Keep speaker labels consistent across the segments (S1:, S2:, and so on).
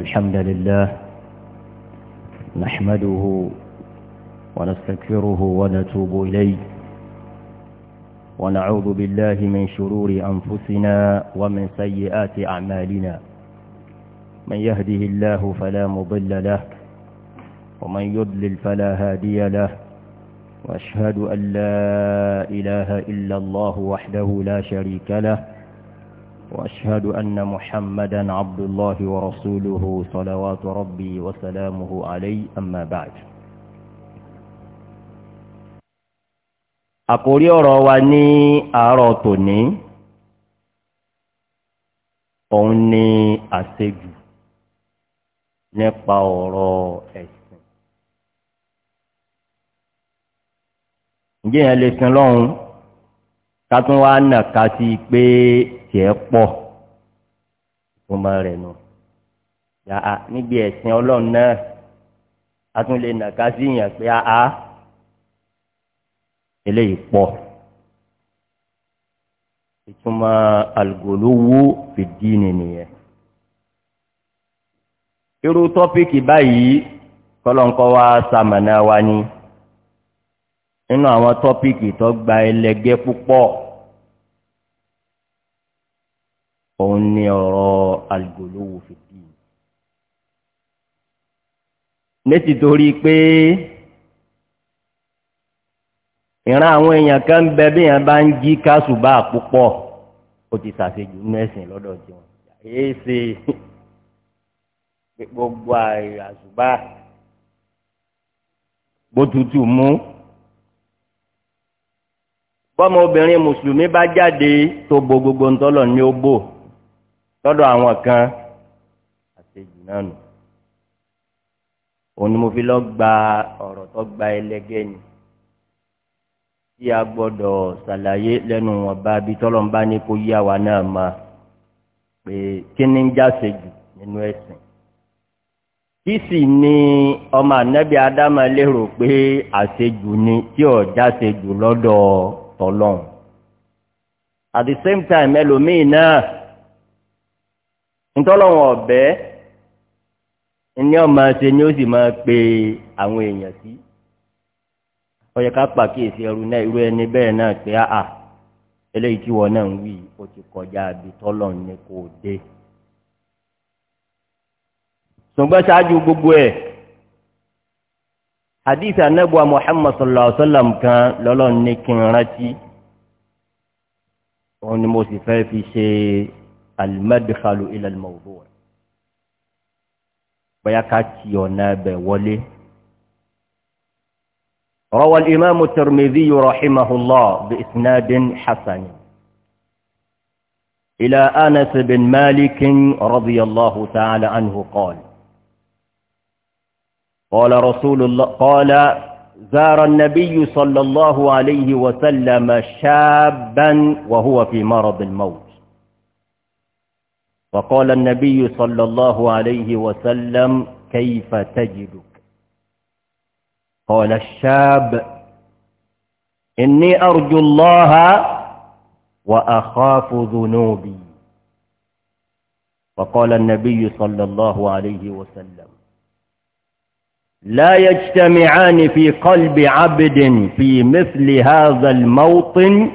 S1: الحمد لله نحمده ونستكفره ونتوب إليه ونعوذ بالله من شرور أنفسنا ومن سيئات أعمالنا من يهده الله فلا مضل له ومن يضلل فلا هادي له وأشهد أن لا إله إلا الله وحده لا شريك له وأشهد أن محمدا عبد الله ورسوله صلوات ربي وسلامه عليه أما بعد àkórí ọ̀rọ̀ wa ní àárọ̀ tòní òun ni àṣejù nípa ọ̀rọ̀ ẹ̀sìn ǹjẹ́ yẹn lè sin lọ́hùn-ún tátún wá nà ká sí pé tiẹ̀ pọ̀ tó máa rẹ̀ nù yàá níbi ẹ̀sìn ọlọ́run náà tátún lè nà ká sí yàn pé àá eléyìí pọ̀ ìtumọ̀ àlùgòlówó fìdí nìyẹn irú tọ́pìkì báyìí kọ́lọ́ńkọ́ wa sàmànà wa ni nínú àwọn tọ́píìkì tó gba ẹlẹgẹ́ púpọ̀ òun ni ọ̀rọ̀ alìgòlówó fìdí létí torí pé ìran àwọn èèyàn kan bẹ bí èèyàn bá ń jí kásùbà púpọ̀ ó ti ṣàṣejù nínú ẹ̀sìn lọ́dọ̀ jẹun èyí ṣe gbogbo àìràṣùbà
S2: bó tutù mú
S1: bọ́mọ obìnrin mùsùlùmí bá jáde tó bo gbogbo ńtọ́lọ̀ ní ó bò lọ́dọ̀ àwọn kan àṣejù náà nù òun ni mo fi lọ gba ọ̀rọ̀ tó gba ẹlẹ́gẹ́ ni tí a gbọ́dọ̀ ṣàlàyé lẹ́nu wọn bá bí tọ́lọ̀ ń bá ní kó yá wa náà ma pé kí ni ń jáṣejù nínú ẹ̀sìn kí sì ni ọmọ ànábì ádámà lérò pé àṣejù ni tí ò jáṣejù lọ́dọ̀ ọ́. tọ́lọ́hún at the same time ẹlòmíì náà ntọ́lọ́hún ọ̀bẹ ní ọmọ ṣe ni ó sì máa pe àwọn èèyàn sí ọyẹ ká pàkíyèsí ẹrú náà irú ẹni bẹ́ẹ̀ náà pé àà eléyìí tí wọn náà ń wí ó ti kọjá ni kò dé ṣùgbọ́n ṣáájú gbogbo ẹ̀. hadith anabuwa muhammad sallallahu alaihi wa sallam kan lọlọ ní kin rati rántí ni mo sì fẹ́ fi ṣe alimadikalu ilal mawdu' baya ká ti ọ̀nà ẹbẹ̀ wọlé. روى الإمام الترمذي رحمه الله بإسناد حسن إلى أنس بن مالك رضي الله تعالى عنه قال قال رسول الله قال زار النبي صلى الله عليه وسلم شابا وهو في مرض الموت فقال النبي صلى الله عليه وسلم كيف تجدك قال الشاب إني أرجو الله وأخاف ذنوبي فقال النبي صلى الله عليه وسلم لا يجتمعان في قلب عبد في مثل هذا الموطن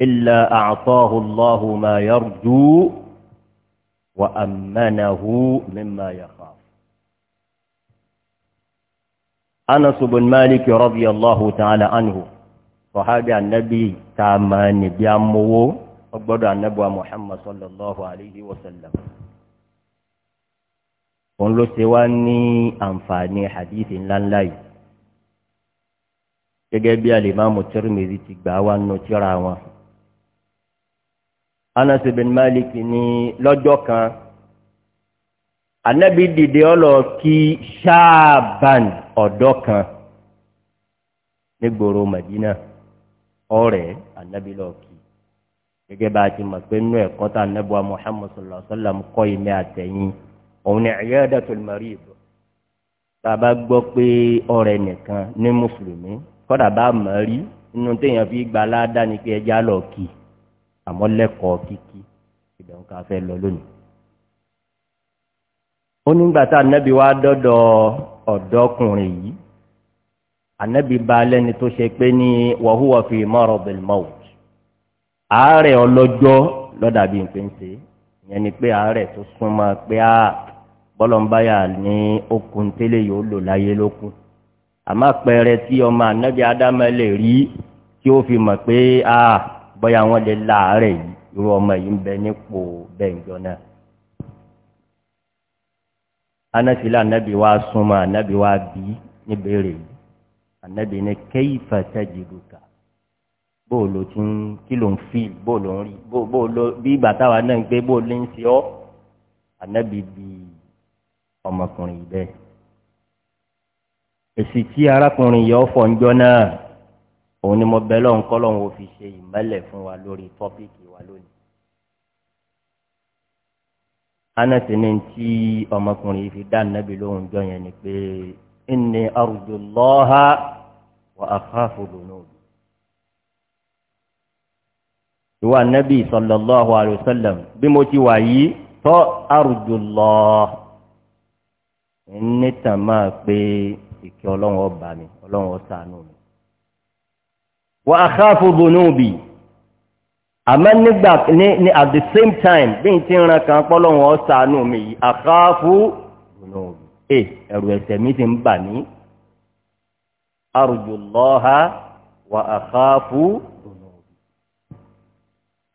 S1: إلا أعطاه الله ما يرجو وأمنه مما يخاف أنس بن مالك رضي الله تعالى عنه صحابي النبي تعمان بيامو أكبر النبي محمد صلى الله عليه وسلم òun ló ṣe wá ní àǹfààní hadithi ńláńlá yìí gẹ́gẹ́ bí alimami Tirmidhi ti gbà wá nù tíra wọn. Anas bin Malik ní lọ́jọ́ kan anabi dìde ọlọ kí ṣáàbàn ọ̀dọ́ kan nígboro Madina ọ̀rẹ́ anabi lọ kí gẹ́gẹ́ bá a ti mọ̀ pé nínú ẹ̀kọ́ tá anabi wa sallallahu alaihi wa sallam kọ́ ilé àtẹ̀yìn òun ni iyadatul marid tàbá gbọ́ pé ọ̀rẹ́ nìkan ní mùsùlùmí kọ́dà bá mọ̀ rí inú téèyàn fi gba aláàdá ni pé ẹja lọ kì í àmọ́ lẹ́kọ̀ọ́ kíkí ìbẹ̀rù ká fẹ́ lọ lónìí. ó nígbà tá ànábì wá dọ́dọ̀ ọ̀dọ́kùnrin yìí ànábì bá lẹ́ni tó ṣe pé ní wàhúwà fi maradil maut àárẹ̀ ọlọ́jọ́ lọ́dàbí nǹkan ìyẹn ni pé àárẹ̀ tó súnmọ́ pé á. Ah, bọ́lọ̀mbáyà ní okùn tẹ́lẹ̀ yóò lò láyé lókun àmọ́ pẹrẹ tí ọmọ ànábì ádámẹ́ lè rí tí ó fi mọ̀ pé a bọ́yá wọn lè láàárẹ̀ yìí irú ọmọ yìí ń bẹ nípò bẹ́ǹjọ náà anásílẹ̀ ànábì wa súnmọ́ ànábì wa bí níbèrè yìí ànábì ní kayfa tajiduka bóòlù tí ń kí ló ń fi bóòlù ń rí bóòlù bí bàtà wa náà ń gbé bóòlù ń ṣe ọ́ ànábì bíi ọmọkùnrin bẹ́ẹ̀ èsì tí arákùnrin yìí ọ̀fọ̀ ńjọ́ náà òun ni mo bẹ lọ́n kọ́lọ́n wo fi ṣe ìmọ́lẹ̀ fún wa lórí tọ́píìkì wa lónìí. Anas ní tí ọmọkùnrin yìí fi dá nábì lóhùn jọ yẹn ni pé inni arjullaha wa akhafu dhunubi. ìwà nábì sallallahu alaihi wasallam bí mo ti wà yìí tọ́ arjullah nítàn máa pé ìkẹ́ ọlọ́run ọba mi ọlọ́run ọ̀sánú mi. wa akhafu dhunubi àmọ́ nígbà ní at the same time bí n ti ran kan pọ́lọ́run ọ̀sánú mi yìí akhafu dhunubi ẹ ẹ̀rù ẹ̀ṣẹ̀ mi ti ń bà ní. arju Allaha wa akhafu dhunubi.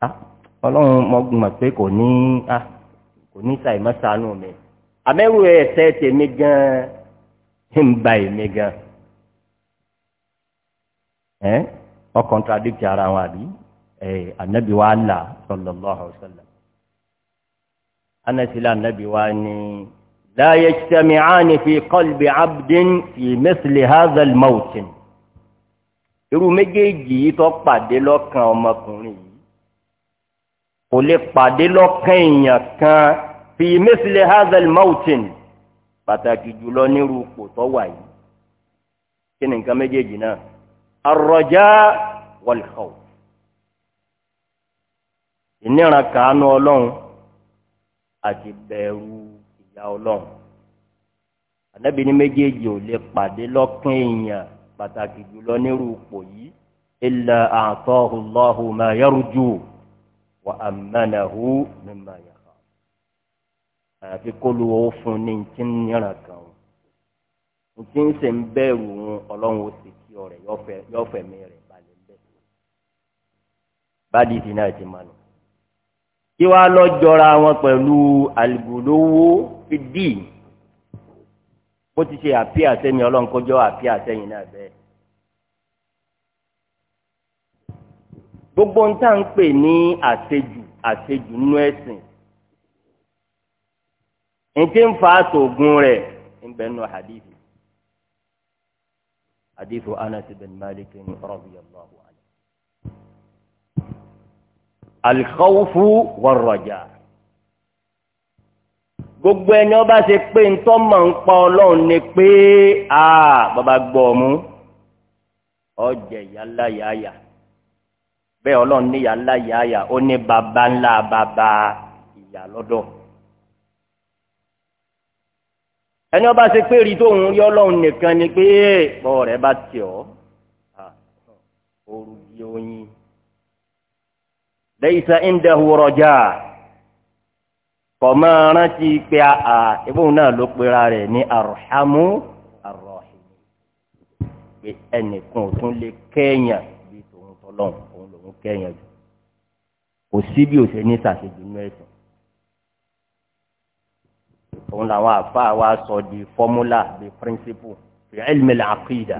S2: Ah, ọlọ́run mọ̀ pé kò ní ah,
S1: kò ní sàìmọ́sánú mi àmẹ́rù ẹ̀sẹ̀ tèmi gan ń ba èmi gan ẹ ọ kọ́ntradíkì ara wọn àbí ẹ anabi wa là sallallahu alaihi wasallam anasila anabi wa ni la yajtami'ani fi qalbi abdin fi mithli hadha al-mawtin irú méjèèjì yìí tó pàdé lọ́kàn ọmọkùnrin yìí kò lè pàdé lọ́kàn èèyàn kan fi mẹ́sìlẹ̀ hazel mountain pàtàkì jùlọ nírú ipò tó wà yìí kí ni nǹkan méjèèjì náà arọjá wọlẹ̀kọ̀ ìníra kàánú ọlọ́run àti bẹ̀rù ìyá ọlọ́run ànábì ní méjèèjì ò lè pàdé lọ́kàn èèyàn pàtàkì jùlọ nírú ipò yìí illa a'tahu Allahu ma yarju wa amanahu mimma yarju àfi kólu owó fún ní ti ń yàrá kan o ntí ń sè ń bẹ̀rù wọn ọlọ́run ó sì kí ọ rẹ̀ yọ̀fẹ̀ mi rẹ̀ balẹ̀ bẹ́ẹ̀ báàdì ti náà ti máa lọ. kí wàá lọ jọra wọn pẹ̀lú àlùbùlówó fi dì bó ti ṣe àpí àsẹ́yìn ọlọ́run kọjọ́ àpí àsẹ́yìn náà bẹ́ẹ̀. gbogbo ń tà ń pè ní àṣejù àṣejù nínú ẹ̀sìn ntí ń fa sògùn rẹ̀ ń bẹ nù hadithi hadithi anas bin malik ni radiyallahu anhu alikawufu waraja gbogbo ẹni ọba ṣe pé ntọ́ máa ń pa ọlọ́run ni pé a bàbá gbọ́ ọ mú ọjẹ́ yálà yáyà bẹ́ẹ̀ ọlọ́run ní yálà yáyà ó ní baba ńlá baba ìyá ẹni ọba ṣe pé rí tóun rí ọlọ́run nìkan ni pé bọ́ rẹ̀ bá tì ọ́ ooru di oyin lẹ́yìísá ìndẹ̀hù rọjà kọ̀ máa rántí pé àà ìbóhùn náà ló pera rẹ̀ ní arhamu arrahim pé ẹnìkan ò tún lè kẹ́yàn bí tòun tọ́lọ́hún òun lòún kẹ́yàn jù kò sí òṣèlú ní sàṣejù ní ẹ̀sìn òun làwọn àfa wa sọ di fọ́múlà di píríncípù fi ilmi al-aqida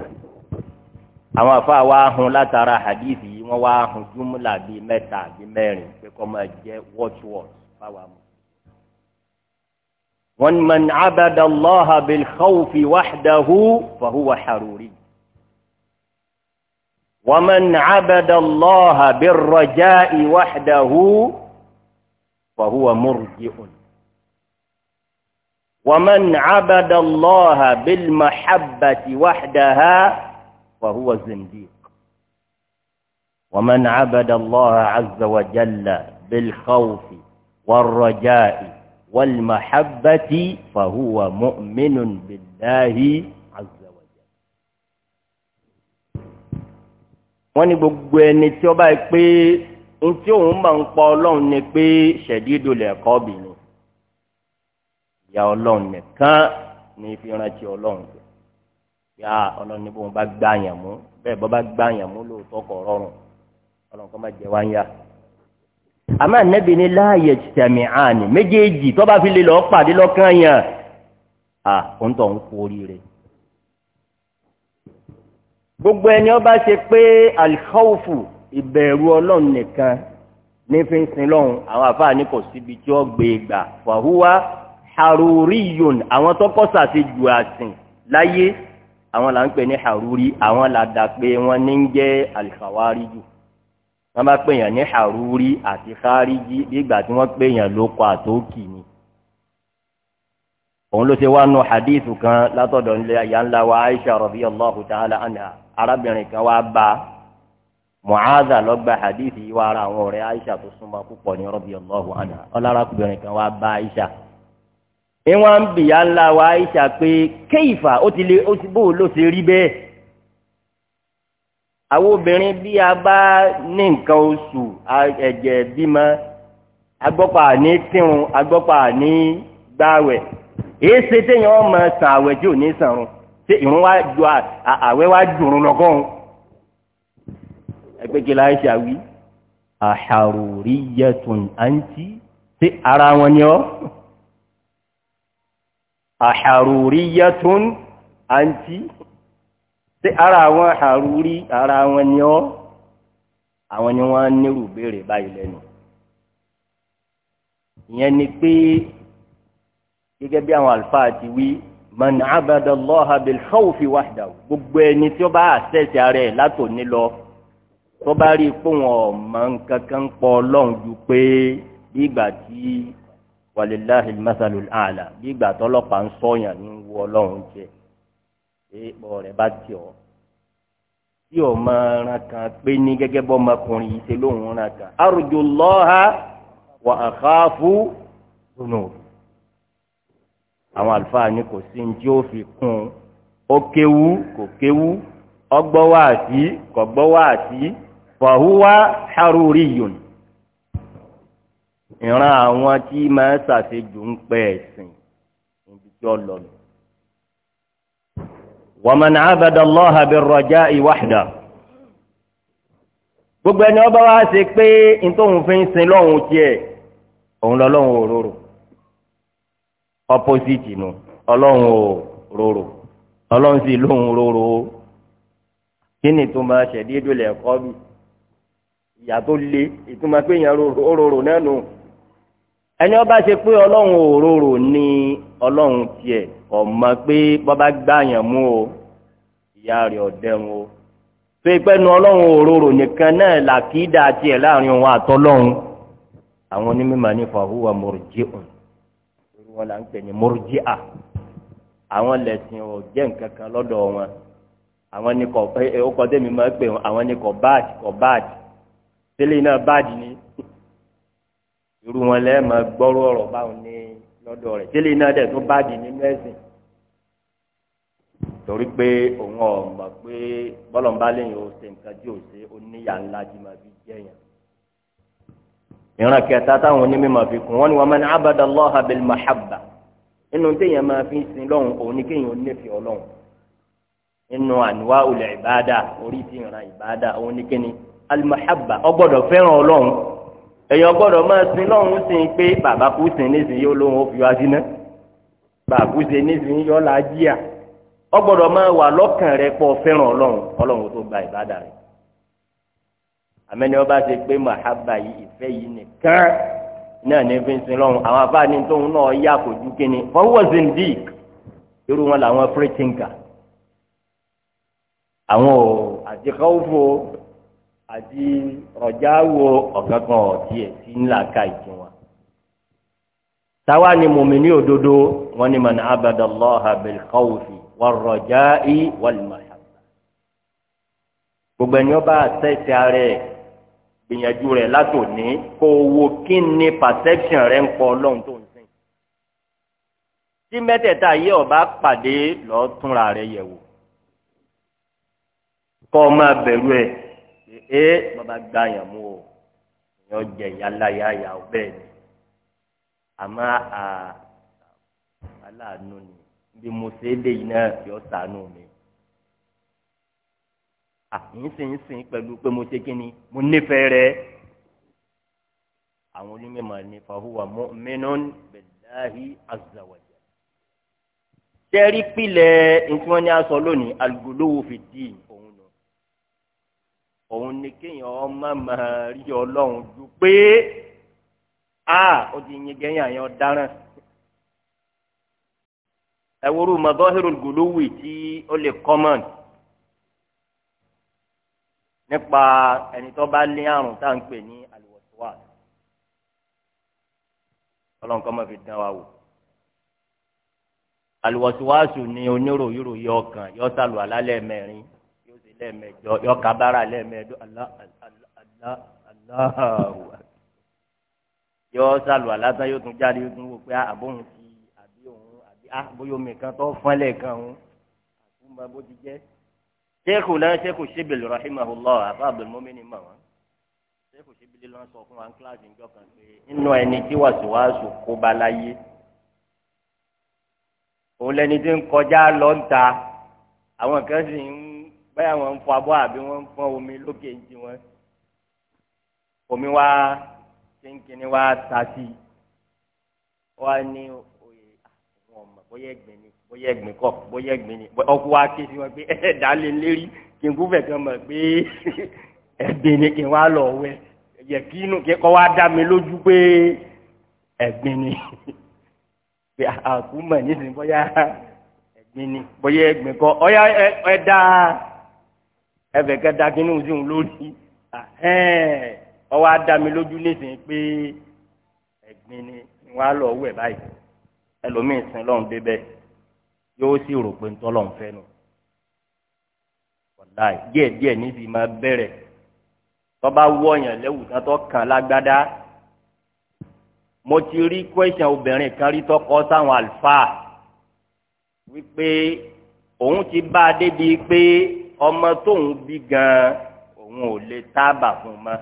S1: àwọn àfa wa hun látara hadithi yìí wọ́n wá hun júmùlà bíi mẹ́ta bíi mẹ́rin pé kọ́ máa jẹ́ watchword fáwọn mu. wọ́n man abada allaha bil khawfi wahdahu fahuwa haruri. ومن عبد الله بالرجاء وحده فهو مرجئ ومن عبد الله بالمحبة وحدها فهو زنديق ومن عبد الله عز وجل بالخوف والرجاء والمحبة فهو مؤمن بالله عز وجل wọ́n ní gbogbo ẹni tí ó bá pé ní tí òun máa ń pa ọlọ́run ni pé ṣẹ̀dídò lẹ̀kọ́ bìnrin Ya ọlọ́run nìkan ni fi rántí ọlọ́run jẹ yá ọlọ́run níbo bá gbá yàn mú bẹ́ẹ̀ bọ́ bá gbá yàn mú lóòótọ́ kọ̀ rọrùn ọlọ́run kọ́ má jẹ wá ń yá. àmọ́ ànẹ́bí ni láàyè tẹ̀mí àní méjèèjì tó bá fi lè lọ́ọ́ pàdé lọ́kàn yàn à ń tọ̀ ń kú oríire. gbogbo ẹni ó bá ṣe pé alikawufu ìbẹ̀rù ọlọ́run nìkan ní fi ń sin lọ́hùn àwọn àfáà ní kò síbi tí ó gbé e gbà fàhùwà haruriyun àwọn tó kọ́ sàṣejù àsìn láyé àwọn là ń pè ní haruri àwọn là dà pé wọ́n ní ń jẹ́ alifawariju wọ́n bá pè yàn ní haruri àti khariji nígbà tí wọ́n pè yàn lóko àtòkì ni òun ló ṣe wá nu hadithu kan látọ̀dọ̀ nílé ayá ńlá wa aisha radiyallahu ta'ala anha arábìnrin kan wá bá mu'adha lọ́gba hadithi yìí ara àwọn ọ̀rẹ́ aisha tó súnmọ́ púpọ̀ ní radiyallahu anha ọlárakùnrin kan wá bá aisha ìwọ̀n ń bìyà ńlá wa Aisha pé kéyìfà ó ti lè ó ti bó ló ti rí bẹ́ẹ̀ àwọn obìnrin bí a bá ní nǹkan oṣù ẹ̀jẹ̀ bímọ agbọ́pà àní kírun agbọ́pà àní gbáwẹ̀ èyí ṣe téèyàn ọmọ sàn àwẹ̀ tí ò ní sàn ṣé ìrún wá ju àwẹ̀ wá dùnrún lọ́gọ́rùn ẹgbẹ́ kí láì ṣàwí àṣàrò yẹtùn àǹtí ṣé ara wọn ni ọ́ àhàrùríyàtún àǹtí tí ara àwọn àhàrùrí ara wọn ni ọ́ àwọn ni wọ́n nírú béèrè báyìí lẹ́nu ìyẹn ni pé gẹ́gẹ́ bí àwọn àlùfáà ti wí man abadallaha bil khawfi wahdahu gbogbo ẹni tí ó bá àṣẹ̀ṣẹ̀ ara ẹ̀ látòní lọ tó bá rí i pé wọn ò mọ nǹkan kan pọ̀ ọlọ́run ju pé bí ìgbà tí walilahi masalu ala gbígbà tọlọpàá ń sọyàn ní wo Ọlọ́run jẹ pé bọrẹ bá tì ọ tí o máa ran kan pé ní gẹ́gẹ́ bọ ọmọkùnrin yìí ṣe lóun ran kan arjò lọ́ha wà á káfú dùnú àwọn àlùfáà ni kò sí ní ó fi kún ó kéwú kò kéwú ọgbọ́wọ́ àti kọ̀gbọ́wọ́ àti fọ̀húwá haruriyun ìran àwọn tí máa ṣàṣejù ń pẹ́ ẹ̀sìn níbi tí ó lọ. waman abada Allaha birraja'i wahda. gbogbo ẹni ọba wa ṣe pé fi ń sin lọ́hùn tiẹ̀ òun lọ́hùn òróró ọlọ́hùn òróró ọlọ́hùn sì òróró kí ni tó máa ṣẹ̀dí ìdúlẹ̀ ẹ̀kọ́ bí ìyá tó le ìtumọ̀ pé èèyàn náà nù. ẹni ọba ṣe pé ọlọ́run òróró ni ọlọ́run tiẹ̀ ọ̀mọ pé bọ́bá mú o ìyá rẹ̀ ọ̀dẹ́rùn o tó ìpẹ́nu ọlọ́run òróró nìkan náà làkìdá tiẹ̀ láàrin òun àtọ́lọ́run àwọn onímọ̀ ní fàhùwà mọ̀rọ̀jẹ́hùn wọn là ń pè ní mọ̀rọ̀jẹ́à àwọn lẹ̀sìn ò nǹkan kan lọ́dọ̀ wọn àwọn ni kò ó kọ́ máa ń pè wọn àwọn ni kò báàdì kò báàdì ni. irú wọn lẹ ma gbọ́rọ̀ ọ̀rọ̀ báwọn ní lọ́dọ̀ rẹ̀ tẹ́lẹ̀ iná dẹ̀ tó bá nínú ẹ̀sìn torí pé òun ọ̀ pé bọ́lọ̀mbá lẹ́yìn o ṣe nǹkan tí o ṣe o níyà ńlá tí ma fi ìran kẹta táwọn onímọ̀ ma fi kún wọn ni wọn máa ní abada allah abil mahabba inú téèyàn máa fi sin lọ́hùn òun ni kéèyàn ọlọ́hùn inú olè ìbáadà orí ti ìran ìbáadà òun ni alimahabba èèyàn gbọ́dọ̀ máa sin lọ́hùn sin pé bàbá kú sin nísìnyí olóhùn ó fi wá síná bàbá kú sin nísìnyí yọ la jíà ọ gbọ́dọ̀ máa wà lọ́kàn rẹ pọ̀ fẹ́ràn ọlọ́run ọlọ́run tó gba ìbádà rẹ àmẹ́ni ọba ṣe pé màhábà yìí ìfẹ́ yìí nìkan náà ní fi ń sin lọ́hùn àwọn afáàní tóun náà yà kò ju kíni fọwọ́ zindik irú wọn làwọn free thinker àwọn ò àti kọ́wọ́fọ́ àti rọ̀jáwò ọ̀gángán ọ̀tí ẹ̀ sí ńlá ká ìtiwọn. táwa ni mùmíní òdodo wọn ni man abada Allaha bil khawfi wal raja'i wal mahabba. gbogbo ẹni ọba àtẹ̀sẹ̀ ara ẹ̀ gbìyànjú rẹ̀ látòní kó wo kí ni perception rẹ̀ ń kọ́ ọlọ́run tó ń sìn. tí mẹ́tẹ̀ẹ̀ta yé ọba pàdé lọ́ọ́ túnra rẹ̀ yẹ̀wò
S2: kọ́ ọ máa bẹ̀rù ẹ̀
S1: ee bàbá gbà yàn mú o yọ jẹ yàrá yàyà o bẹ́ẹ̀ ni àmọ́ a aláàánú ni bí mo ṣe é dé yìí náà yọ sànú mi àyínsìnyínsìn pẹ̀lú pé mo ṣe kí ni mo nífẹ̀ẹ́ rẹ àwọn onímọ̀ ní fahuwa mu'minun billahi azza wa sẹ́rí pilẹ̀ nǹkan ní aṣọ lónìí al-ghuluw fi ddin òun ni kéèyàn ọmọ máa rí ọlọ́run ju pé a ó ti yin gẹ́yìn àyàn dáràn. ẹ wúru mọ̀gọ́hìrò gòlówì tí ó lè kọ́mọ̀n nípa ẹni tó bá lé àrùn tá à ń pè ní àlùwọ̀síwà ọlọ́run kọ́ mọ̀ fi dán wa wò àlùwọ̀síwà sùn ni oníròyìnròyìn ọkàn yọ́sàlù alálẹ̀ mẹ́rin lẹ́ẹ̀mẹjọ yọ kábàárà lẹ́ẹ̀mẹjọ Allah Allah Allah yọ sálù alásán yóò tún jáde yóò tún wò pé ah, àbóhùn ti àbí òun àbí àbóyọ ah, mìkan tó fọ́nlẹ̀ kan òun àtúmọ̀ bó ti jẹ́. sheikhu náà sheikhu shibili rahimahullah afa abdulmumin ma wọn sheikhu shibili lọ sọ fún wa ní kíláàsì ìjọ kan pé nínú ẹni tí wàsíwàsù kó ba láyé òun lẹni tí ń kọjá lọ́ńta àwọn kan sì ń bẹ́ẹ̀ wọ́n ń fọ abọ́ àbí wọ́n ń fọ omi lókè ń ti wọn omi wá kínkínní wá ta sí i wá ní òye àwọn ọmọ bóyá ẹgbẹ́ ni bóyá ẹgbẹ́ kọ́ bóyá ẹgbẹ́ ni ọkọ wa ké sí wọn pé ẹ dálé lérí kí n kú fẹ́ kàn mọ̀ pé ẹgbẹ́ ni kí n wá lọ wẹ yẹ kí inú kí kọ́ wá dá mi lójú pé ẹgbẹ́ ni pé àkú mọ̀ nísìnyí bóyá ẹgbẹ́ ni bóyá ẹgbẹ́ kọ́ ọ̀yá ẹ dá ẹfẹ kẹ da kínní sí òun lórí ọwọ́ adami lójú nísìnyí pé ẹ̀gbin ni wọ́n á lọ wẹ̀ báyìí ẹlòmíì sin lọ́hùn débẹ̀ yóò sì rò pé ntọ́ lọ́hùn fẹ́ nu ọ̀la díẹ̀ díẹ̀ níbi máa bẹ̀rẹ̀ tọ́ba wọ̀nyàn lẹ́wùsàn tó kàn lágbádá mo ti rí kwẹ́sàn obìnrin kan rí tọkọ sáwọn àlùfáà wípé òun ti bá a débi pé ọmọ tóun bí gan òun ò lè tábà fún un mọ́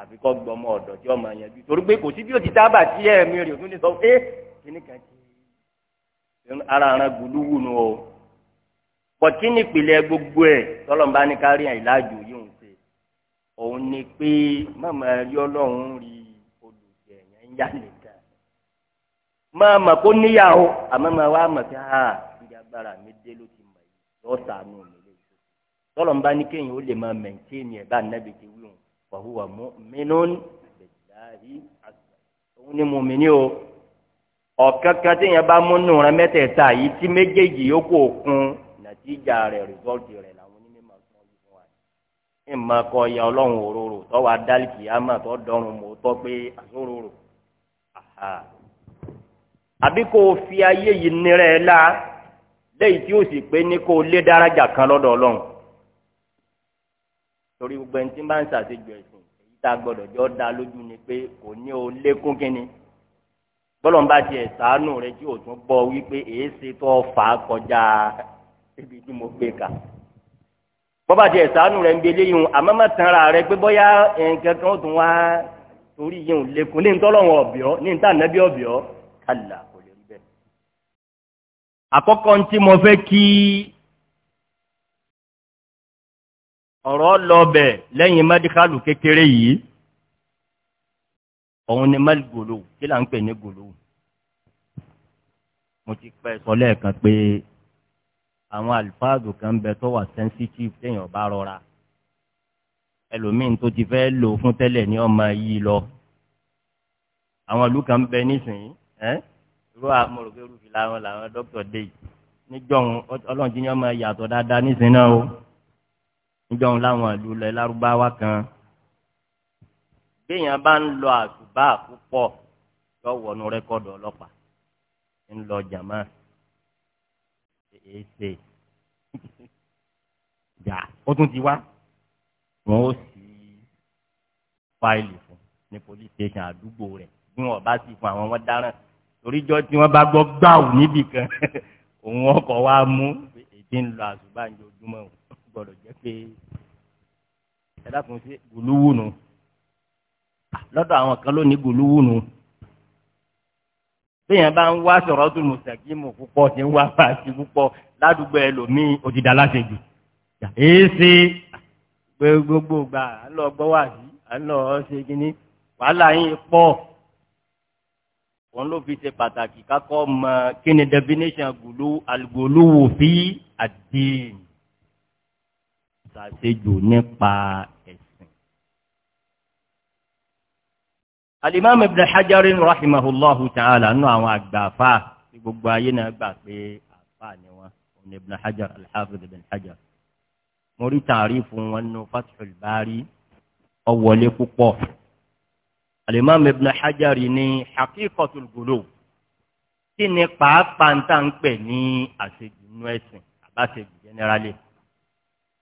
S1: àfi kọ́ gbọmọ ọ̀dọ̀ tí ọmọ yẹn bí torí pé kò sí bí o ti tábà tí ẹ̀mí rẹ̀ òtún ní sọ pé kíní kan ti ara ara gbùdúwù nu o pọ̀tí nípìnlẹ̀ gbogbo ẹ̀ tọ́lọ́mbá ní kárí ẹ̀ ìlàjò yìí ń ṣe òun ni pé mọ̀mọ́ ẹ̀rí ọlọ́run rí olùjẹ̀ yẹn ń yá nìkan mọ̀mọ́ kó níyàwó àmọ́ mọ̀ mọ̀ sí ha ìdí mi dé ló yóò sànù mi lè ṣe tọ́lọ̀ ń bá ní kéèyàn ó lè máa mẹ̀ntẹ́ẹ̀nì ẹ̀ bá ti wí òun fàhùwà mu'minun billahi àgbà òun ni mùmíní o ọ̀kankan téèyàn bá múnú rẹ mẹ́tẹ̀ẹ̀ta yìí tí méjèèjì yókù òkun nàtíjà rẹ̀ rìsọ́ọ̀tì rẹ̀ làwọn onímọ̀ sọ yìí fún wa ní ma kọ ya ọlọ́run òróró tọ́wọ́ adálìkì àmà tó dọ̀rùn mọ́ tọ́ pé àsóróró àbí kò fi ayé yìí nírẹ̀ la léyìí tí ó sì pé ní kó lé dáradà kan lọ́dọ̀ ọlọ́run torí gbogbo ẹni tí ń bá ń ṣàṣejù ẹ̀sìn èyí tá a gbọ́dọ̀ jọ dá lójú ni pé kò ní o lékún kínni bọ́lọ̀ ń bá tiẹ̀ sàánù rẹ tí ò tún bọ́ wípé èé ṣe tó fà á kọjá ibi tí mo gbé kà bọ́bá tiẹ̀ sàánù rẹ ń gbé léyìn o àmọ́ má tanra rẹ pé bóyá nǹkan kan ó tún wá torí yìí ń lékún ní ntọ́lọ́wọ̀n ọ̀bíọ́ ní ntànàbí ọ̀bíọ́ kàlà àkọ́kọ́ ntí mo fẹ́ kí ọ̀rọ̀ lọ́bẹ̀ lẹ́yìn mẹ́díkàlù kékeré yìí òun ni mẹ́lì gòlò kí là ń pè ní gòlò mo ti pẹ́ sọ lẹ́ẹ̀kan pé àwọn àlùfáàdù kan bẹ tó wà sensitive téèyàn bá rọra ẹlòmíín tó ti fẹ́ lò fún tẹ́lẹ̀ ní ọmọ yìí lọ àwọn ìlú kan bẹ nísìnyí Eh? irú amọ̀rọ̀kẹ́rù fi làwọn làwọn dókítà dé yìí níjọ́hun ọlọ́run ti ní ọmọ yàtọ̀ dáadáa nísìnyí náà o níjọ́hun láwọn ìlú lẹ lárúbáwá kan béèyàn bá ń lọ àṣùbà púpọ̀ yọ wọnú rẹ́kọ̀dù ọlọ́pàá ń lọ jàmá èèṣe jà ó tún ti wá wọn ó sì fáìlì fún ní police station àdúgbò rẹ̀ bí wọn bá sì fún àwọn wọn dáràn toríjọ tí wọ́n bá gbọ́ gbáwù níbì kan òun ọkọ̀ wa mú èdè ń lọ àṣùbànjọ ojúmọ́ gbọ́dọ̀ jẹ́ pé ẹ dákun sí gùlúwù nù lọ́dọ̀ àwọn kan lónìí gùlúwù nù bẹ́ẹ̀ bá ń wá sọ̀rọ̀ tó mùsàkímù púpọ̀ tí ń wá fàájì púpọ̀ ládùúgbò ẹlòmíì òdìdá láṣejù. èsì gbogbo gbà á lọ gbọ́ wá sí á lọ ṣe kínní wàhálà yín pọ̀ òun ló fi ṣe pàtàkì kakọ́ mọ kí ni definition gòló alùgòlówó fi àdéhùn ṣàṣejò nípa ẹ̀sìn. alimami ibn hajar rahimahullahu ta'ala nù àwọn àgbàfà tí gbogbo ayé náà gbà pé àfà ni wọn òun ibn hajar alhafiz ibn hajar mo tààrí fún wọn nù fatihul bari ọwọlé púpọ̀ alimami ibn hajari ní haqiqatul gulu kí ni pàápàá ntà ń pè ní àṣejù nínú ẹ̀sìn àbáṣejù jẹnẹrálì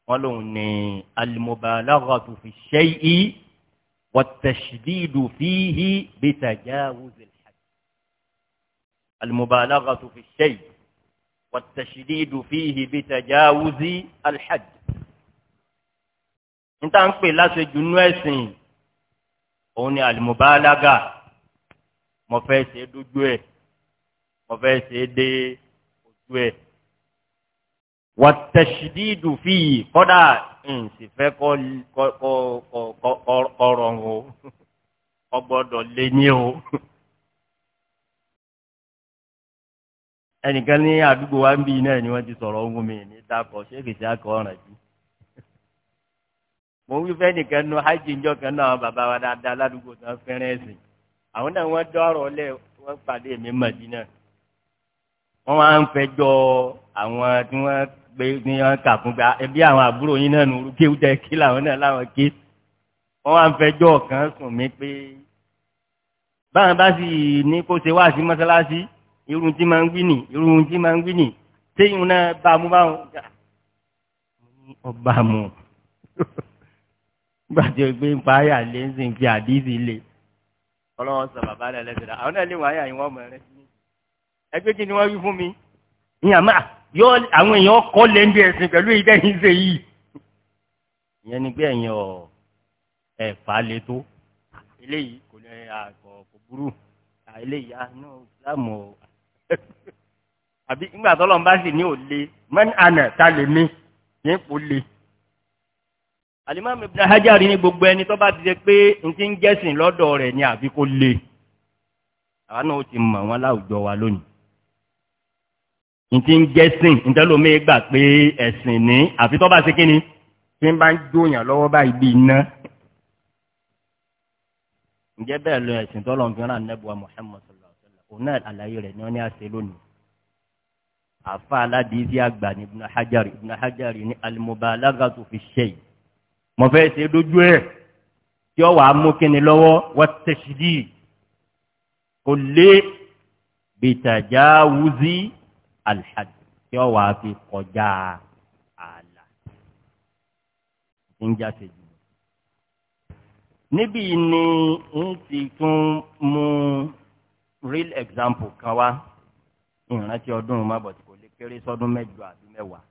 S1: wọn lòun ní alimobalaghatu fi shay'i watashdidu fihi bitajawuzil hajj alimobalaghatu fi shay'i watashdidu fihi bitajawuzil hajj ntà ń pè láṣejù nínú òun ni àlùmọ́bálágà mo fẹ́ ṣe é dójú ẹ̀ mo fẹ́ ṣe é dé ojú ẹ̀. wàtẹ̀sídìdù fìyì kọ́dà ǹsì fẹ́ kọ́ ọ̀rọ̀ o kọ́ gbọ́dọ̀ lé ní o. ẹnìkan ní àdúgbò wa ń bí iná ẹ̀ ni wọ́n ti sọ̀rọ̀ ohun mi ní dákọ̀ ṣé kìí ṣe àkọ́ ọ̀ràn jù. mo wí fẹ́ nìkan nu hajj njọ́ kan náà bàbá wa dáadáa ládùúgbò tán fẹ́ràn ẹ̀sìn àwọn náà wọ́n dọ́rọ̀ lẹ̀ wọ́n pàdé mi Mádínà wọ́n máa ń fẹjọ́ àwọn tí wọ́n gbé ní wọn kà fún gba ẹbí àwọn àbúrò yín náà nùrú kéwú tẹ kí làwọn náà láwọn ké wọ́n máa ń fẹjọ́ kan sùn mí pé báwọn bá sì ní kó ṣe wá sí mọ́sálásí irun tí máa ń wí nì irun tí máa ń wí nì téyìn náà bá mú báwọn ọba mu. gbàtí o gbé ń pa àyà lé ń sìn fi àdísì lé ọlọ́wọ́ sọ bàbá rẹ̀ lẹ́sẹ̀dá àwọn náà lè wọ àyà yìí wọ́n mọ̀ rẹ̀ sí mi ẹgbẹ́ kí ni wọ́n wí fún mi ìyàn máa yọ àwọn èèyàn kọ́ lé ní ẹ̀sìn pẹ̀lú ìdẹ́yìn ṣe yìí ìyẹn ni pé ẹ̀yin ọ̀ ẹ̀fà le tó eléyìí kò lè àgọ̀ kò burú eléyìí àánú ìsìlámù ọ̀ àbí nígbà tọ́lọ́ ń sì ní òle mẹ́ni àná ta lè mí yẹn alimami ibn hajari ní gbogbo ẹni tó bá ti ṣe pé n ti ń jẹ́sìn lọ́dọ̀ rẹ̀ ni àfi kó le àwọn náà ti mọ̀ wọn láwùjọ wa lónìí n ti ń jẹ́sìn ntẹ́lómi gbà pé ẹ̀sìn ní àfi tó bá ṣe kí ni tí n bá ń jóyàn lọ́wọ́ báyìí bí iná ǹjẹ́ bẹ́ẹ̀ lọ ẹ̀sìn tọ́lọ̀ ń fi ràn nẹ́bùwà Muhammad sallallahu òun náà àlàyé rẹ̀ ni wọ́n ní àṣẹ lónìí àfa aládìí sí àgbà ní ibn hajari ibn hajari ní al-mubalagatu fi shay' mo fẹ́ ṣe dojú ẹ̀ tí ó wàá mú kíni lọ́wọ́ wọ́n tẹ̀sídì kò lé bìtàjà wúzí alhadi tí ó wàá fi kọjá ààlà níjà ṣèjú. níbí ni n ti tún mú real example kan wá ìrántí ọdún mọ́bọ̀tì kò lè kéré sọ́dún mẹ́jọ àti mẹ́wàá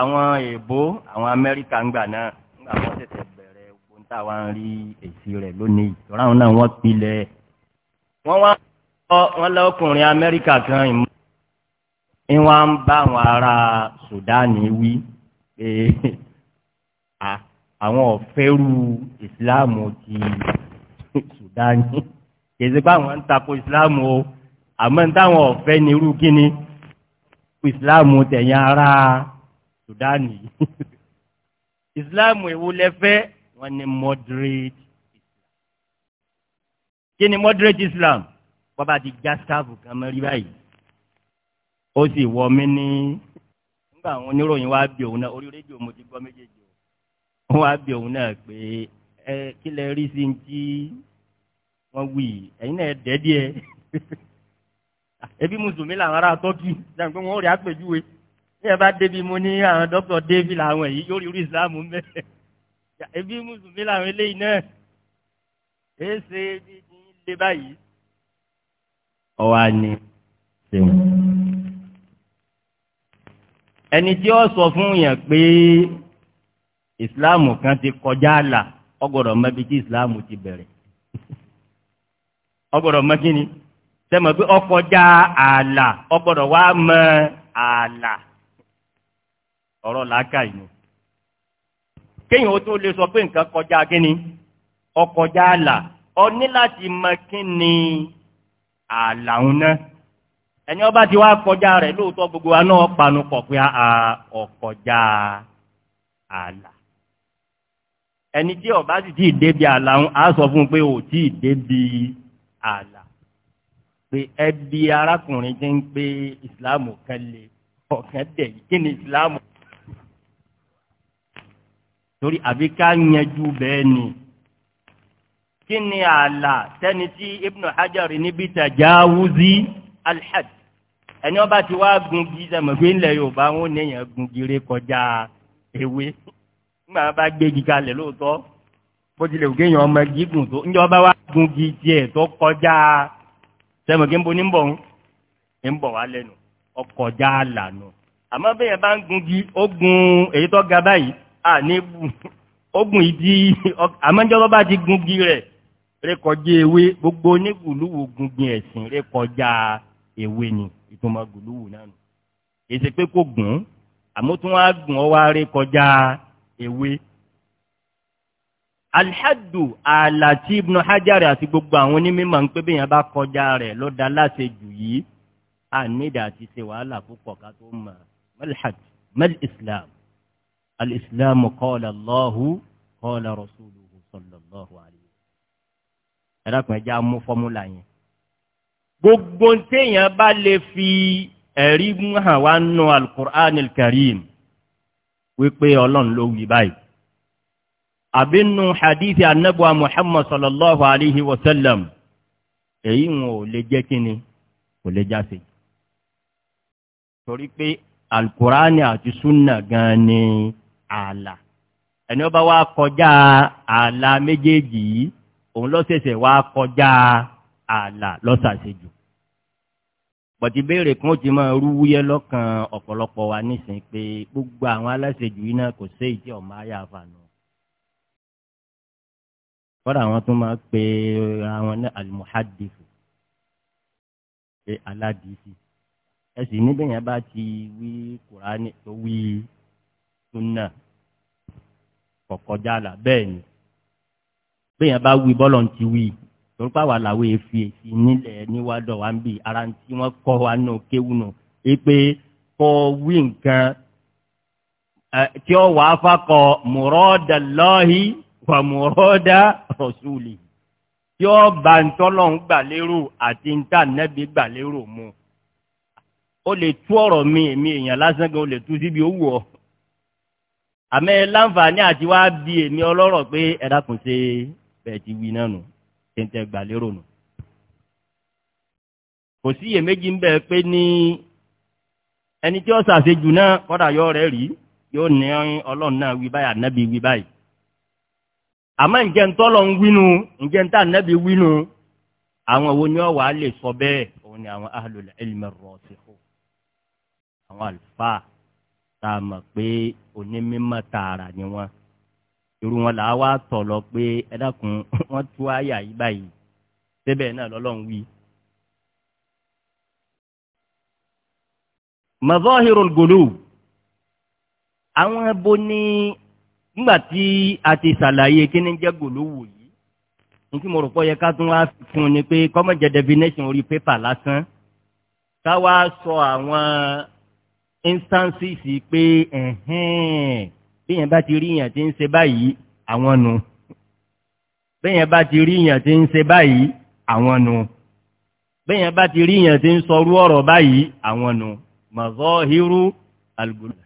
S1: àwọn èèbó àwọn amẹ́ríkà ń gbà náà nígbà wọ́n tètè bẹ̀rẹ̀ ogun táwa ń rí èsì rẹ̀ lónìí ìtura àwọn náà wọ́n pilẹ̀ wọ́n wá wọ́n lọ́kùnrin amẹ́ríkà kan ìmọ̀ ń wá ń bá àwọn ará sùdánì wí pé àwọn ọ̀fẹ́rù ìsìláàmù ti sùdánì kèsì pé àwọn ń takò ìsìláàmù o àmọ́ ń táwọn ọ̀fẹ́ ní irú kíni ìsìláàmù tẹ̀yìn ará. Sudani Islam èwo lẹ́fẹ́ wọ́n ní moderate Islam kí ni moderate Islam bàbá di já sáàbù kan mẹ́rí báyìí ó sì wọ mí ní nígbà àwọn oníròyìn wá bí òun náà orí rédíò mo ti gbọ́ méjèèjì o wọ́n wá bí òun náà pé ẹ kí lẹ rí sí ti wọ́n wí ẹ̀yin náà dẹ́díẹ̀ ẹbí mùsùlùmí làwọn ará tọ́kì dáhùn pé wọ́n rí àpèjúwe ní ẹ bá débi mo ní àwọn dókítà débi làwọn èyí yóò rí irú ìsìláàmù ń bẹ ẹbí mùsùlùmí làwọn eléyìí náà èé ṣe bí ní ilé báyìí. ọwọ́ á ní ṣeun. ẹni tí ó sọ fún yàn pé ìsìláàmù kan ti kọjá àlà ọgbọ́dọ̀ mọ tí ìsìláàmù ti bẹ̀rẹ̀ ọgbọ́dọ̀ mọ kí pé ọkọjá àlà ọgbọ́dọ̀ wá mọ àlà ọ̀rọ̀ làákà ìlú. kéèyàn ó tó lè sọ pé nǹkan kọjá kínní ọkọjá àlà ọ ní láti mọ kínní àlà òun náà ẹni ọba ti wá kọjá rẹ lóòótọ́ gbogbo wa náà panu pọ̀ pé ọkọjá àlà ẹni tí ọba sì ti débi àlà òun á sọ fún un pé ò tí ì débi àlà pé ẹbí arákùnrin ti ń pé ìsìláàmù kan lè ọ̀kan dẹ̀ kí ni ìsìláàmù torí àbí ká yanjú bẹ́ẹ̀ ni kí ni ààlà tẹ́ni tí Ibn Hajar níbi tajawuzi alhad ẹni ọba ti wá gungi sẹmọgbé ńlẹ̀ Yorùbá wọn ò níyàn gungi ré kọjá ewé nígbà wọn bá gbégi kalẹ̀ lóòótọ́ bó tilẹ̀ òkè yàn ọmọ gígùn tó ńjẹ́ ọba wá gungi tiẹ̀ tó kọjá sẹmọgbé ń bo ní ń bọ̀ ọkọjá àlànà àmọ́ bẹ́ẹ̀ bá ń gungi ó gun èyí tó ga báyìí àní ogun ìdí àmọ́jọ́lọ́ bá ti gungi rẹ̀ rékọjá ewé gbogbo onígbùlúwò gungi ẹ̀sìn rékọjá ewé ni ìtumọ̀ gùlúwò náà nù èsì pé kò gùn àmótún wá gùn ọ wá rékọjá ewé. alhadu alati ibnu hajar àti gbogbo àwọn onímọ̀ ń pé bí yẹn bá kọjá rẹ̀ lọ́dà láṣẹ yìí ànídàá ti ṣe wàhálà púpọ̀ ká tó mọ̀ malhad mal islam. الإسلام قال الله قال رسوله صلى الله عليه وسلم ẹ dákun ẹ jẹ́ amú fọ́múlà yẹn gbogbo téèyàn bá lè fi ẹ̀rí hàn wá nù alukur'an karim wípé ọlọ́run ló wí báyìí àbí nù hadithi anabuwa muhammad sallallahu alayhi wa sallam èyí wọn ò lè jẹ́ kínni kò lè jáse torí pé alukur'an àti sunna gan ni ààlà ẹni ọba wa kọjá ààlà méjèèjì yìí òun lọ́sẹ̀sẹ̀ wa kọjá ààlà lọ́sàṣejù pọ̀tí béèrè kan ti máa rúwúyẹ́ lọ́kàn ọ̀pọ̀lọpọ̀ wa nísìnyí pé gbogbo àwọn aláṣejù yìí náà kò séyìí tí ọ̀ma ayé àfààní kọ́dà àwọn tó máa pe àwọn ní alimuhadifu pé aládìsí ẹ sì níbẹ̀ bá ti wí kùránì tó wí súnà kọ̀kọ́jà là bẹ́ẹ̀ ni bẹ́ẹ̀yàn bá wí bọ́lọ̀ ń ti wí torípa wà láwé fi èsì nílẹ̀ níwájú wa ń bì ara tí wọ́n kọ́ wa nù kéwù nù é pé kọ́ wí nǹkan tí ó wàá fakọ̀ mùrọ́dà lọ́hí wà mùrọ́dà rọ̀ṣúlì tí ó bá ń tọ́lọ̀ ń gbà lérò àti ń tà nẹ́bí gbà lérò mu ó lè tú ọ̀rọ̀ mi èmi èèyàn lásán gan ó lè tú síbi ó wù àmọ́ ẹ láǹfààní àti wá bí èmi ọlọ́rọ̀ pé ẹ dákun ṣe bẹ́ẹ̀ ti wí náà nù ṣe ń tẹ gbà lérò nù. kò sí iyèméjì ń bẹ pé ní ẹni tí ó ṣàṣejù náà kọ́dà yọ rẹ̀ rí yóò ní ọlọ́run náà wí báyìí ànábì wí báyìí. àmọ́ ǹjẹ́ ń tọ́lọ̀ ń wínú ǹjẹ́ ń tà ànábì wínú àwọn wo ni ó wàá lè sọ bẹ́ẹ̀ òun ni àwọn àlùfáà tá a mọ̀ pé onímọ̀ tààrà ni wọ́n irú wọn làá wá tọ̀ lọ pé ẹ dákun wọ́n tú àyà yìí báyìí síbẹ̀ náà lọ́lọ́run wí.
S2: mazahirul gulub
S1: àwọn ẹbọ ní nígbà tí a ti ṣàlàyé kí ni jẹ́ gòlówù yìí ní tí mo rò pọ̀ yẹ ká tún wá fún ni pé kọ́mọ̀jẹ̀ definition orí pépà lásán ká wá sọ àwọn instances pé bẹ́ẹ̀yẹn bá ti rí yàn tí ń ṣe báyìí àwọn nu bẹ́ẹ̀yẹn bá ti rí yàn tí ń ṣe báyìí àwọn nu bẹ́ẹ̀yẹn bá ti rí yàn tí ń sọrú ọ̀rọ̀ báyìí àwọn nu mazahiru al-gulu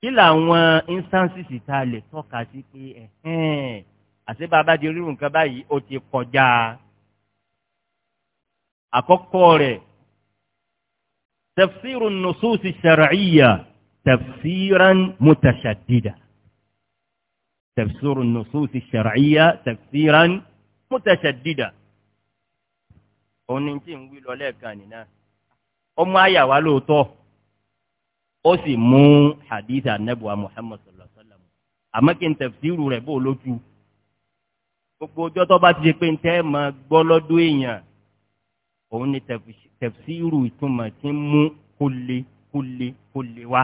S1: kí làwọn instances tá a lè tọ́ka sí pé àti bàbá ti rí nǹkan báyìí ó ti kọjá àkọ́kọ́ rẹ̀ تفسير النصوص الشرعية تفسيرا متشددا تفسير النصوص الشرعية تفسيرا متشددا oní tí ń wí lọ lẹ́ẹ̀kan nìyẹn ó mú àyà wá lóòótọ́ ó sì mú hadith anabuwa muhammad sallallahu alaihi wa sallam àmọ́ kí n tafsiru rẹ̀ gbogbo ọjọ́ tó bá ti ṣe pé ń tẹ́ máa gbọ́ lọ́dún òun ni tẹ̀fsíìrù ìtumọ̀ tí ń mú kó le kó le kó le wá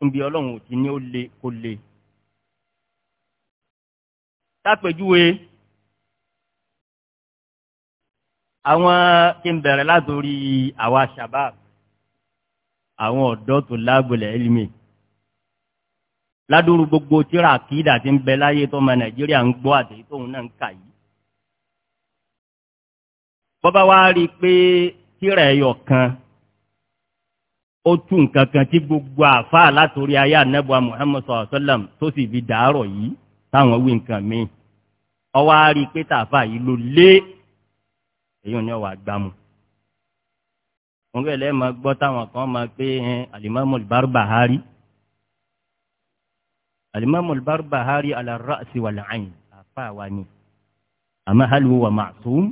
S1: níbi ọlọ́run ò ti ní ó le kó le. lápèjúwe àwọn kí n bẹ̀rẹ̀ látòrí àwa shabab àwọn ọ̀dọ́ tó lágbèlè ẹlẹ́mì ládùúrú gbogbo tíra àkìdá ti ń bẹ láyé tó ọmọ nàìjíríà ń gbọ́ àtẹ̀yí tóun náà ń kà yìí bọ́bá wá rí i pé tíra ẹyọ kan ó tún nǹkan kan tí gbogbo àáfàá látòrí ayé anábọ́à Muhammad sallallahu alaihi wasallam tó sì fi dàárọ̀ yìí táwọn wí nǹkan míì ọwọ́ á rí i pé tààfà yìí ló lé èyí ò ní ọwọ́ àgbàmù òǹgbẹ́ lẹ́ẹ̀ gbọ́ táwọn kan máa pé alimami Barbahari alimami Barbahari ala ra'si wal ayn àáfàá wa ni àmọ́ hal huwa ma'sum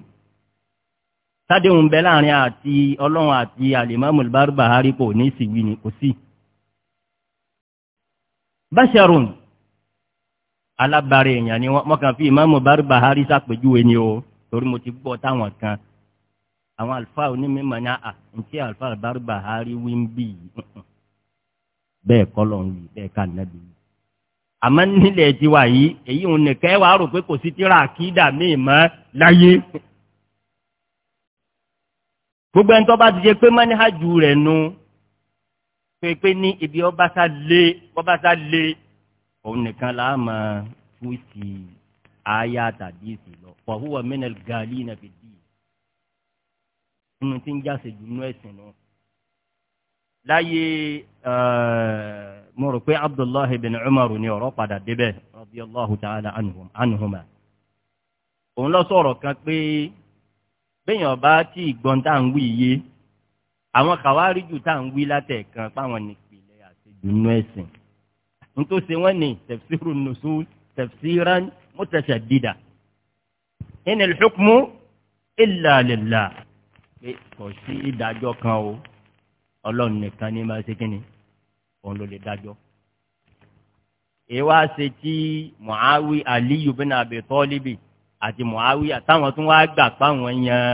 S1: sádéhùn bẹ láàrin àti ọlọ́run àti alimami Barbahari kò ní ìsìwí ni kò sí. basharun alábàárẹ̀ èèyàn ni wọ́n kàn fi imamu Barbahari sàpèjúwe ni o torí mo ti gbọ́ táwọn kan àwọn àlùfáà onímọ̀ ní àà ntí àlùfáà Barbahari wí ń bì í bẹ́ẹ̀ kọ́lọ̀ ń wí bẹ́ẹ̀ ká nàbí wí. àmọ́ nílẹ̀ tiwa yìí èyí òun nìkẹ́ wàá rò pé kò sí tíra àkídà míì mọ́ láyé gbogbo ẹni tó bá ti jẹ pé mọ́níhàjú rẹ̀ nu pépé ní ibi ọba sá lé ọba sá lé òun nìkan là á mọ fúùsì àyà tàbí ìsì lọ fọwọ́ mẹ́nẹ̀lì gàlí nàbì dì inú tí ń jáse jù nú ẹ̀sìn náà láyé eh, mo rò pé abdullahi bin umar ni ọ̀rọ̀ padà débẹ̀ radiyallahu ta'ala anhuma òun lọ sọ̀rọ̀ kan pé bẹ́yìn ọba tí ìgbọ́n tá à ń wí yé àwọn kàwáríjù tá à ń wí látẹ̀kan páwọn nìpìlẹ̀ àtẹ̀dùnú ẹ̀sìn nítorí ṣe wọ́n ní tafsiru nusul tafsiran mutashaddida in al-hukmu illa lillah pé kò sí ìdájọ́ kan o ọlọ́run nìkan ní máa ṣe kínni òun ló lè dájọ́ èèwà ṣe tí Muawi Aliyu bin Abi Talibi àti muawiya táwọn tún wá gbà páwọn yẹn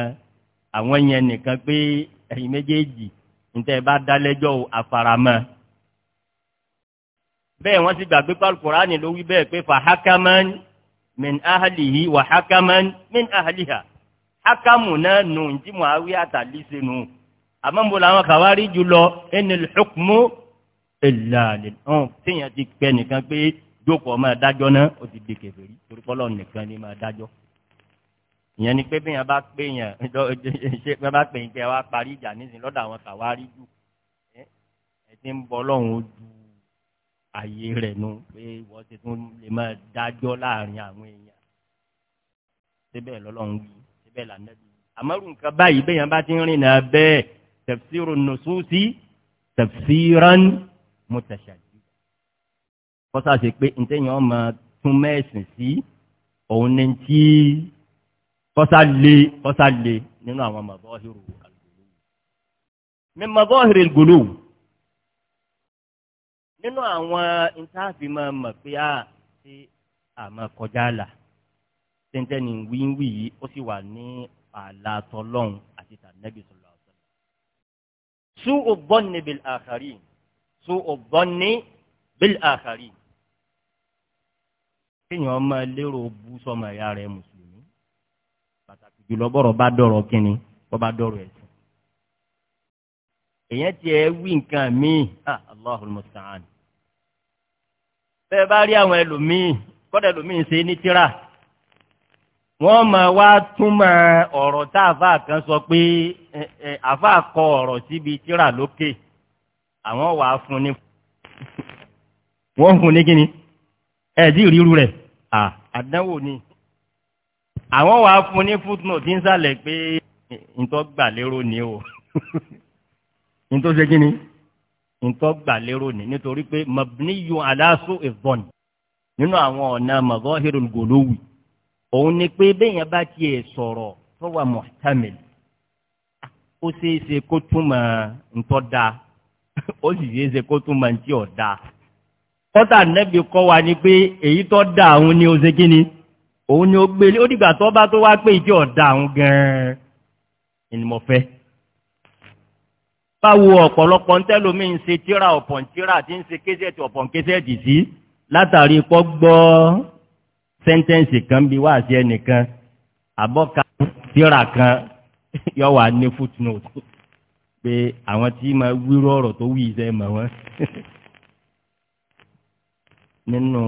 S1: àwọn yẹn nìkan pé ẹ̀yin méjèèjì níta ẹ bá dá lẹ́jọ́ àfaramọ́ bẹ́ẹ̀ wọ́n ti gbàgbé pálukùránì ló wí bẹ́ẹ̀ pé fa hakaman min ahalihi wa hakaman min ahaliha hakamu náà nù ntí muawiya tàlí sínú àmọ́ mo làwọn kàwárí jùlọ ẹni lùkùmù ẹ̀ làlẹ́ ọ̀hún tíyẹn ti pẹ́ nìkan pé jókòó máa dájọ́ náà ó ti di kèfèrí torí pé Ọlọ́run nìkan ni máa dájọ́ ìyẹn ni pé bẹ́ẹ̀ bá pè yàn ṣe bẹ́ẹ̀ bá pè yín kẹ́ wá parí ìjà nísìnyí lọ́dọ̀ àwọn kàwárí jù ẹ ti ń bọ́ Ọlọ́run ó ju ààyè rẹ̀ nu pé wọ́n ti tún lè máa dájọ́ láàrin àwọn èèyàn síbẹ̀ lọ́lọ́run wí síbẹ̀ lànàbí àmọ́rù nǹkan báyìí bẹ́ẹ̀ bá ti ń rìn náà bẹ́ẹ̀ tafsirun nususi tafsiran kọ́sà ṣe pé ntẹ́yìn ọmọ tún mẹ́sìn sí òun ní tí kọ́sà lé kọ́sà lé nínú àwọn mọ̀bọ́hìrù àlùgbòlù. mi mọ̀bọ́hìrì gbòlù nínú àwọn ntáàfimọ̀ mọ̀ pé a ṣe àmọ́ kọjá là tẹ́ntẹ́ni wíwí yìí ó sì wà ní ààlà tọlọ́hún àti tànẹ́bí sọlá ọ̀sán. su'u dhanni bil akharin su'u dhanni bil akharin kéèyàn máa lérò bú sọmọ ẹ̀yà rẹ̀ mùsùlùmí pàtàkì jùlọ bọ̀rọ̀ bá dọ̀rọ̀ kínní bọ́ bá dọ̀rọ̀ ẹ̀sìn. èèyàn tiẹ̀ wí nǹkan míì Allahul musta'an. bẹ́ẹ̀ bá rí àwọn ẹlòmíì kọ́dà ẹlòmíì ṣe ní tíra wọ́n máa wá túmọ̀ ọ̀rọ̀ tá àfa kan sọ pé àfa kọ ọ̀rọ̀ síbi tíra lókè àwọn wàá fún ní wọ́n fún ní kíni ẹ̀ẹ́dì ríru rẹ̀ àdánwò ni àwọn wàá fún ní footnote nísàlẹ̀ pé ntọ́ gbà lérò ni o ntọ́ ṣe kíni ntọ́ gbà lérò ni nítorí pé mabniyu aláṣọ ìbọn nínú àwọn ọ̀nà mazahirul gòlówì òun ni pé bẹ́yẹn bá tiẹ̀ sọ̀rọ̀ tó wà muhtamil ó ṣeé ṣe kó túmọ̀ ntọ́ da ó sì ṣeé ṣe kó túmọ̀ ntí ọ̀ da kọ́tà nẹ́bí kọ́ wa ni pé èyí tó dà òun ni ó ṣe kí ni òun ni ó gbélé ó dìgbà tó bá tó wá pé ìdí ọ̀dà òun gan-an ni mo fẹ́. báwo ọ̀pọ̀lọpọ̀ ń tẹ́lómi ń ṣe tíra ọ̀pọ̀n tíra tí ń ṣe kéṣẹ́ẹ̀tì ọ̀pọ̀n kéṣẹ́ẹ̀tì sí látàrí pọ́ gbọ́ sẹ́ńtẹ́ǹsì kan bí wá sí ẹnìkan àbọ̀ka tíra kan yọ ní footnote pé àwọn tí máa wíró ọ̀rọ̀ tó wí iṣẹ́ mọ̀ wọ́n. nínú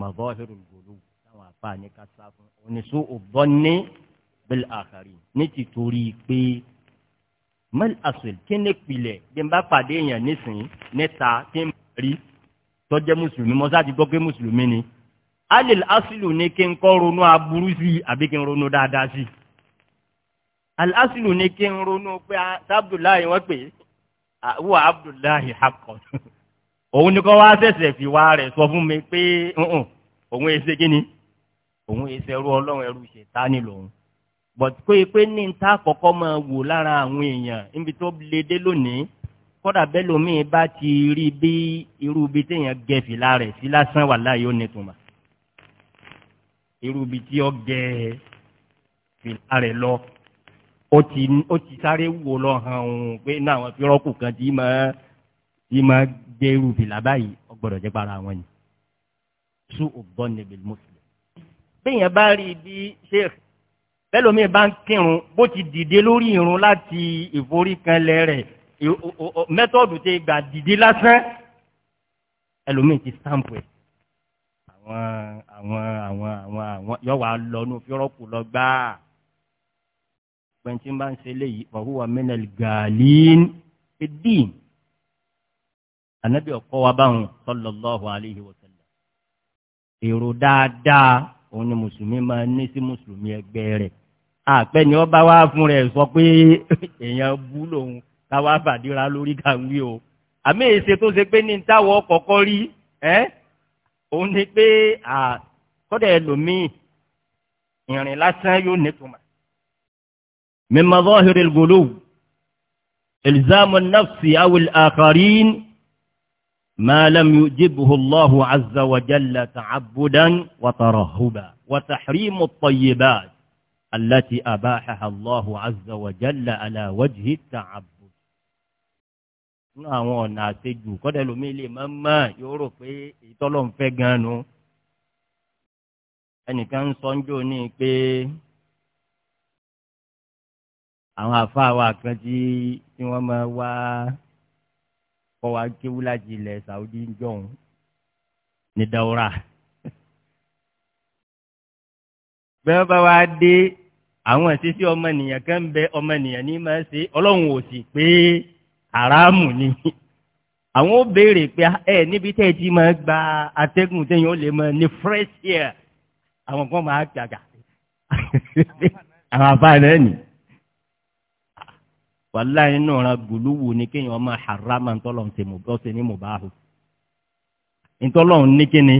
S1: mọ̀bọ́hìrù gbòòlù táwọn àfáà ní ká sá fún oníṣó òbọ́ ní bẹ́ẹ̀ àkàrí ní ti torí pé mẹ́lì àṣìl kí ní pilẹ̀ bí n bá pàdé èèyàn nísìnyí níta kí n rí tọ́jẹ́ mùsùlùmí mọ́sá ti gbọ́ pé mùsùlùmí ni alil asilu ni kí n kọ́ ronú aburú sí i àbí kí n asilu ni kí n ronú pé abdullahi wọ́n pè é abdullahi hakọ̀ òun ni kọ́ wá ṣẹ̀ṣẹ̀ fi wá rẹ̀ sọ fún mi pé òun èsè kíni òun èsè ẹrú ọlọ́run ẹrú ṣètánì lòun bọ̀t pé pé ní ta kọ́kọ́ máa wò lára àwọn èèyàn níbi tó le dé lónìí kódà bẹ́ẹ̀ lómi bá ti rí bí irú ibi téèyàn gẹ̀fì lára rẹ̀ sí lásán wà láàyè ó irú ibi tí ó gẹ fìlà rẹ̀ lọ ó ti sáré wò lọ òun pé náà àwọn fi rọ́ọ̀kù kan tí máa yìí máa dé irú fìlà báyìí ọgbọ́dọ̀ jẹ́ para wọn ni sún òbọ̀ níbi mùsùlùmí. béèyàn bá rí i bí sheikh bẹ́lómi bá ń kírun bó ti dìde lórí irun láti ìforíkanlẹ̀ rẹ̀ mẹ́tọ́ọ̀dù tẹ gbà dìde lásán ẹlòmíì ti stamp ẹ̀ àwọn àwọn àwọn àwọn àwọn yọ wà lọ́nu fírọ́pù lọ gbáà pẹ̀ntì bá ń ṣe léyìí ọ̀húwà mẹ́nẹ̀lì gàlín ẹ̀dín ànábì ọ̀kọ́ wa báwọn sallallahu alaihi wa sallam. èrò dáadáa òun ni mùsùlùmí máa ní sí mùsùlùmí ẹgbẹ́ rẹ̀ àpẹ ni ọba wa fún rẹ̀ sọ pé èèyàn bú lòun káwá fàdíra lórí kàwé o àmì èsè tó ṣe pé ní táwọn kọ̀ọ̀kan rí ẹ́ òun ni pé kọ́dà ẹlòmíì ìrìn lásán yóò nítumọ̀ min mazahiril ghuluw ilzamu nafsi awil akharin. ما لم يجبه الله عز وجل تعبدا وترهبا وتحريم الطيبات التي أباحها الله عز وجل على وجه التعبد nínú àwọn ọ̀nà àṣejù kọ́dẹ̀ lómi lè máa ń mọ̀ yóò rò pé ìtọ́lọ̀ ń fẹ́ gan-an nu ẹnìkan ń sọ ńjọ́ ní àwọn àfa kan tí wọ́n máa wá kọ́ wa kéwú láti ilẹ̀ Saudi ń jọ̀hún ní dawura. bẹ́ẹ̀ bá wa dé àwọn ìṣesí ọmọnìyàn kan bẹ ọmọnìyàn ní máa ṣe ọlọ́run ò sì pé haramu ni àwọn ó béèrè pé ẹ níbi tẹ́ ẹ ti máa gba atẹ́gùn téèyàn ó lè máa ní fresh air àwọn kan máa gbàgà àwọn àbá náà wàláhì nínú ọ̀ràn gùlúwù ni kéèyàn máa harama ntọ́lọ́hún ṣe mọ̀ bọ́ ṣe ní mùbáhù ntọ́lọ́hún ní kíni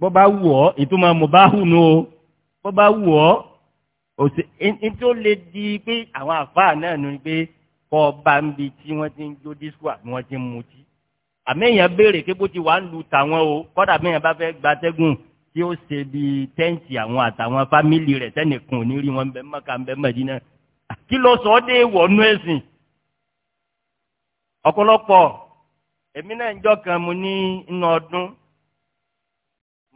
S1: bọ́ bá wù ọ́ ìtumọ̀ mùbáhù nù o bọ́ bá wù ọ́ òsè ní tó lè di pé àwọn àfáà náà nù pé kọ́ ọba ń bi tí wọ́n ti ń jó dísù àbí wọ́n ti ń mutí àmẹ́yìn béèrè pé bó ti wà ń lu tàwọn o kọ́dà àmẹ́yìn bá fẹ́ gbatẹ́gùn tí ó ṣe bí tẹ́ǹtì àwọn àtàwọn fámìlì rẹ̀ tẹ́nìkan ò ní rí wọn bẹ́ẹ̀ mọ́ka bẹ́ẹ̀ mọ́dínà kí ló sọ ọ́ dé wọ̀ọ́nú ẹ̀sìn ọ̀pọ̀lọpọ̀ èmi náà ń jọ kan mu ní inú ọdún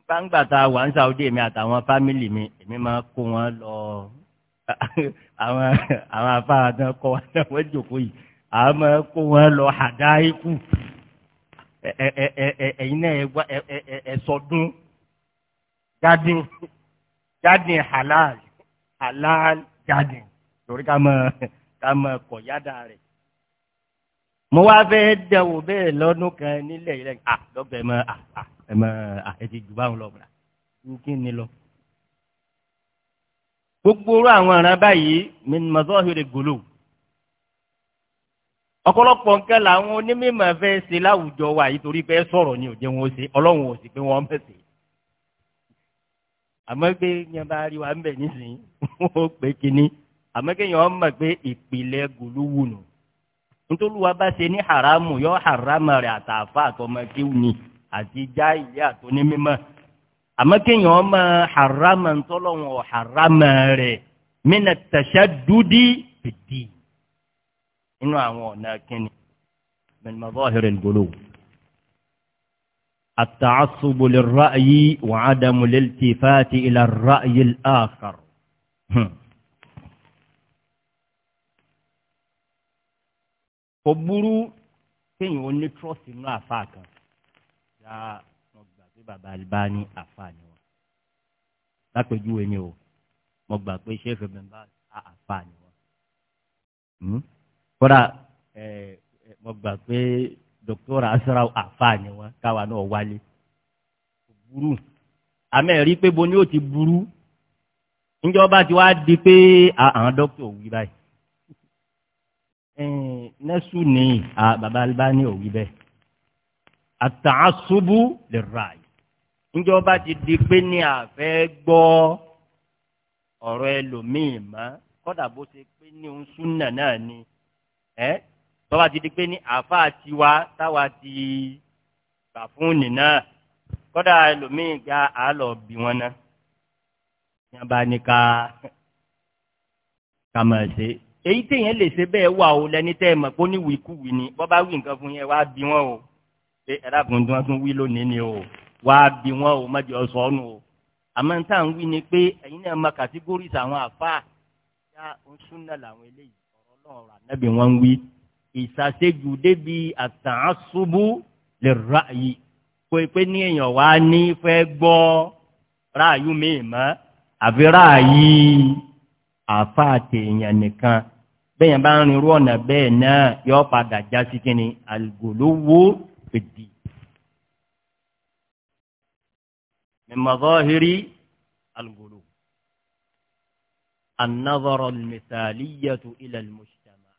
S1: gbangba ta wà ń Saudi èmi àtàwọn fámìlì mi èmi máa kó wọn lọ àwọn àwọn afáradán kọ wọn náà wọn jòkó yìí àwọn máa kó wọn lọ hàdáíkù ẹ̀yin náà ẹ sọdún garden halal halal garden lórí ká máa ká máa kọ̀ mo wá fẹ́ dẹ̀wò bẹ́ẹ̀ lọ́dún kan nílẹ̀ yìí lẹ́yìn ah dọ́gba ẹ̀ mọ ah ẹ̀ mọ ah ẹ̀ ti jù báwọn lọ bùrà kí ni lọ. gbogbo orú àwọn ará báyìí mi ni mo sọ́ọ́ hìrì gòlò. ọ̀pọ̀lọpọ̀ nǹkan làwọn onímọ̀ fẹ́ ṣe láwùjọ wa yìí torí fẹ́ sọ̀rọ̀ ni òjẹ́ wọn ṣe ọlọ́run ò sì pé wọ́n mẹ̀sẹ̀. àmọ́ pé yẹn bá rí wa ń bẹ̀ nísìnyí wọ́n pè kínní àmọ́ ntoluwa bá ṣe ní haramu yọ haramu rẹ àtàfà àtọmọkéwù ni àti já ìyá àtọnímímọ àmọ́ kéèyàn ọmọ haramu ntọlọwọn haramu rẹ mina tashaddudi bìdì inú àwọn ọ̀nà kínní min mazahir al-ghuluw التعصب للرأي وعدم الالتفات إلى الرأي الآخر kò burú kéèyàn ó ní trust inú àfa kan ya mo gbà pé bàbá àlùbá ní àfa ni wọn lápèjúwe ni o mo gbà pé sheikh bẹ́ẹ̀ bá àfa ni wọn. Hmm? kódà mo gbà pé dókítà asra àfa ni wọn káwa náà wálé kò burú àmẹ́rí pé bo ni ó ti burú níjọba ti wá di pé àwọn dókítà wí báyìí nẹ́sù ni bàbá Albani ò wí bẹ́ẹ̀ àtàásùbù lè ra ẹ̀ níjọba ti di pé ní àfẹ́ gbọ́ ọ̀rọ̀ ẹlòmíì mọ́ kọ́dà bó ṣe pé ní òun súnà náà ni ẹ́ tọ́ba ti di pé ní àáfàá tiwa táwa ti gbà fún nìna kọ́dà ẹlòmíì gba àálọ̀ bí wọn náà ní abáníkà kàmọ̀ èyí téèyàn lè ṣe bẹ́ẹ̀ wà o lẹni tẹ́ ẹ mọ̀ pé ó ní wìkúwì ni bọ́ bá wí nǹkan fún yẹn wá bí wọn o pé ẹ̀dàkùn tí wọ́n tún wí lónìí ni o wá bí wọn o má jẹ́ sọ ọ́nù o àmọ́ n táà ń wí ni pé ẹ̀yin náà mọ kàtígórìsì àwọn àfáà yá ń súnà làwọn eléyìí ọ̀rọ̀ náà rà nẹ́bí wọn ń wí ìsàṣejù débi àtàásùbù lè ra yìí kó e pé ní èèyàn wá ní fẹ́ gbọ́ ráàyù mi àfa àtẹ̀yàn nìkan bẹ́yẹn bá ń rinrú ọ̀nà bẹ́ẹ̀ náà yọ padà já sí kínní àlùgòlówó fèdì. mimazahiri alugolo anadọrọ almisaliyatu ila almujtama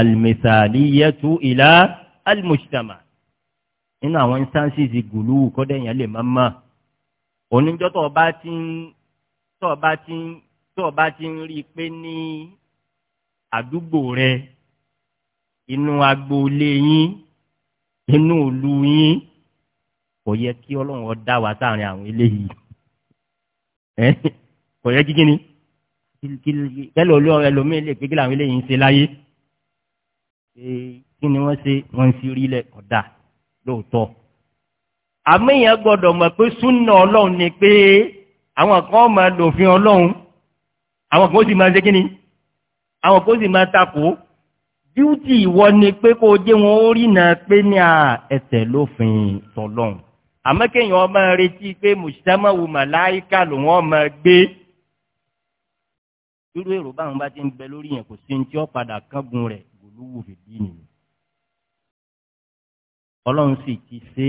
S1: almisaliyatu ila almujtama nínú àwọn instances gòlówó kọ́dẹ̀yìn lè máa ma oníjọ́tọ̀ bá ti tó o bá ti ń tó o bá ti ń rí i pé ní àdúgbò rẹ inú agboolé yín inú ìlú yín kò yẹ kí ọlọ́run ó dá sáàrin àwọn eléyìí kò yẹ kí kíni kẹlẹ olú ẹlòmíì lè pé kí làwọn eléyìí ń ṣe láyé kí ni wọ́n ṣe wọ́n ń ṣírí lẹ̀ ọ̀dà lóòótọ́ àmì yẹn gbọ́dọ̀ mọ̀ pé súnà ọlọ́run ni pé àwọn kan máa lòfin ọlọ́run àwọn kan ó sì máa ṣe kíni àwọn kan ó sì máa takò díútì ìwọ ni pé kó o jẹ́ wọn ó rí náà pé ní ẹ̀tẹ̀ lófin tọlọ́run àmọ́ kéèyàn ọmọ retí pé mùsùlùmáwù màláìka lòun ọmọ gbé irú èrò báwọn bá ti ń bẹ lórí yẹn kò sí ní tí ó padà kángun rẹ̀ gòlúwò fìdí nìyẹn ọlọ́run sì ti ṣe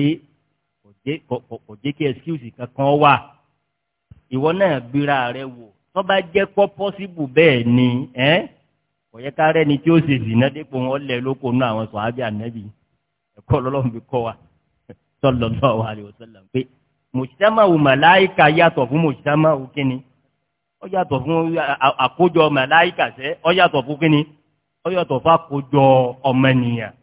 S1: kò jẹ́ kí ẹ̀síùsì kankan wà ìwọ náà bíra rẹ wò tó bá jẹ́ pọ́ pọ́síbù bẹ́ẹ̀ ni ẹ́ kò yẹ ká rẹ́ni tí ó ṣe zìnà dépò wọn lẹ̀ lóko nú àwọn sọ̀hábì ànábì ẹ̀kọ́ lọ́lọ́run fi kọ́ wa sallallahu alaihi wasallam pé mujtama'u màláìka yàtọ̀ fún mujtama'u kínni ó yàtọ̀ fún àkójọ màláìka sẹ́ ó yàtọ̀ fún kínni ó yàtọ̀ fún àkójọ ọmọnìyàn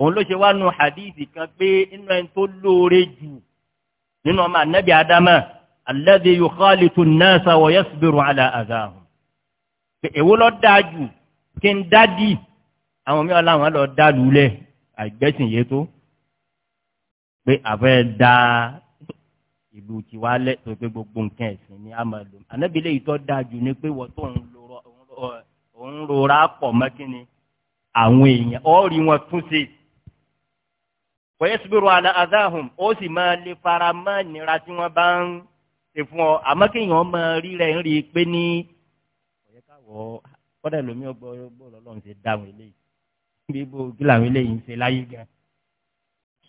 S1: òun ló ṣe wá nu hadithi kan pé inú ẹni tó lóore jù nínú ọmọ anabi adama alladhi yukhalitu an-nasa wa yasbiru ala adhahum. èwo lọ dáa jù kí n dá dì àwọn mìíràn làwọn lọ dá lulẹ̀ àgbẹ̀sìn yé tó pé àfẹ́ da ìlú tiwa lẹ tó pé gbogbo nǹkan ẹ̀sìn ni a máa lè tọ́ da ni pé wọ́n tó ń rora pọ̀ mọ́kínni àwọn èèyàn ọ́ rí wọn tún ṣe wọ́yẹ́sibirù àlà adáhùn ó sì máa lè fara mọ́ ìnira tí wọ́n bá ń ṣe fún ọ àmọ́ kéèyàn máa rí rẹ̀ ń rí i pé ní ọ̀yẹ́ káwọ́ kọ́dà lómi ọgbọ́ bọ́ọ̀lù ọlọ́run ṣe dáhùn eléyìí bí bó kí làwọn eléyìí ń ṣe láyé gan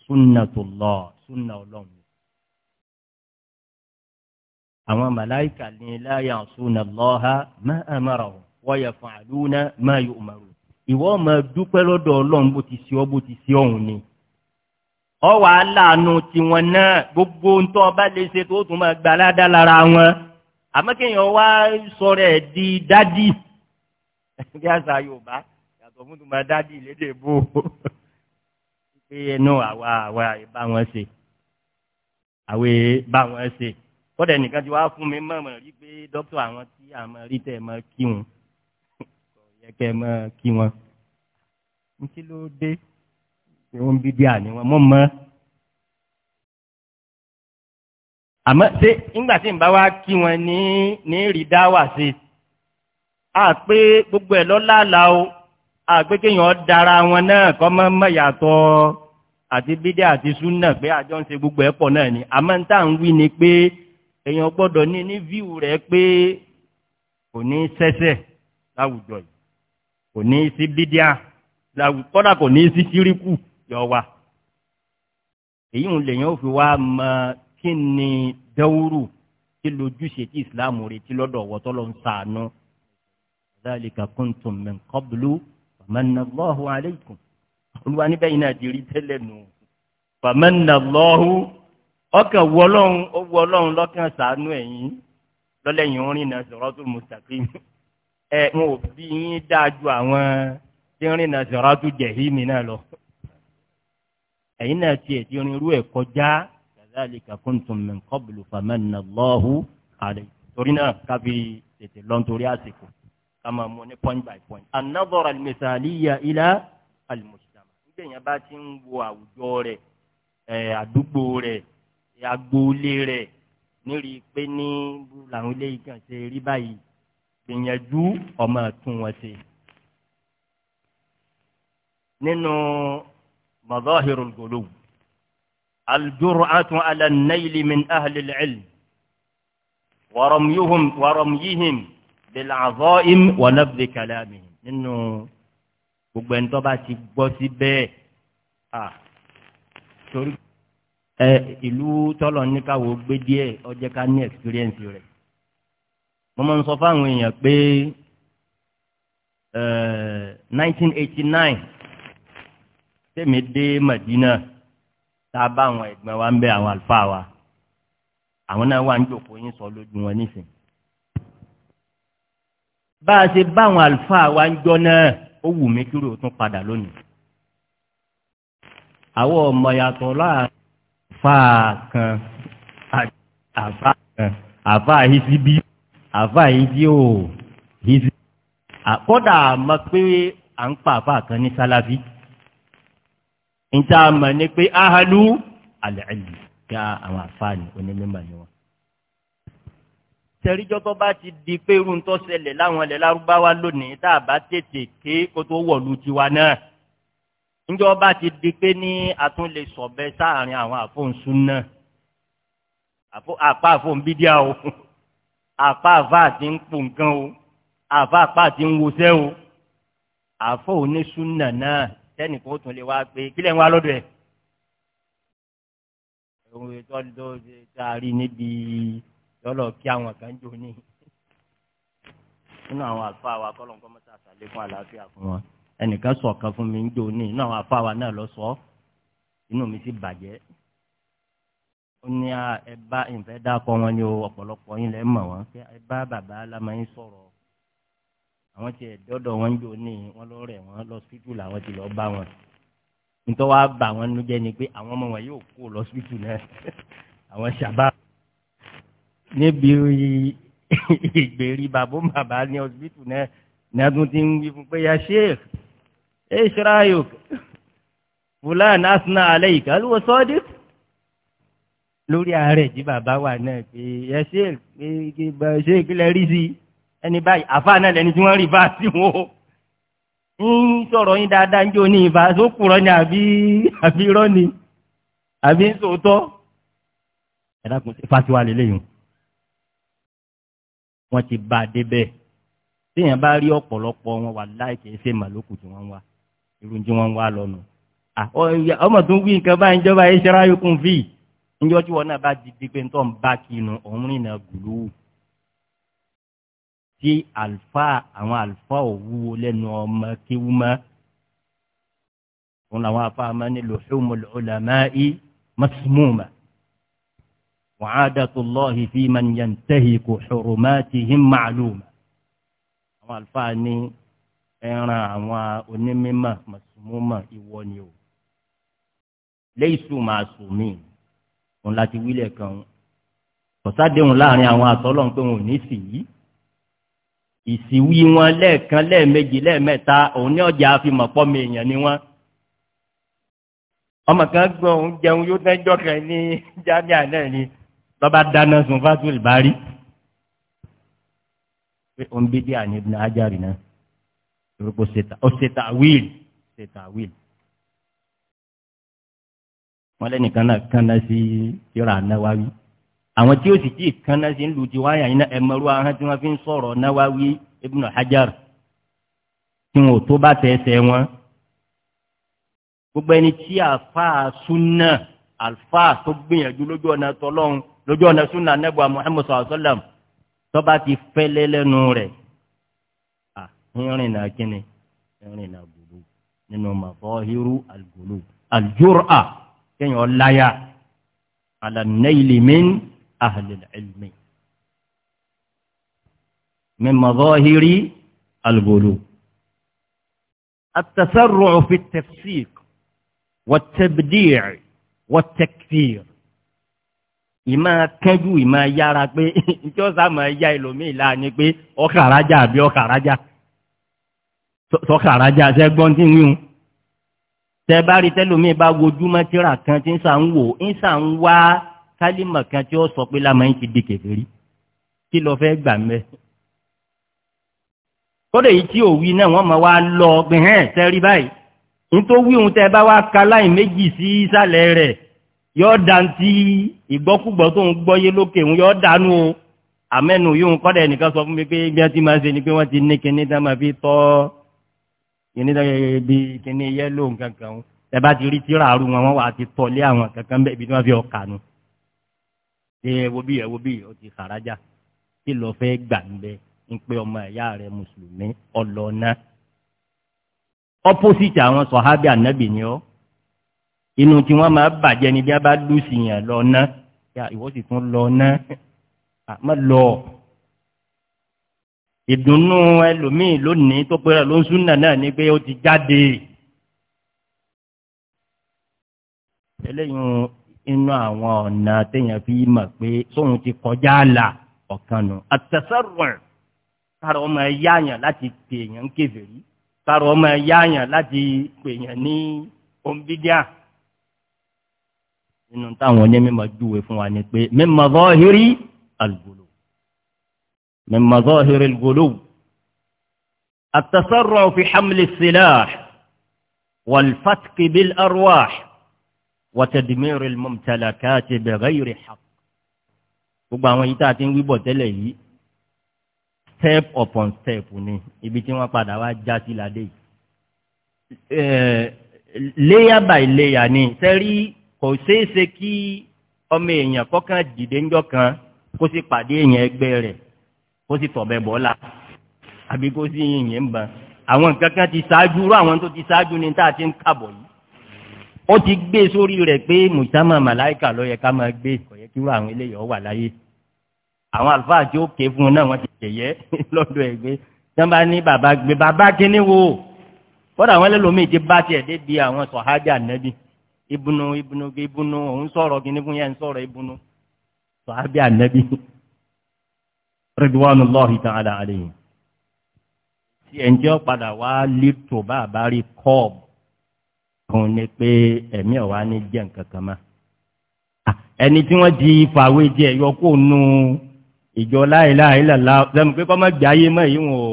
S1: sunnatullah sunna ọlọ́run àwọn màláìkà ní la ya'suna Allaha ma amarahum wa yaf'aluna ma yu'marun ìwọ máa dúpẹ́ lọ́dọ̀ ọlọ́run bó ti ṣe ọ́ bó ti ṣe ọ̀hún ni ọwà aláàánú tiwọn náà gbogbo ntọ́ ọba lè ṣe tó tún máa gbà ládá lára wọn àmọ́ kéèyàn wá sọ̀rọ̀ ẹ̀ di dádì bí àṣà yorùbá yàtọ̀ fún tuma dádì lédè bò pé ẹnu àwa àwa bá wọn ṣe àwa bá wọn ṣe kọ́dà ẹnìkan ti wá fún mi mọ̀mọ́ rí pé dókítà àwọn tí àmọ́ rí tẹ̀ mọ́ kí wọn kò yẹ kẹ́ mọ́ kí wọn n kí ló dé ṣe ń bí díà ni wọn mọ́ mọ́. àmọ́ ṣé nígbà tí n bá wá kí wọn ní ní rí dá wà sí i a pé gbogbo ẹ̀ lọ́láàlá o a pé kéèyàn dara wọn náà kọ́ mọ́ mọ́ yàtọ̀ àti bídé àti súnà pé àjọ ń ṣe gbogbo ẹ̀ pọ̀ náà ni àmọ́ n tá à ń wí ni pé èèyàn gbọ́dọ̀ ní ní fíìwù rẹ̀ pé kò ní sẹ́sẹ̀ láwùjọ yìí kò ní sí bídíà kódà kò ní sí síríkù yọ wa èyí ń lèyàn ó fi wá mọ kí ni dẹ́wúrù kí lójúṣe tí ìsìláàmù retí lọ́dọ̀ ọ̀wọ́ tó lọ ń sàánú. ذلك كنتم من قبل فمن الله عليكم olúwa níbẹ̀ yìí náà di rí tẹ́lẹ̀ nù. fàmẹ́nà lọ́hùn ọkàn wọ ọlọ́run ó wọ ọlọ́run lọ́kàn sàánú ẹ̀yìn lọ́lẹ́yìn orin náà siratul mustaqim. ẹ n ò bí yín dáa ju àwọn tí ń rìn náà siratul jahim náà lọ ẹ̀yin náà tiẹ̀ ti rin irú ẹ̀ kọjá kazalika kuntum min qablu famanna Allahu alaykum torí náà kábí tètè lọ́n torí àsìkò ká máa mú ní point by point an-nadhara al-misaliya ila al-mujtama nígbà yẹn bá ti ń wo àwùjọ rẹ̀ àdúgbò rẹ̀ agboolé rẹ̀ nírí pé ní làwọn eléyìí kan ṣe rí báyìí gbìyànjú ọmọ àtún ṣe. nínú مظاهر القلوب الجرأة على النيل من أهل العلم ورميهم ورميهم بالعظائم ونبذ كلامهم إنه gbogbo ẹni tó ti gbọ́ sí bẹ́ẹ̀ torí ẹ ìlú tọ́lọ̀ ní gbé díẹ̀ ọjẹ́ ká ní experience rẹ̀ mo máa ń sọ fáwọn èèyàn pé nineteen eighty nine tèmi dé Madina tá a bá àwọn ẹ̀gbọ́n wa ń bẹ àwọn àlùfáà wa àwọn náà wà ń jòkó yín sọ lójú wọn nísìnyí. bá a ṣe bá àwọn àlùfáà wa ń jọ náà ó wù mí kí lóòótọ́ padà lónìí. àwọn ọmọ yàtọ̀ láàrin àfáà kan àfáà kan àfáà yìí sí bí àfáà yìí sí ò yìí sí. kódà mọ̀ pé à ń pa àfáà kan ní sálábí níta mọ̀ ní pé ahalu alẹ́ẹ̀lì ká àwọn àfáàní onímọ̀ ni wọn. tẹ̀ríjọ́ tó bá ti di pé irun tó ṣẹlẹ̀ láwọn ilẹ̀ lárúbáwá lónìí tá a bá tètè ké kó tó wọ̀lú tiwa náà. níjọ́ bá ti di pé ní atúnlé sọ̀bẹ sáàrin àwọn àfọ̀nsún náà àpá àfọ̀nbídíà o àpá àfa àti ń pò nǹkan o àfa àpá àti ń wọṣẹ́ o àfọ̀ oníṣúná náà tẹ́nì kó tún lè wá pé kílẹ̀ ń wá lọ́dọ̀ ẹ̀. ohun ètò tó tá a rí níbi lọ́lọ́ kí àwọn kan jò ní nínú àwọn àlùfáà wa kọ́ lọ́nkọ́ mọ́tà àtàlẹ́kùn àlàáfíà fún wọn ẹnìkan sọ̀kan fún mi ń jò ní nínú àwọn àlùfáà wa náà lọ sọ inú mi sì bàjẹ́ ó ní ẹ bá ìfẹ́ dákọ̀ wọn ni o ọ̀pọ̀lọpọ̀ yín lẹ́ mọ̀ wọ́n ẹ bá bàbá alámọ̀ sọ̀rọ̀ àwọn tiẹ̀ dọ́dọ̀ wọn jò ní wọn lọ rẹ̀ wọn lọ síbítù làwọn ti lọ bá wọn nítorí wàá bà wọn nu jẹ́ ni pé àwọn ọmọ wọn yóò kó lọ síbítù náà àwọn ṣàbá níbi ìgbèrí bàbá bàbá ní ọsibítù náà náà tún ti ń wí fún pé ya sheikh ẹ ṣíráyò fulan asna aleika alùwọ sọdí lórí ààrẹ jí bàbá wà náà pé ya sheikh ṣe ìpínlẹ̀ rí sí i ẹni báyìí àfáà náà lẹni tí wọ́n rí báà sí wọn o ń sọ̀rọ̀ yín dáadáa ń jó ní ìbá sókùrọ̀ ni àbí àbí irọ́ ni àbí ń sòótọ́ ẹ̀dá kùn sí fatiwa lélẹ́yìn wọ́n ti bá a débẹ̀ téèyàn bá rí ọ̀pọ̀lọpọ̀ wọn wà láìkè ṣe màlúkù tí wọ́n ń wá irun tí wọ́n ń wá lọ́nu. ọmọ tó ń wí nǹkan báyìí ìjọba ìṣẹ́ra yókùn fì níjọ́ tí wọn náà bá di pé ń tọ́ ń bá kinu òun rìn náà gùlù tí àlùfáà àwọn àlùfáà ò wúwo lẹ́nu ọmọ kéwú mọ́ òun làwọn afáà máa ní luhumul ulama'i masmuma wa'adatullahi fi man yantahiku hurumatihim ma'luma àwọn àlùfáà ní ẹran àwọn onímọ̀ masmuma ìwọ ni o laysu ma'sumin òun láti wílẹ̀ kan kọ̀sádéhùn láàrin àwọn àtọ́lọ́n pé wọn ò ní sì yìí ìsìwí wọn lẹ́ẹ̀kan lẹ́ẹ̀mejì lẹ́ẹ̀mẹ́ta òun ní ọjà àfimọ̀ pọ́ mi èèyàn ni wọ́n ọmọ kan gbọ́ òun jẹun yóò tẹ́jọ́ kan ní jamiu náà ni lọ́ba dáná sun fásitì bá rí pé ó ń bí díà ní ibùdó ajáre náà orúkọ ṣètà wíìlì ṣètà wíìlì wọn lẹ́nìkan náà kánná sí ìrà náwáwí àwọn tí ó sì tíì kanna sí ń lu ti wáyà yín náà ẹ mọ̀rú ahọ́n tí wọ́n fi ń sọ̀rọ̀ náwáwí ibn hajar tí wọn ò tó bá tẹ ẹsẹ̀ wọn. gbogbo ẹni tí àfáà súnà àfáà tó gbìyànjú lójú ọ̀nà tọ́lọ́run lójú ọ̀nà súnà anábọ̀ muhammed sallallahu alayhi wa sallam ti fẹ́lẹ́ lẹ́nu rẹ̀ ìrìn náà kíni ìrìn náà gbòòlù nínú màfọ́hírú àlùgbòòlù àlùjọ́rà kéèyàn láyà alànà ìlímẹ́ni. أهل العلم من مظاهر الغلو التسرع في التفسيق والتبديع والتكفير ìmá kẹ́jú ìmá yára pé tí ó sáà máa ya ẹlòmíì láà ni pé ọkà rájà àbí ọkà rájà sọkà rájà ṣẹ́gbọ́n tí ń yún tẹ bá rí tẹlòmíì bá wojúmọ́ tíra kan tí ń sà ń wò ń sà ń wá kálímà kan tí ó sọ pé lámàá yín ti di kèfèrí kí lọ fẹ́ gbà mẹ́. kódà èyí tí ò wí náà wọ́n máa wá lọ gbẹ̀hẹ́n sẹ́rí báyìí nítorí wí òun tẹ́ bá wá ka láì méjì sí ìsàlẹ̀ rẹ̀ yọ dantí ìgbọ́kúgbọ́ tó ń gbọ́yé lókè òun yọ dànù o àmẹ́nu yóò ń kọ́dà ẹnìkan sọ fún mi pé bí wọ́n ti máa ṣe ni pé wọ́n ti ní kinní tá máa fi tọ́ kinní tá bí kinní yẹ́lò nǹkan kan ẹ bá ti rí tíra àrùn wọn wọ́n wà á ti tọ́lé àwọn kankan bẹ́ẹ̀ ibi tí wọ́n fi ọkà nù ẹ wo bí ẹ wo bí o ti faraja kí lọ fẹ́ gbà ń bẹ ń pé ọmọ ẹ̀yà rẹ mùsùlùmí ọlọ́ọ̀nà opposite àwọn sọ̀hábì ànábì ni ọ́ inú tí wọ́n máa bàjẹ́ ni bí a bá lù sí yẹn lọ́ọ̀nà ìwọ sì tún lọ́ọ̀nà àmọ́ lọ ìdùnnú ẹlòmíì lónìí tó pẹ́rẹ́ ló ń súnà náà ni pé ó ti jáde eléyìí inú àwọn ọ̀nà téèyàn fi mọ̀ pé sóhun ti kọjá àlà ọ̀kanù nù.
S2: àtẹ̀sẹ̀rùn
S1: káàrọ̀ ọmọ yáàyàn láti pè èèyàn ń kèfèrí káàrọ̀ ọmọ yáàyàn láti pè èèyàn ní ombidia. nínú táwọn onímọ̀ júwe fún wa ni pé mímọ̀ zọ́hírí àlùbọ̀lù mímọ̀ zọ́hírí àlùbọ̀lù. àtẹ̀sẹ̀rùn fi hamli silah wàlfàtìkì bil arwah. وتدمير الممتلكات بغير حق gbogbo àwọn yìí tá a ti ń wíbọ̀ tẹ́lẹ̀ yìí step upon step ni ibi tí wọ́n padà wá já sí ládé yìí eh, layer by layer ni sẹ́rí kò ṣeé ṣe kí ọmọ èèyàn kọ́kàn dìde ńjọ́ kan kó sì pàdé èèyàn ẹgbẹ́ rẹ̀ kó sì tọ̀bẹ̀ bọ́lá àbí kó sì yìnyín ban àwọn nǹkan ti ṣáájú irú àwọn tó ti ṣáájú ni tá a ti ń kàbọ̀ yìí ó ti gbé sórí rẹ̀ pé mùsàmà màláìkà ló yẹ ká máa gbé kò yẹ kí irú àwọn eléyìí ọ wà láyé àwọn àlùfáà tí ó ké fún un náà wọ́n ti tẹ̀yẹ́ lọ́dọ̀ ẹ̀ gbé sábà ní bàbá gbé bàbá kíní wo kódà àwọn ẹlẹ́lòmíì ti bá tiẹ̀ débi àwọn sọ̀hájà nẹ́bí ibùnú ibùnú ibùnú òun sọ̀rọ̀ kíní fún yẹn ń sọ̀rọ̀ ibùnú sọ̀hájà nẹ́bí ridwanullahi ta'ala alayhi tí ẹnjẹ́ padà wá líptò bá a bá rí kọ́ọ̀bù fún ni pé ẹ̀mí ọ̀wá ní jẹ́ nǹkan kan mọ́. ẹni tí wọ́n di fàwé jẹ ẹ̀yọ kó nu ìjọ láìláì làlá lẹ́nu pé kọ́ má gbé ayé mọ́ èyí wọn ò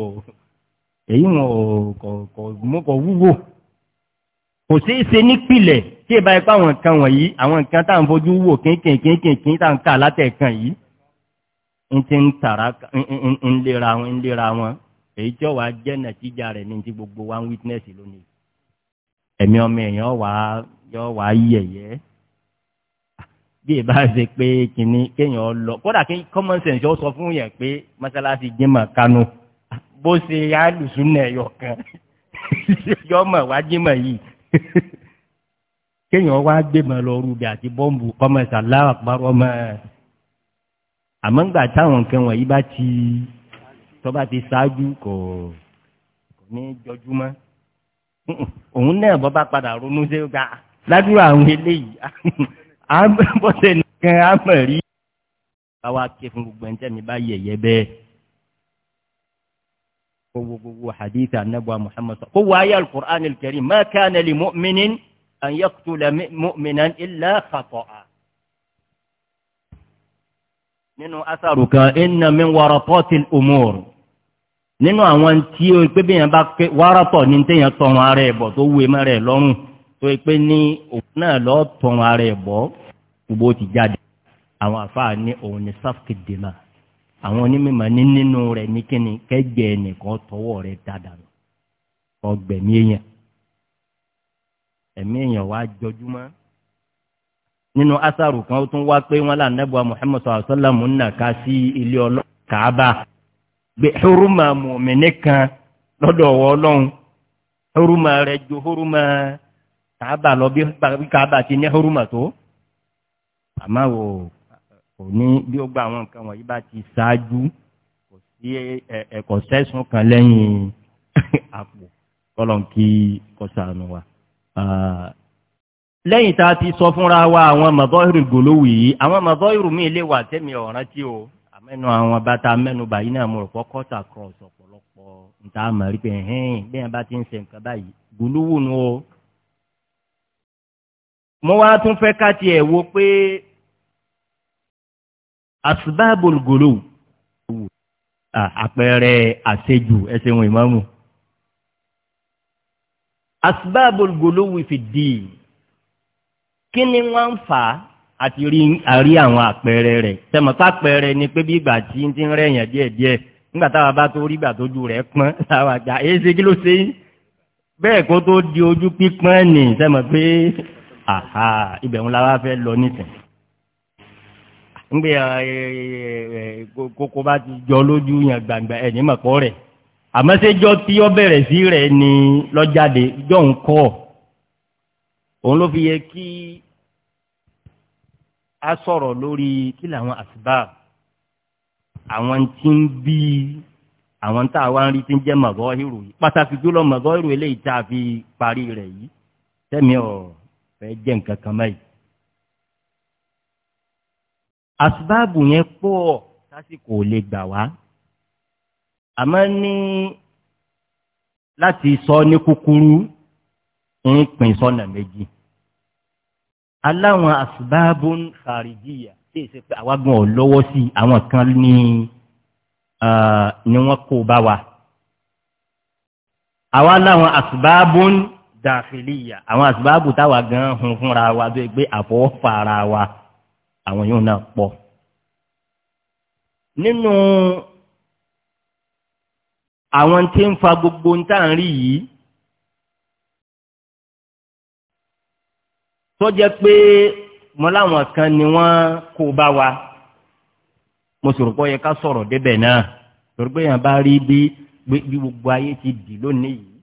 S1: èyí wọn ò kọ̀ mú kọ̀ wúwo. kò sí ṣe nípìlẹ̀ tí ìbá ipá àwọn nǹkan wọ̀nyí àwọn nǹkan tá à ń fojú wò kínkìnkínkìn tá à ń kà látẹ̀kan yìí ń ti ń tàrà ń lera wọn ń lera wọn èyí tí ọ̀wá jẹ́ nàìjíríà rẹ̀ ní ti gbogbo wa ń lónìí ẹ̀mí ọmọ èèyàn wà yọ wà yẹ̀yẹ́ bí ìbá ṣe pé kìnní kéèyàn lọ kódà kí common sense ó sọ fún yẹn pé mọ́sálásí jimá kánú bó ṣe alùsùn ẹ̀yọ̀ kan yọmọ wá jimá yìí kéèyàn wá gbé mọ lọ rúbi àti bọ́ǹbù kọ́mọ ìsàláwà parọ́ mọ́ ẹ. àmọ́ ńgbà táwọn nǹkan wọ̀nyí bá ti tọ́ bá ti ṣáájú kò ní jọjú mọ́ òun náà bọ́ bá padà ronú sí ọgá ládùúrà àwọn eléyìí àbọ̀sẹ̀ nìkan àmọ̀rí. àwa ké fún gbogbo ẹni tẹ́mi bá yẹ̀yẹ́ bẹ́ẹ̀. gbogbo gbogbo hadith anabuwa muhammad sọ. gbogbo ayé alukur'an al-karim ma kana li mu'minin an yaqtula mu'minan illa khata'a. nínú asaru kan inna min waratatil umur nínú àwọn tí o pé bí yẹn bá pé wárọ̀tọ̀ ní téèyàn tọrun ara ẹ̀ bọ̀ tó wúwe mẹ́rẹ̀ lọ́rùn tó pé ní òun náà lọ́ọ́ tọrun ara ẹ̀ bọ̀ gbogbo ti jáde àwọn àfáà ní òun ní sáfìkì dèmà àwọn onímọ̀ ní nínú rẹ̀ ní kíni kẹ́gbẹ́ ẹnìkan tọwọ́ rẹ̀ dáadáa ọgbẹ̀mí èèyàn ẹ̀mí èèyàn wá jọjúmọ́ nínú asaru kan tún wá pé wọn là nẹ́bùa muhammed sallam nà ká sí ilé ọlọ́kàába gbé huruma mùmíní kan lọ́dọ̀ ọ̀wọ́ ọlọ́run huruma rẹ̀ ju huruma kàábà lọ bí kàábà ti ní huruma tó àmọ́ wò kò ní bí ó gba àwọn nǹkan wọ̀nyí bá ti ṣáájú kò sí ẹ̀kọ́ sẹ́sùn kan lẹ́yìn àpò kọ́lọ̀ kí wa. lẹ́yìn tá a ti sọ fúnra wa àwọn mọ̀bọ́ ìrù gòlówì yìí àwọn mọ̀bọ́ ìrù mi wà tẹ́mi ọ̀rántí o mẹ́nu àwọn bàtà mẹ́nu bàyí náà mo rò pọ́ kọ́tà cross ọ̀pọ̀lọpọ̀ níta àmọ́ rí pé ẹ̀hìn bẹ́ẹ̀ bá ti ń ṣe nǹkan báyìí gbólóhùn nu o. mo wá tún fẹ́ ká tiẹ̀ wo pé
S2: asbabul gulu àpẹẹrẹ
S1: àṣejù ẹsẹ̀ wọn ìmáàmù
S2: asbabul
S1: gulu fi dì kí ni wọ́n ń fà á àti rí àwọn àpẹẹrẹ rẹ̀ tẹmọ̀pá pẹẹrẹ ni pé bí ìgbà tí ń ti ń rẹ̀yàn díẹ̀díẹ̀ nígbà táwa bá tó rí ìgbà tójú rẹ̀ pọ́n táwa gbà èyí ṣe kí ló ṣe yín bẹ́ẹ̀ kó tó di ojú pípọ́n nì sẹ́mọ̀ pé àhà ibẹ̀ ń la wá fẹ́ lọ nìsín ngbe koko bá ti jọ lójú yẹn gbàngbà ẹ̀ ní mọ̀kọ́ rẹ̀ àmọ́sẹ́jọ́ tí ó bẹ̀rẹ̀ sí rẹ̀ ni lọ́jáde jọ ń kọ́ òun ló fi yẹ kí a sọ̀rọ̀ lórí kí làwọn asbab àwọn tí ń bí àwọn tá a wá ń rí tí ń jẹ́ màgọ́ hírò yìí pàtàkì jùlọ màgọ́ hírò eléyìí tá a fi parí rẹ̀ yìí tẹ́mi ọ̀ fẹ́ jẹ́ nǹkan kan báyìí. asbáàbù yẹn pọ̀ sásìkò lè gbà wá àmọ́ ní láti sọ ní kúkúrú ń pín sọ́nà méjì aláwọn asbabun kharijiya tí èsì pé àwa gan ọ̀ lọ́wọ́ sí àwọn kan ní ni wọ́n kó bá wa àwa láwọn asbabun dàfìlìyà àwọn asbabu táwa gan hun fúnra wa bí pé àfọwọ́fà ara wa àwọn yóò náà pọ̀ nínú àwọn tí ń fa gbogbo ń tà rí yìí tó jẹ́ pé mo láwọn kan ni wọ́n kó bá wa mo sì rò pé ó yẹ ká sọ̀rọ̀ débẹ̀ náà torí pé yàn bá rí bí bí gbogbo ayé ti dì lónìí yìí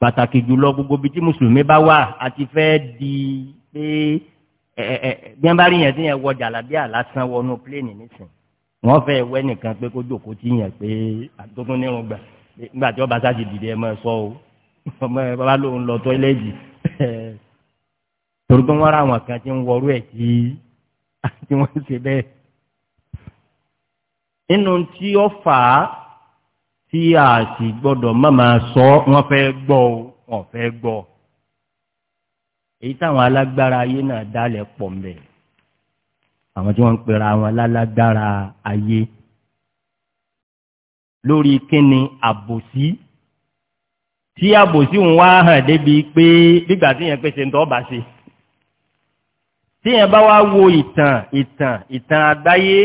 S1: pàtàkì jùlọ gbogbo bíi tí mùsùlùmí bá wà á ti fẹ́ di pé bí wọ́n bá rí yẹn tí yẹn wọ jàlábíà lásán wọnú pléènì nísìn wọ́n fẹ́ wẹ́ nìkan pé kó jókòó tí yẹn pé àtúntún nírun gbà nígbà tí wọ́n bá ti dìde ẹ máa sọ o ọmọ ẹ bá lóun lọ tọ́ílẹ̀tì torí pé wọ́n ra àwọn kan tí ń wọrú ẹ̀ kí tí wọ́n ṣe bẹ́ẹ̀. nínú tí ó fà á tí a sì gbọ́dọ̀ má máa sọ wọ́n fẹ́ gbọ́ o wọ́n fẹ́ gbọ́ èyí táwọn alágbára ayé náà dálẹ̀ pọ̀ mbẹ̀ àwọn tí wọ́n ń pera wọn lálágbára ayé lórí kíni àbòsí tí àbòsí ń wá hàn débi pé gbígbà tí yẹn pèsè ń tọ́ bá ṣe tí yẹn bá wá wo ìtàn ìtàn ìtàn àgbáyé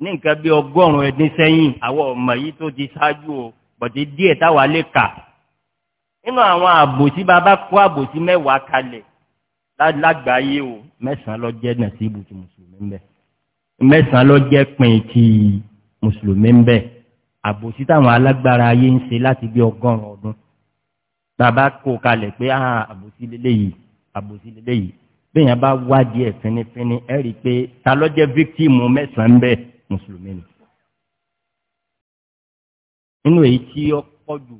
S1: ní nǹkan bí ọgọ́rùn-ún ẹdín sẹ́yìn àwọn ọmọ yìí tó ti ṣáájú o bọ̀dé díẹ̀ táwa lè kà nínú àwọn àbòsí bàbá kó àbòsí mẹ́wàá kalẹ̀ lágbàáyé o mẹ́sàn-án lọ jẹ́ nàṣíbù ti mùsùlùmí ń mẹ́sàn-án lọ jẹ́ pin ti mùsùlùmí ń àbòsí táwọn alágbára ayé ń ṣe láti bí ọgọ́rùn-ún ọdún bàbá kó kalẹ̀ pé ah, àbòsí lélẹ́yìí àbòsí lélẹ́yìí bẹ́ẹ̀ yẹn bá wádìí ẹ̀ fínífíní ẹ̀ rí i pé ta ló jẹ́ fíktìmù mẹ́sàn-án bẹ́ẹ̀ mùsùlùmí ni. nínú èyí tí ó pọ̀ jù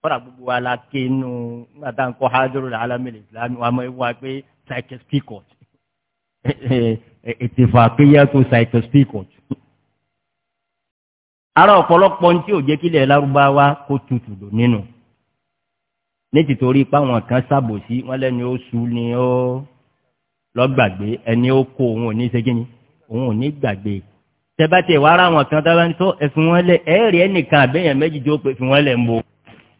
S1: kọ́ra gbogbo wa la ké inú nígbà tá à ń kọ́ hajjọ́rò la alámìlẹ̀ ìsìlámù àmọ́ ewu wa pé psychospicot ètèfà péyà tó psychospicot. ara ọ̀pọ̀lọpọ̀ ní tí ò jẹ́ kílẹ̀ lárúbáwá kó tutù lò nínú ní tìtorí páwọn kan ṣàbòsí wọn lẹ́ni ó su ni ó lọ́gbàgbé ẹni ó kó òun ò ní ṣe kíni òun ò ní gbàgbé tẹ́bátì ìwà ara wọn kan tábà ń tọ́ ẹ fi wọ́n lẹ̀ ẹ̀ẹ́rì ẹnìkan àbẹ́yẹn méjì tó pé fi wọ́n lẹ̀ ń bo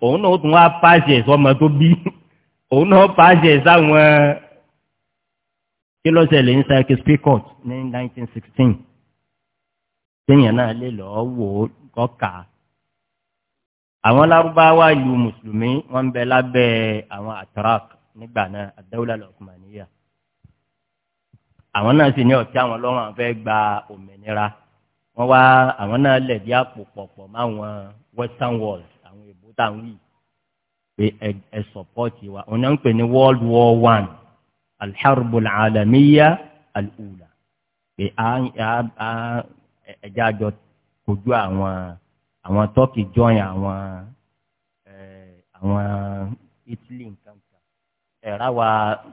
S1: òun náà ó tún wá pàṣẹ sọmọ tó bí òun náà pàṣẹ sáwọn kí lè ń sa ẹ̀kẹ́ spíkọ̀t ní 1916 téèyàn náà lè lọ́ọ́ wò ó kọ́ àwọn lárúbáwá ìlú mùsùlùmí wọ́n ń bẹ lábẹ́ àwọn atrak nígbà náà adáwọlá lọkùnmáníyà àwọn náà sì ní ọtí àwọn lọ́rùn àwọn fẹ́ẹ́ gba òmìnira wọ́n wá àwọn náà lẹ̀dí àpò pọ̀pọ̀ máwọn western world àwọn èbó táwọn yìí pé ẹ sọpọ́ọ̀tì wa òun náà ń pè ní world war one alḥarbul alamiya alula pé ẹjá àjọ kojú àwọn àwọn tọ́kì jọyìn àwọn àwọn Italy nǹkan kan ẹ̀rá wa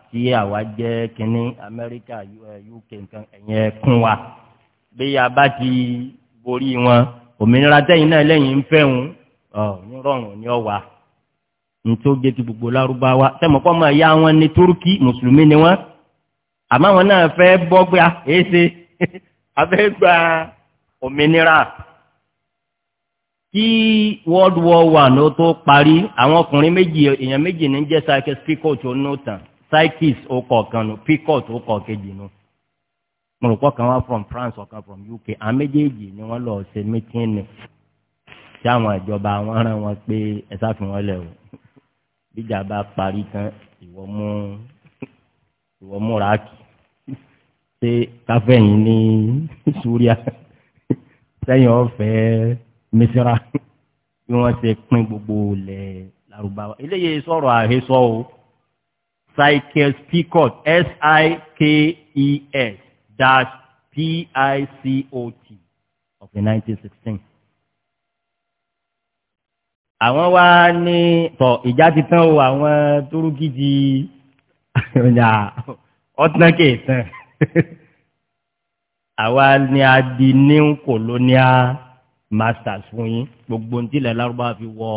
S1: tí àwa jẹ́ kínní Amẹ́ríkà UK nǹkan ẹ̀yẹn kún wa bí a bá ti borí wọn òmìnira tẹ́yìn náà lẹ́yìn ń fẹ́ wọn ní rọrùn ní ọ̀wà ntóge ti gbogbo lárúbáwá tẹmọkọ máa yá wọn ní Turkey mùsùlùmí ni wọn àmọ́ àwọn náà fẹ́ bọ́ gbà èsè gba òmìnira tí world war one ó tó parí àwọn ọkùnrin méjì èèyàn méjì ní jẹ́ psychist picot ó nù tán psychist ó kọ̀ kan nù picot ó kọ̀ kejì nù mo rò pọ̀ kan wá from France ọ̀kan from UK àwọn méjèèjì ni wọ́n lọ ṣe meeting ni tí àwọn ìjọba wọn rán wọn pé ẹ sáfihàn lẹ o bíjà bá parí tán ìwọ mú ìwọ mú ràákì ṣé káfẹ́yìn ní Súríà sẹ́yìn ọ̀fẹ́ misira bí wọ́n ṣe pín gbogbo ilẹ̀ Lárúbáwá eléyìí sọ̀rọ̀ àhesọ o cycles picot s i k e s dash p i c o t of the nineteen sixteen àwọn wá ní tọ ìjà ti tán o àwọn Túrúkì di ọtán kèé tán àwa ni a di new colonial masters fún yín gbogbo ní tilẹ̀ lárúbá fi wọ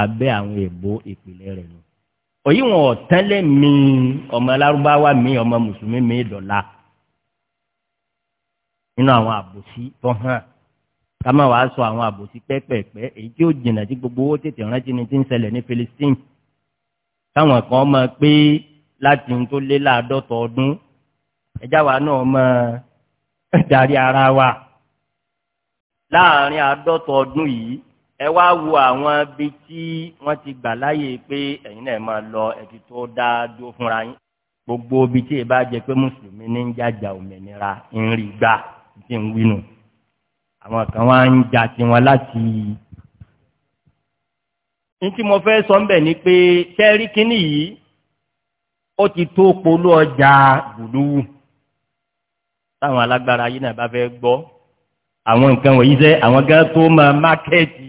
S1: abẹ́ àwọn èèbó ìpìlẹ̀ rẹ̀ nù. òyì tẹ́lẹ̀ mi ọmọ lárúbáwá mi ọmọ mùsùlùmí mi dọ̀la nínú àwọn àbòsí tó hàn ká má wàá sọ àwọn àbòsí pẹ́pẹ̀pẹ́ èyí tí ó jìnnà tí gbogbo owó tètè rántí ni ti ń ṣẹlẹ̀ ní Palestine táwọn kan mọ̀ pé láti ń tó lé láàdọ́tọ̀ ọdún ẹjá wa náà mọ̀ darí ara wa láàrin àádọ́tọ̀ ọdún yìí ẹ wá wo àwọn ibi tí wọ́n ti gbà láàyè pé ẹ̀yin náà máa lọ ẹ̀tí tó dá dúró fúnra yín gbogbo ibi tí ì bá jẹ pé mùsùlùmí ní ń jàjà òmìnira ń rí gbà tí ń wínú àwọn kan wá ń jà tiwọn láti. ní tí mo fẹ́ sọ ń bẹ̀ ni pé sẹ́rí kínní yìí ó ti tó polú ọjà bùdúwù táwọn alágbára yìí náà bá fẹ́ gbọ́ àwọn nǹkan wọ̀nyí sẹ́ àwọn gan tó máa mákẹ́ẹ̀tì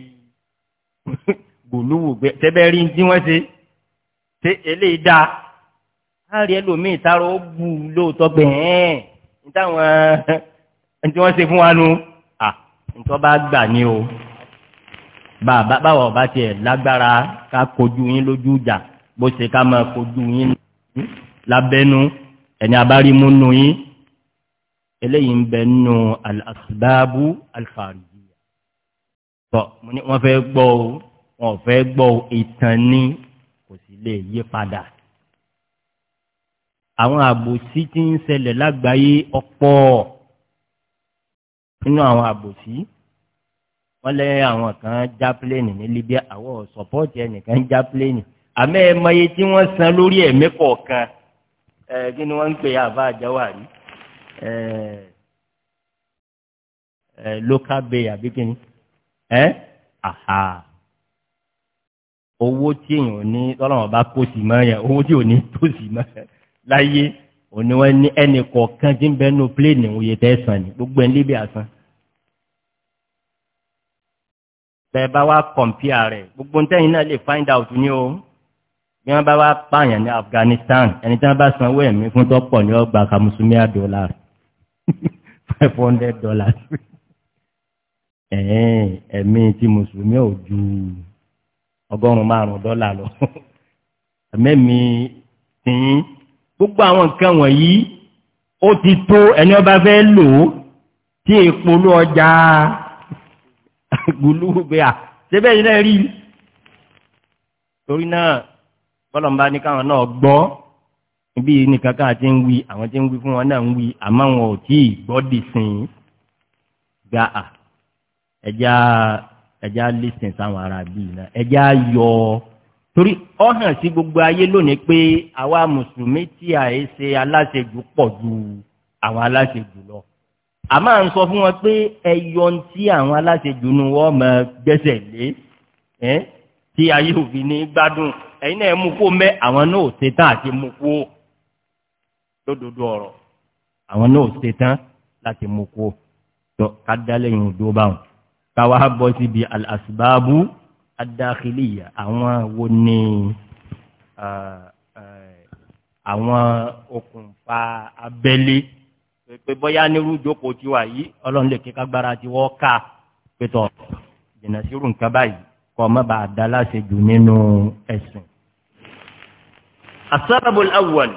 S1: gòlúwò gbẹ tẹ́bẹ́ rí tí wọ́n ṣe ṣe eléyìí dáa láàrí ẹlòmíì tààrọ̀ ó bù lóòótọ́ gbẹ̀ ẹ́ẹ̀ ní táwọn ẹni tí wọ́n ṣe fún wa nu à nítorí bá gbà ní o bàbá báwa ọba tiẹ̀ lágbára ká kojú yín lójú ìjà bó ṣe ká máa kojú yín lábẹ́nu ẹni abárímú nu yín eléyìí ń bẹ nínú al-asbabu al-kharijiyya. bọ́ wọ́n fẹ́ gbọ́ o wọ́n fẹ́ gbọ́ o ìtàn ni kò sì lè yí padà. àwọn àbòsí tí ń ṣẹlẹ̀ lágbàáyé ọ̀pọ̀ nínú àwọn àbòsí wọ́n lé àwọn kan já pléènì ní Libya àwọn sọ̀pọ́ọ̀tì ẹnìkan já pléènì àmọ́ ẹ mọ iye tí wọ́n san lórí ẹ̀mí kọ̀ọ̀kan ẹ kí ni wọ́n ń pè àbá àjáwárí local bay àbí kí ni aha owó tí èèyàn ní lọ́lọ́wọ́n bá kó sí mọ́ yẹn owó tí ò ní tó sí mọ́ láyé òní wọn ní ẹnì kọ̀ọ̀kan tí ń bẹ nínú pléènì òye tẹ̀sán ni gbogbo ẹ̀ ń àsán. bẹ́ẹ̀ bá wá kọ̀m̀pìà rẹ̀ gbogbo ntẹ́yìn náà lè find out ní o bí wọ́n bá wá pààyàn ní Afghanistan ẹni tí wọ́n bá sanwó ẹ̀mí fún tọ́pọ̀ ní ọgbà kàmùsùmíà dọ́là rẹ̀ five hundred dollars ẹ̀mí tí mùsùlùmí ò ju ọgọ́rùn-ún márùn-ún dọ́là lọ ẹ̀mẹ́mi tìyín gbogbo àwọn nǹkan wọ̀nyí ó ti tó ẹni ọba fẹ́ lò ó tí ìpolú ọjà gbùlùgbéà síbẹ̀ yìí náà rí torí náà bọ́lọ̀ ń bá ní káwọn náà gbọ́ bí nìkan káà ti ń wí àwọn ti ń wí fún wọn náà ń wí àmọ́ wọn ò tí ì gbọ́dì sìn gba à ẹja ẹja lísìn sáwọn ará bíi náà ẹja yọ torí ọ hàn sí gbogbo ayé lónìí pé àwa mùsùlùmí tí à ń ṣe aláṣejù pọ̀ ju àwọn aláṣejù lọ a máa ń sọ fún wọn pé ẹyọ tí àwọn aláṣejù nu wọn mọ gbẹ́sẹ̀ lé ẹ tí ayé òfin ní gbádùn ẹ̀yin náà mú kó mẹ àwọn náà ṣe tán àti mú kó lódodo ọ̀rọ̀ àwọn náà ṣe tán láti mú kó tó kádálẹ́yìn odó báwọn káwa bọ́ síbi al-asbabu ad-dakhiliya àwọn wo ni àwọn okùnfà abẹ́lé pé bóyá nírú ìjókòó tiwa yìí ọlọ́run lè kíkà gbára tiwọ́ ká pétọ́ jìnnà sírù nǹkan báyìí kọ́ má bàa dá láṣẹ jù nínú ẹ̀sìn. as awwal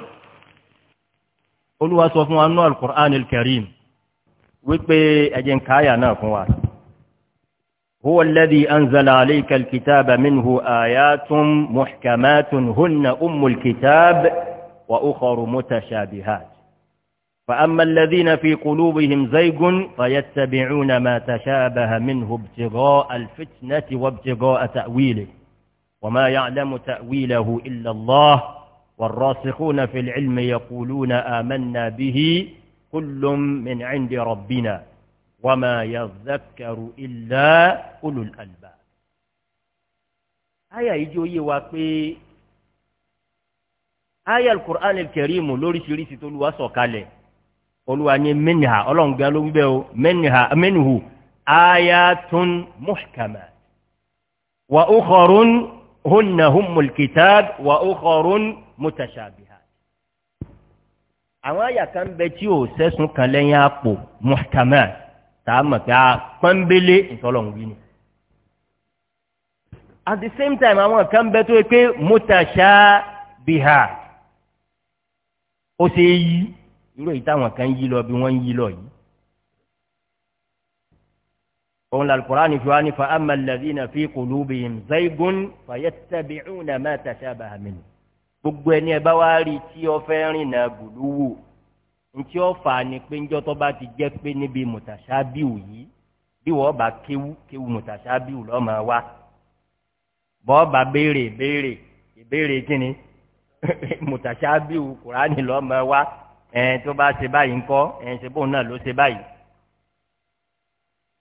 S1: olúwa sọ fún wa nínú alukur'an alkarim wípé ẹ̀jẹ̀ ń káyà náà fún wa. هو الذي أنزل عليك الكتاب منه آيات محكمات هن أم الكتاب وأخر متشابهات فأما الذين في قلوبهم زيغ فيتبعون ما تشابه منه ابتغاء الفتنة وابتغاء تأويله وما يعلم تأويله إلا الله والراسخون في العلم يقولون آمنا به كل من عند ربنا وما يذكر إلا أولو الألباب آية يجو يواقي آية القرآن الكريم لوري شريسي تولوا سوكالي قولوا أني منها أولون قالوا بيو منها منه آيات محكمة وأخر هن هم الكتاب وأخر mutashabihat àwọn àyà kan bẹ tí ò sẹ́sùn kan lẹ́yìn àpò muhtamal tá a mọ̀ pé a pọ́nbélé ìtọ́lọ́hún ni at the same time àwọn kan bẹ tó yẹ pé mutashabihat ó ṣe é yí irú èyí táwọn kan yí lọ bí wọ́n ń yí lọ yìí òun làlùkùránì fi wá ní fa amma alladhina fi qulubihim zaygun fayattabi'una gbogbo ẹni ẹ bá wá rí i tí ọfẹ́ rìn náà gùdúwù ntí ọfà ni pé ńjọ́ tó bá ti jẹ́ pé níbi mùtàṣábíù yìí bí wọ́n bá kéwú kéwú mùtàṣábíù lọ́ọ́ máa wá bọ́ọ̀ bá béèrè béèrè ìbéèrè kíni mùtàṣábíù kùránì lọ́ọ́ máa wá tó bá ṣe báyìí ńkọ́ ẹ̀ ṣe bóun náà ló ṣe báyìí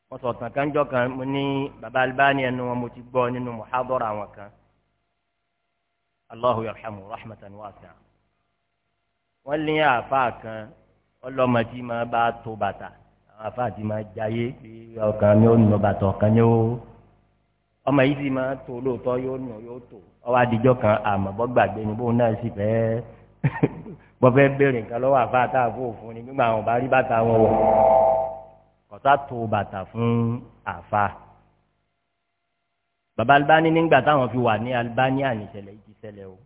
S1: wọ́n sọ̀tàn kan jọ kan mo ní baba Albani ẹnu wọn mo ti gbọ́ nínú muhadara àwọn kan Allahu yarhamu rahmatan wasi'a. wọ́n lé àáfàá kan ọlọ́mọ tí máa bá tó bàtà àwọn àáfàá tí máa jayé ọkàn mi ò nù bàtà ọkàn yẹn o ọmọ yìí sì máa tó lóòótọ́ yóò nù yóò tó ọwọ́ adijọ́ kan àmọ́ bọ́ gbàgbé ni bóun náà sì fẹ́ẹ́ bọ́ fẹ́ bèrè nǹkan lọ́wọ́ àáfàá tá a fò fún ni nígbà àwọn bá rí bàtà wọn wọ̀ kọ́tà tó bàtà fún àáfàá. bàbá Albani nígbà táwọn fi wà ní Albania nìṣẹ̀lẹ̀ yìí ṣẹlẹ̀ o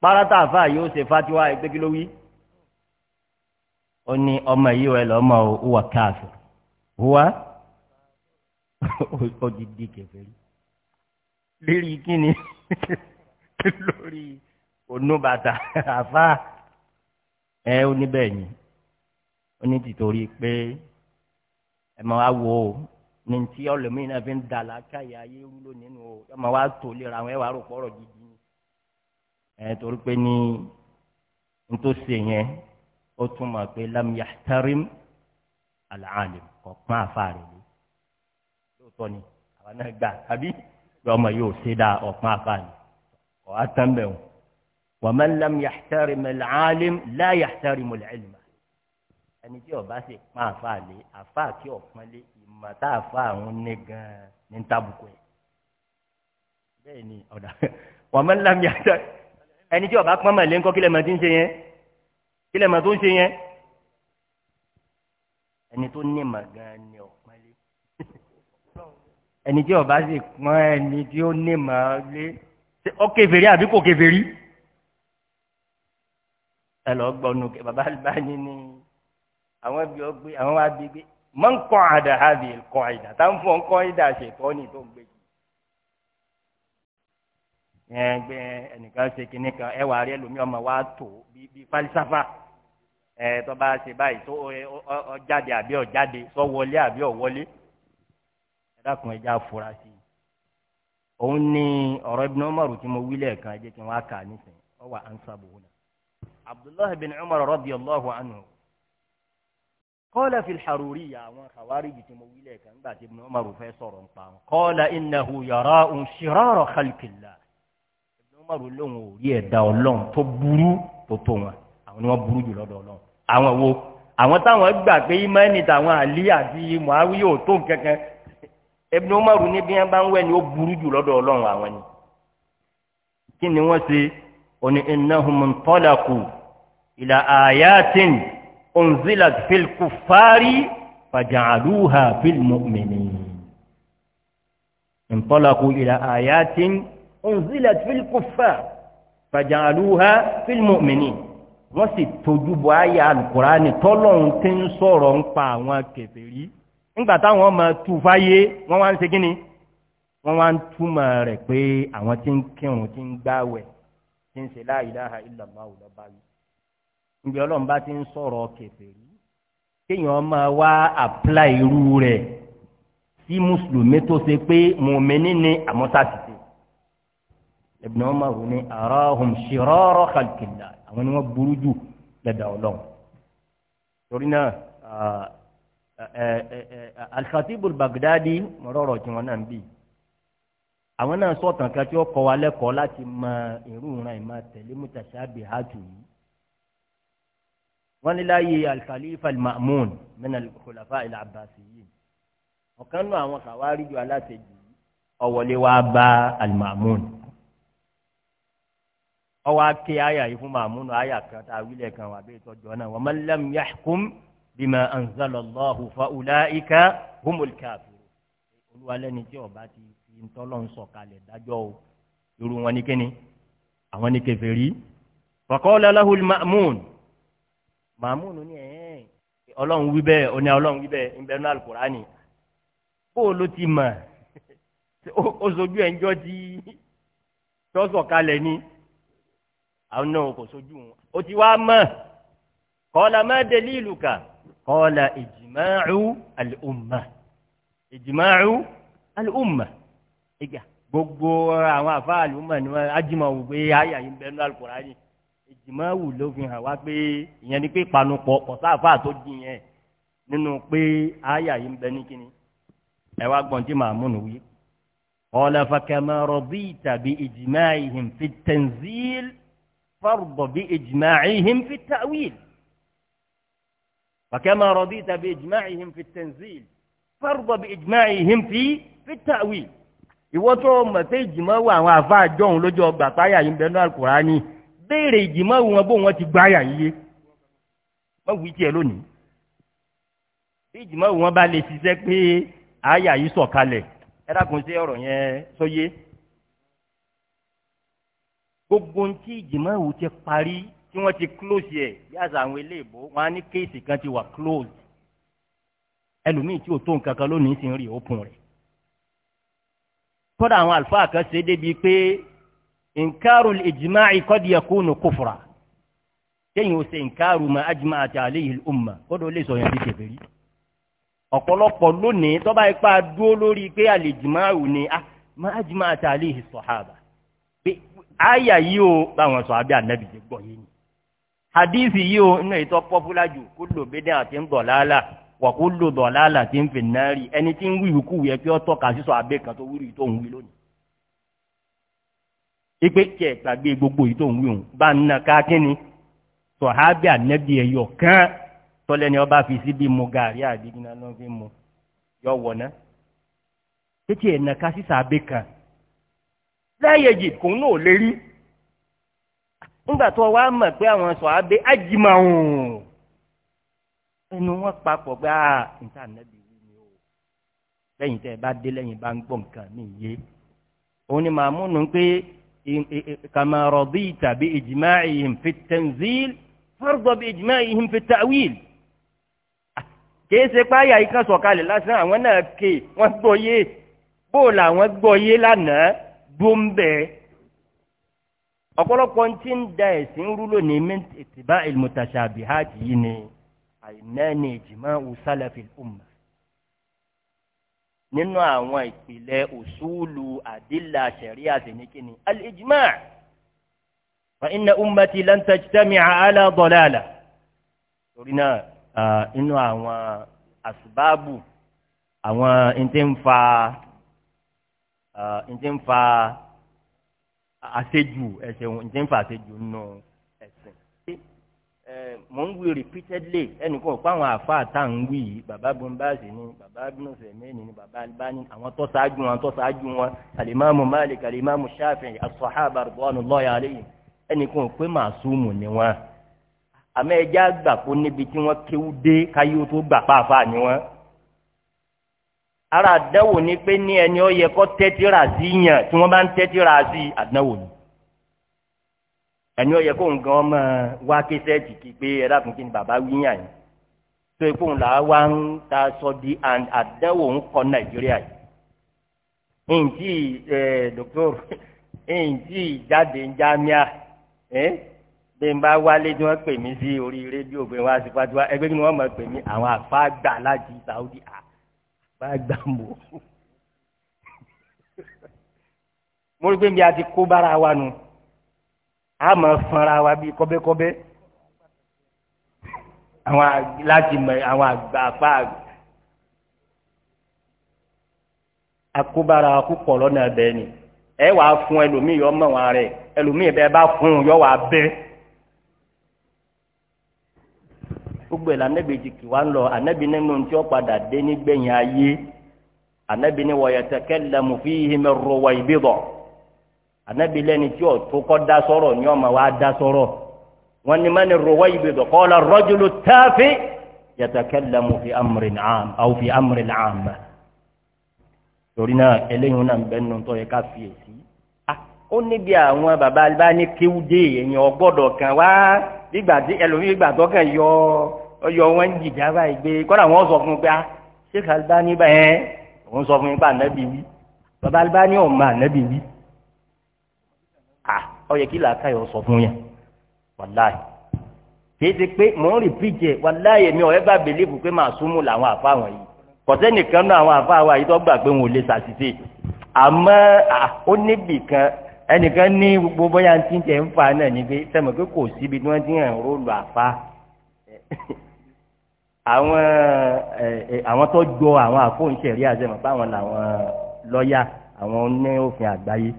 S1: kparata afa yóò ṣe fatiwa ẹgbẹ́ kí ló wí ó ní ọmọ yìí wẹ̀ lọ́mọ o wà káàfì wá ó di di kẹfẹ́rí lérí kíni lórí onúbàtà afa ẹ o ní bẹ́ẹ̀ ni ó ní tìtorí pé ẹ máa wò ó ní ti ọlọmọyìn náà fi ń da làákàyè ayé wúlò nínú o ọmọ wa tó lera àwọn ẹwà rò pọ̀rọ̀ gidi ni ẹ torí pé ní ntòsí yẹn ó tún mọ̀ pé lam yahtarim al-alim kọ̀ọ̀kan àfààrẹ̀ lé ni àwọn náà gbà tàbí ọmọ yóò ṣe dáa ọ̀kan àfààrẹ̀ ọ̀ àtàǹbẹ̀ wọn. ومن لم يحترم العالم لا يحترم العلم ẹni tí ó bá sì pọ́n àfáà lé àfáà ìmọ̀ tá a fa àwọn ní gan ní tábùkù ẹ̀ bẹ́ẹ̀ ni ọ̀dà wọ́n máa ń lámì àtà ẹni tí ọba pọ́n màlẹ́ ńkọ́ kílẹ̀ màá ti ń ṣe yẹn kílẹ̀ màá tó ń ṣe yẹn ẹni tó ní ìmọ̀ gan ni ọ̀pọ̀ lé ẹni tí ọba sì pọ́n ẹni tí ó ní ìmọ̀ lé ọ kèfèrí àbí kò kèfèrí ẹ lọ gbọ́nu bàbá bá yín àwọn bí ọ àwọn wá bí gbé man qa'ada hadhihi al-qa'ida tá ń fọ nǹkan ìdá ṣètọ́ ní tó ń gbé jù. ẹgbẹ́ ẹnìkan ṣe kinní kan ẹ wà rí ẹlòmíọ́ ma wá tó bí falisafa ẹ tó bá ṣe báyìí tó ọjáde àbí ọjáde sọ wọlé àbí ọwọlé ẹ dákun ẹ já fura sí i. òun ní ọ̀rọ̀ Ibn Umar tí mo wí lẹ́ẹ̀kan ẹ jẹ́ kí n wá kà á nísìnyí ọ wà ansabuhuna. Abdullahi bin Umar radiyallahu anhu kọ́lá fi ṣàròrí ìyá àwọn kàwáríjì tí mo wí lẹ́ẹ̀kan nígbà tí mo máa rò fẹ́ sọ̀rọ̀ ń pa wọn. kọ́lá innahu yàrá òun ṣìrọ̀rọ̀ khalqillah. ìbùdó máa rò lóun ò rí ẹ̀dá ọlọ́run tó burú tó tó wọn àwọn ni wọ́n burú jù lọ́dọ̀ ọlọ́run. àwọn wo àwọn táwọn gbà pé imáni tàwọn àlí àti muhawi yóò tó kankan. ìbùdó máa rò ní bí wọ́n bá ń wẹ̀ ni ó burú jù lọ́dọ̀ ọlọ́run unzilat fil kufari faja'aluha fil mu'minin intalaku ila ayatin unzilat fil kufar faja'aluha fil mu'minin wọ́n sì tójú bọ àyà alukurani tọ́lọ́hún tí ń sọ̀rọ̀ ń pa àwọn kèfèrí nígbà táwọn ọmọ tu fáyé wọ́n wá ń ṣe kínni wọ́n wá ń túmọ̀ rẹ̀ pé àwọn tí ń kírun tí ń gbáwẹ̀ tí ń ṣe la ilaha illallah lọ́ba yìí níbi ọlọ́run bá ti ń sọ̀rọ̀ kèfèrí kéèyàn máa wá àpla irú rẹ̀ sí mùsùlùmí tó ṣe pé mùmíní ni àmọ́tàtìtì Ibn Umar ní arahum shirara khalqillah àwọn ni wọ́n burú jù lẹ́dà ọlọ́run torí náà al-Khatib al-Baghdadi mọ̀rọ̀rọ̀ tí wọ́n náà ń bì àwọn náà sọ̀tàn kan tí ó kọ́ wa lẹ́kọ̀ọ́ láti mọ irú ìmọ̀ tẹ̀lé mutashabihatu wọ́n ní láàyè al-khalifa al-ma'mun min al-khulafa al-abbasiyyin ọ̀kan nù àwọn kàwárí ju alátẹ̀jù ọ̀wọ́lé wa bá al-ma'mun ọwọ́ ake àyà yìí fún ma'mun àyà kan tá a wílẹ̀ kan wà bẹ́ẹ̀ tọ́jú ọ̀nà wa man lam yahkum bima anzala Allahu fa ulaika humul tí ọba ti fi ntọ́lọ́ ń dájọ́ o irú wọn ní kíni àwọn ní kèfèrí fa qala lahu al màmúnù ni ẹ̀ẹ́n ọlọ́run wí bẹ́ẹ̀ oní ọlọ́run wí bẹ́ẹ̀ ń bẹ́ẹ̀ ní alukurani kó o ló ti mọ̀ ó sojú ẹ̀ ń jọ́ ti tọ́sọ̀ kalẹ̀ ni àwọn náà kò sojú wọn ó ti wá mọ̀ kọ́lá má délé ìlú kà kọ́lá ìjìmáàrú àlùmà ìjìmáàrú àlùmà gbogbo àwọn àfa ni wọn ajímọ̀ wò pé ayà yìí ń bẹ́ẹ̀ ní alukurani ìjìmáwù ló fi hàn wá pé ìyẹn ni pé ìpanupọ̀ pọ̀sáfà tó di yẹn nínú pé àyà yìí ń bẹ ní kíni ẹ wá gbọ́n tí màá múnu wí. ọ̀la fàkàmà rọ̀bì tàbí ìjìmá ìhìn fi tẹ̀nzíl fọ́rọ̀bọ̀ bí ìjìmá ìhìn fi tàwíl. fàkàmà rọ̀bì tàbí ìjìmá ìhìn fi tẹ̀nzíl fọ́rọ̀bọ̀ bí ìjìmá ìhìn fi fi ìwọ́n tó mọ̀ pé ìjìmá àwọn àfa àjọhùn lójú ọgbà béèrè ìjìmọ̀ wọn bó wọn ti gba àyà yíyé wọ́n wí tiẹ̀ lónìí bí ìjìmọ̀ wọn bá lè ṣiṣẹ́ pé àyà yìí sọ̀kalẹ̀ ẹ dákun sí ọ̀rọ̀ yẹn sóyé gbogbo ntí ìjìmọ̀ ti parí tí wọ́n ti close yẹ bí àṣà àwọn eléèbó wọn á ní kéèsì kan ti wà closed ẹlòmíì tí ò tó nǹkan kan lónìí sì ń rí òpin rẹ̀ kódà àwọn àlùfáà kan ṣe débi pé إنكار الإجماع قد يكون كفرا kéyìn ó ṣe ìnkaaru ma ajima àti àléyìn umma dúró lórí a ma ajima àti pé àyà yìí o báwọn sọ abẹ́ ànábì ti gbọ́ ni hadith yìí o inú ètò pọ́pùlà jù kó lò bédè àti ń dọ̀láàlà wà kó lò dọ̀láàlà tí ń fi ẹni tí ń yẹ kí sísọ kan tó tó ipe tí ẹ gbàgbé gbogbo yìí tó ń wí òun bá ń na ká kínni sọ̀hábì ànẹ́bí ẹ̀yọ̀ kán tọ́lẹ́ni ọba fi síbi mu gàrí àdìgínà ló fi mu yọ wọ̀ ná títí ẹ̀ na ká sísà abẹ́ kan lẹ́yẹ̀jì kò ń náà lérí nígbà tó wàá mọ̀ pé àwọn sọ̀hábì ájìmọ̀ òun ẹnu wọn papọ̀ pé níta ànẹ́bí wí ni o lẹ́yìn tẹ́ ẹ bá dé lẹ́yìn bá ń gbọ́ nǹkan mi yé òun ni màmúnú pé. كما رضيت بإجماعهم في التنزيل فارض بإجماعهم في التأويل kìí ṣe pé àyà ikán sọ̀kalẹ̀ lásán àwọn náà ké wọ́n gbọ́yé bóòlù àwọn gbọ́yé lánàá gbóńbẹ́ ọ̀pọ̀lọpọ̀ tí ń da ẹ̀sìn rú lónìí mẹ́tẹ̀ẹ̀tì bá ìlmùtàṣà àbíháàtì yìí ni àìnáà ní ìjìmá òsálàfíl ummah nínú àwọn ìpìlẹ̀ òṣùlù àdìlà ṣẹ̀ríà sì ní kíni al-ijma' fa inna ummati lan tajtami'a ala dalala torí náà inú àwọn àsìbáàbù àwọn ntí ń fa ntí ń fa àṣejù ẹ̀ṣẹ̀ ntí ń fa àṣejù nínú. No mò ń wí repeatedly ẹnìkan pa àwọn àfa àtà ń wí yìí bàbá bombaasi ni bàbá abinusẹmẹni ni bàbá alibani àwọn tó ṣáájú wọn tó ṣáájú wọn alimami malik alimami shafi'i asahaba ridwanullahi alayhim ẹnìkan pé màsúmù ni wọn àmọ́ ẹjẹ àgbà kó níbi tí wọn kéwú dé káyé tó gbà pàápàá ni wọn. ara àdánwò ni pé ní ẹni ó yẹ kó tẹ́tí sí yàn tí wọ́n bá ń tẹ́tí sí àdánwò ni ẹni ọyẹ kóun gan ọmọ wá kẹsẹẹtì kí pé ẹ dákun kí ni bàbá wíyàn yìí tó ikú ńlá wá ń ta sọ di àdánwò ń kọ nàìjíríà yìí ǹtí ẹ dọkítọr ǹtí jáde jámíà ẹ bí n bá wálé tí wọn pè mí sí orí rédíò pé wọn á sì fatiwa ẹgbẹ́ kí ni wọ́n pè mí àwọn àfáàgbà láti Saudi àfáàgbà mọ́ mo rí pé bí a ti kó bára wa nù. No a ma fanra wa a kọ́bẹ́kọ́bẹ́ àwọn láti mọ àwọn àgbà apá akóbára púpọ̀ lọ́nà ẹbẹ̀ ni ẹ wàá fún ẹlòmíì yọ mọ̀ wọn rẹ ẹlòmíì bẹ́ẹ̀ bá fún wàá gbogbo padà dé ayé fi ibi anabi lẹni tí o tó kọ́ da sọ̀rọ̀ ni ọmọ wa da sọ̀rọ̀ wọn ni mani rọwọ́ yìí bẹ̀rẹ̀ qala rajulu taafi yatakallamu fi amri naam aw fi amri naam torí náà eléyìí náà bẹ́ẹ̀ nù tọ́ yẹ ká fi èsì ah, ó níbi àwọn bàbá bá ní kéwúdé èèyàn ọgbọ́dọ̀ kan wá gbígbà tí ẹlòmíì gbà tó kàn yọ ọyọ wọn jìjà báyìí gbé kọ́dà wọn sọ fún un pé a ṣé kàlùbá ní báyẹn sọ fún un pé ànábì wí bàbá bá ní ọ̀ma ànábì wí ó yẹ kí làákàyè ọ sọ fún yẹn wàláì kìí ṣe pé mò ń rìpíìtì ẹ wàláì èmi ọ̀rẹ́ bá bèlíìfù pé màá súnmù làwọn àfa àwọn yìí kọ̀tẹ́ nìkan náà àwọn àfa àwọn yìí tó gbà pé wọn ò lè ṣàṣìṣe àmọ́ ó níbì kan ẹnìkan ní gbogbo bóyá ti ń tẹ̀ ń fa náà ni pé sẹ́mi pé kò síbi tí wọ́n ti hàn róòlù àfa àwọn àwọn tó jọ àwọn àfóúnṣẹ̀rí àṣẹmọ̀ báwọn làwọn lọ́ọ̀yà àwọn oníhòfin àgbáyé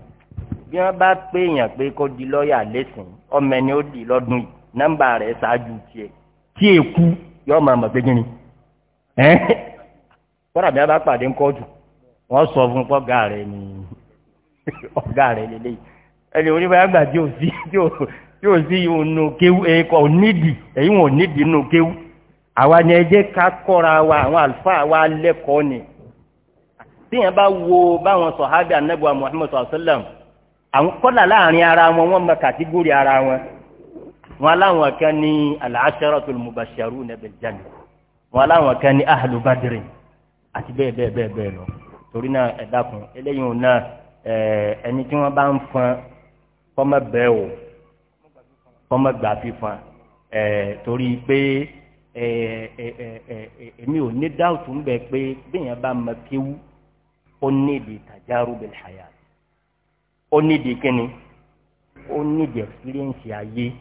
S1: bí wọ́n bá pé èèyàn pé kó di lọ́ọ̀yà lẹ́sìn ọmọ ẹni ó di lọ́dún yìí nọ́mbà rẹ̀ ṣáájú tiẹ̀ tí kú yọ ọmọ àmọ̀ pé ni kọ́dà bí wọ́n bá pàdé ńkọ́jù wọ́n sọ fún ọ̀gá rẹ̀ ni ọ̀gá rẹ̀ ẹni oníbàyàgbà tí sí tí sí kéwú ẹ̀kọ́ wọn kéwú àwa ni ká kọ́ra wa àwọn àlùfáà wa lẹ́kọ̀ọ́ ni tíyẹn bá wo báwọn sọ̀hábì àwọn kọ́dà láàrin ara wọn wọ́n mọ kàtígórì ara wọn wọn aláwọn kan ní al-asharatul mubashsharuna bil janna wọn aláwọn kan ní ahlu badri àti bẹ́ẹ̀ bẹ́ẹ̀ bẹ́ẹ̀ bẹ́ẹ̀ lọ torí náà ẹ dákun eléyìí ò náà ẹni tí wọ́n bá ń fọn kọ́mọ bẹ́ẹ̀ o kọ́mọ gbà fífọn torí pé èmi ò ní dáùtù ń bẹ pé bẹ́ẹ̀ yẹn bá mọ kéwú ó ní ìdí tajarubil hayat ó nídìí kíni ó nídìí experience ayé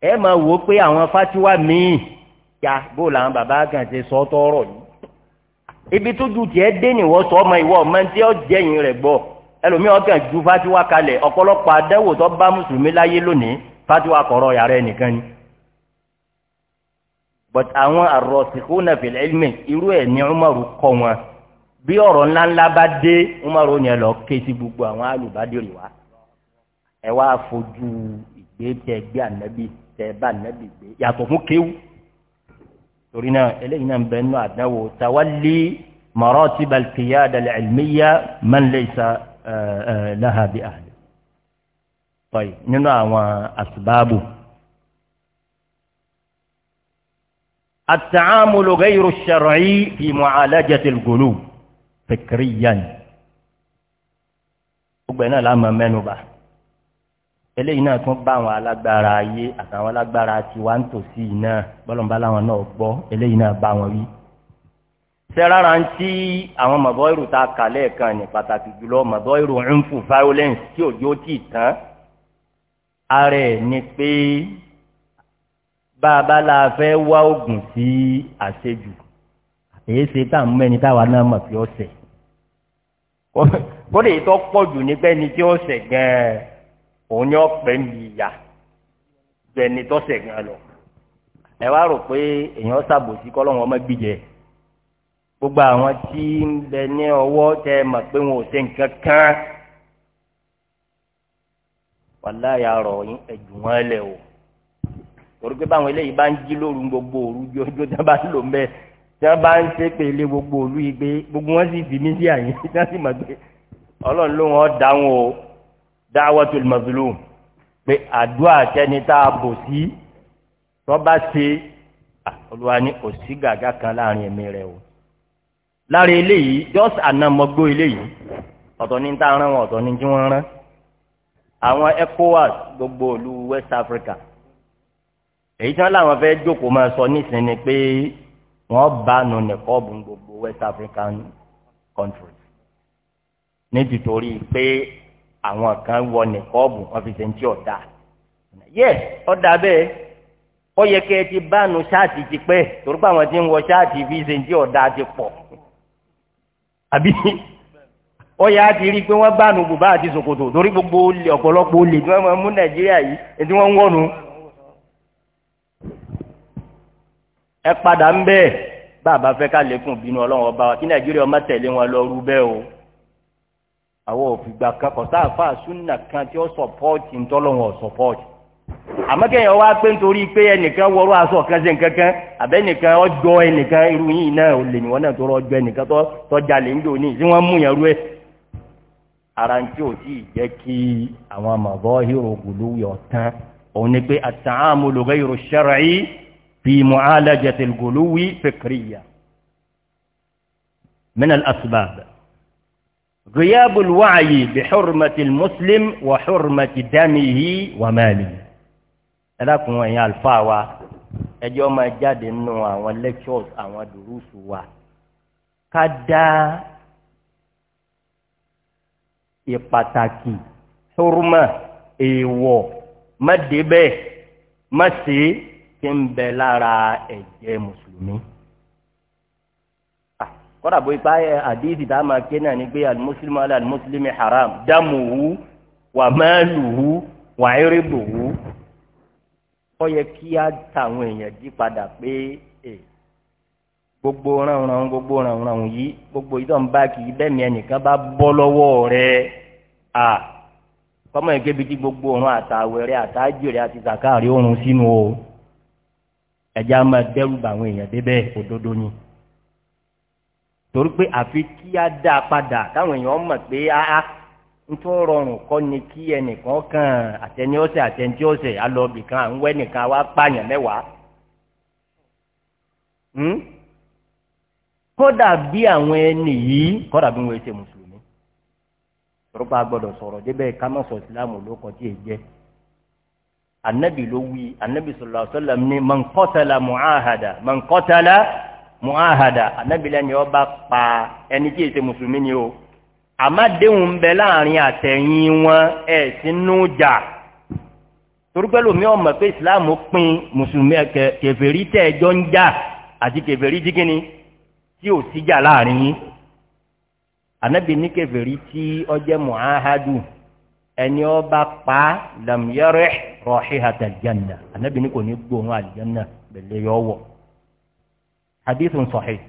S1: ẹ máa wò ó pé àwọn fatiwa míì ya bó làwọn bàbá kan ṣe sọ tọrọ yìí ibi tó ju tiẹ̀ dé nìwọ sọ ọmọ ìwọ ọmọ tí ó jẹyìn rẹ gbọ́ ẹlòmíràn kan ju fatiwa kalẹ̀ ọ̀pọ̀lọpọ̀ àdánwò tó bá mùsùlùmí láyé lónìí fatiwa kọ̀rọ̀ yàrá ẹnìkan ni but àwọn àròsìkò náà fil ilmi irú ẹ̀ ní Umaru kọ́ wọn bí ọ̀rọ̀ ńláńlá bá dé umaru yẹn lọ ké sí gbogbo àwọn alùbádìrì wa ẹ wá fojú ìgbé tẹ gbé ànábì tẹ bá ànábì gbé yàtọ̀ fún kéwù torí náà eléyìí náà ń bẹ nínú àdánwò tawalli maratib al-qiyada al-ilmiya man laysa laha bi ahli tọ́yì nínú àwọn asibáàbù. التعامل غير الشرعي في معالجة القلوب fikiriyan gbogbo ẹ̀ náà la máa mẹ́nuba eléyìí náà tún bá àwọn alágbára ayé àtàwọn alágbára tiwa ń tòsí yìí náà bọ́lọ̀mbá làwọn náà gbọ́ eléyìí náà bá wọn wí. sẹ́rára ń tí àwọn mọ̀bọ́ ìrù ta kà lẹ́ẹ̀kan ní pàtàkì jùlọ mọ̀bọ́ ìrù ń fún violence tí òjò tì tán ara ẹ̀ ni pé bàbá la fẹ́ wá oògùn sí àṣejù èyí ṣe tá à ń mẹ́ni táwa náà mọ̀ fi ọ̀sẹ̀ kódé tó pọ̀jù nígbà ẹni tí ó ṣẹ̀ gan-an òun ni ọ̀pẹ ń bi ìyà ju ẹni tó ṣẹ̀ gan-an lọ. ẹ wá rò pé èèyàn ṣàbòsí kọ́lọ́wọ́n ọmọ gbìjẹ gbogbo àwọn tí ń bẹ ní ọwọ́ tẹ mọ̀ pé wọn ò ṣe nǹkan kan wàláyà rọ̀ ẹ̀jù wọn lẹ̀ o torí pé báwọn eléyìí bá ń jí lóru gbogbo òru jọjọ tí wọn bá ń lò mẹ́ẹ̀ tí wọ́n bá ń ṣe pé ilé gbogbo òlu igbe gbogbo wọn sì fi mí sí àyè tí wọ́n sì mọ̀ pé ọlọ́run ló wọn dáhùn o dáwọ́ tó lè mọ̀ fún lóhùn pé àdúrà tẹni tá a bò sí tó bá ṣe olúwa ní kò sí gàgà kan láàrin ẹ̀mí rẹ o lára eléyìí just ànàmọ́gbó eléyìí ọ̀tọ̀ ní tá a rán wọn ọ̀tọ̀ ní tí wọ́n rán àwọn ECOWAS gbogbo òlu West Africa èyí tí wọ́n láwọn fẹ́ jókòó máa sọ nísìnyí pé. wọ́n bá nu nìkọ́ọ̀bù gbogbo West African countries níbi pé àwọn kan wọ nìkọ́ọ̀bù wọ́n fi ṣe ń tí ọ̀dà yes ọ̀dà bẹ́ẹ̀ ó yẹ ti bá nu ṣáàtì ti pẹ́ torí pé àwọn ń fi ṣe ń tí ọ̀dà ti pọ̀ àbí ó yà á rí i pé wọ́n bá nu bùbá àti gbogbo ọ̀pọ̀lọpọ̀ olè tí wọ́n mú Nàìjíríà yìí wọ́n ẹ padà ń bẹ́ẹ̀ bàbá fẹ́ ká lékún bínú ọba wa kí nàìjíríà ọmọ tẹ̀lé wọn lọ rú bẹ́ẹ̀ o àwọn òfìgbà kan kọ̀ súnà kan tí ó sọ̀pọ́ọ̀tì ń tọ́lọ́run ọ̀ sọ̀pọ́ọ̀tì wọrọ aṣọ kan ṣe nkankan kan àbẹ́ ẹnìkan irú yìí náà ò lè náà tó ẹnìkan lè ń dò ní mú yẹn rú ara ń tí ò jẹ́ kí àwọn àmọ̀bọ́ yọ̀ tán في معالجة الغلو فكريا من الأسباب غياب الوعي بحرمة المسلم وحرمة دمه وماله لكم يا الفاوى اليوم جاد النوى والليكشوز او دروس كدا يباتاكي حرمة ايوو مدبه مسي tí ń bẹ lára ẹ̀jẹ̀ mùsùlùmí. Ah, kọ́dà bó ipá eh, àdéhìí tá a máa ké náà ni pé alimusulmi ala alimusulmi haram dámuhu wà máàlùhu wà iribuhu. ó yẹ kí á tàwọn èèyàn jí padà pé eh, gbogbo ránran gbogbo ránran yìí gbogbo ìdán bá kì í bẹ́ẹ̀ mi ẹnìkan bá bọ́ lọ́wọ́ rẹ̀ à ah, kọ́mọ̀ ìkébi tí gbogbo òun àtàwẹ̀rẹ̀ àtàjèrè àti sàkáàrí òun sínú o. ẹ̀já ma dẹ́rù àwọn èèyàn débẹ̀ òdodo ni torí pé àfi kí á dá a padà káwọn èèyàn pé áá ń rọrùn kọ́ ni kí ẹnìkan kàn àtẹni ọ̀sẹ̀ àtẹni ọ̀sẹ̀ alọ́bì kan ń wẹ́ wá pààyàn mẹ́wàá hmm? kódà bí àwọn ẹni yìí kódà bí wọ́n ṣe mùsùlùmí torí pé a gbọ́dọ̀ sọ̀rọ̀ débẹ̀ ká má sọ anabi ló wí anabi sọlọ sọlọ ní mọ̀nkọ́tàlá mu'ahada mọ̀nkọ́tàlá mu'ahada anabi lẹ́ni ọba pa ẹni tí èsè mùsùlùmí ni o àmàdéhùn ń bẹ láàrin àtẹ̀yìn wọn ẹ̀ sínú jà torúpẹ́ lómi ọmọ pé islam pin mùsùlùmí kẹfẹ́rí tẹ̀ ẹjọ́ ń jà àti kẹfẹ́rí dígínní tí ò síjà láàrin yín anabi ní kẹfẹ́rí tí ọjẹ́ mu'ahadu ẹni ọba pa lamyẹrẹ rọhí àtàljanna anabi ni kò ní gbóhùn àljanna bẹlẹ yọ wọ hadithun sahih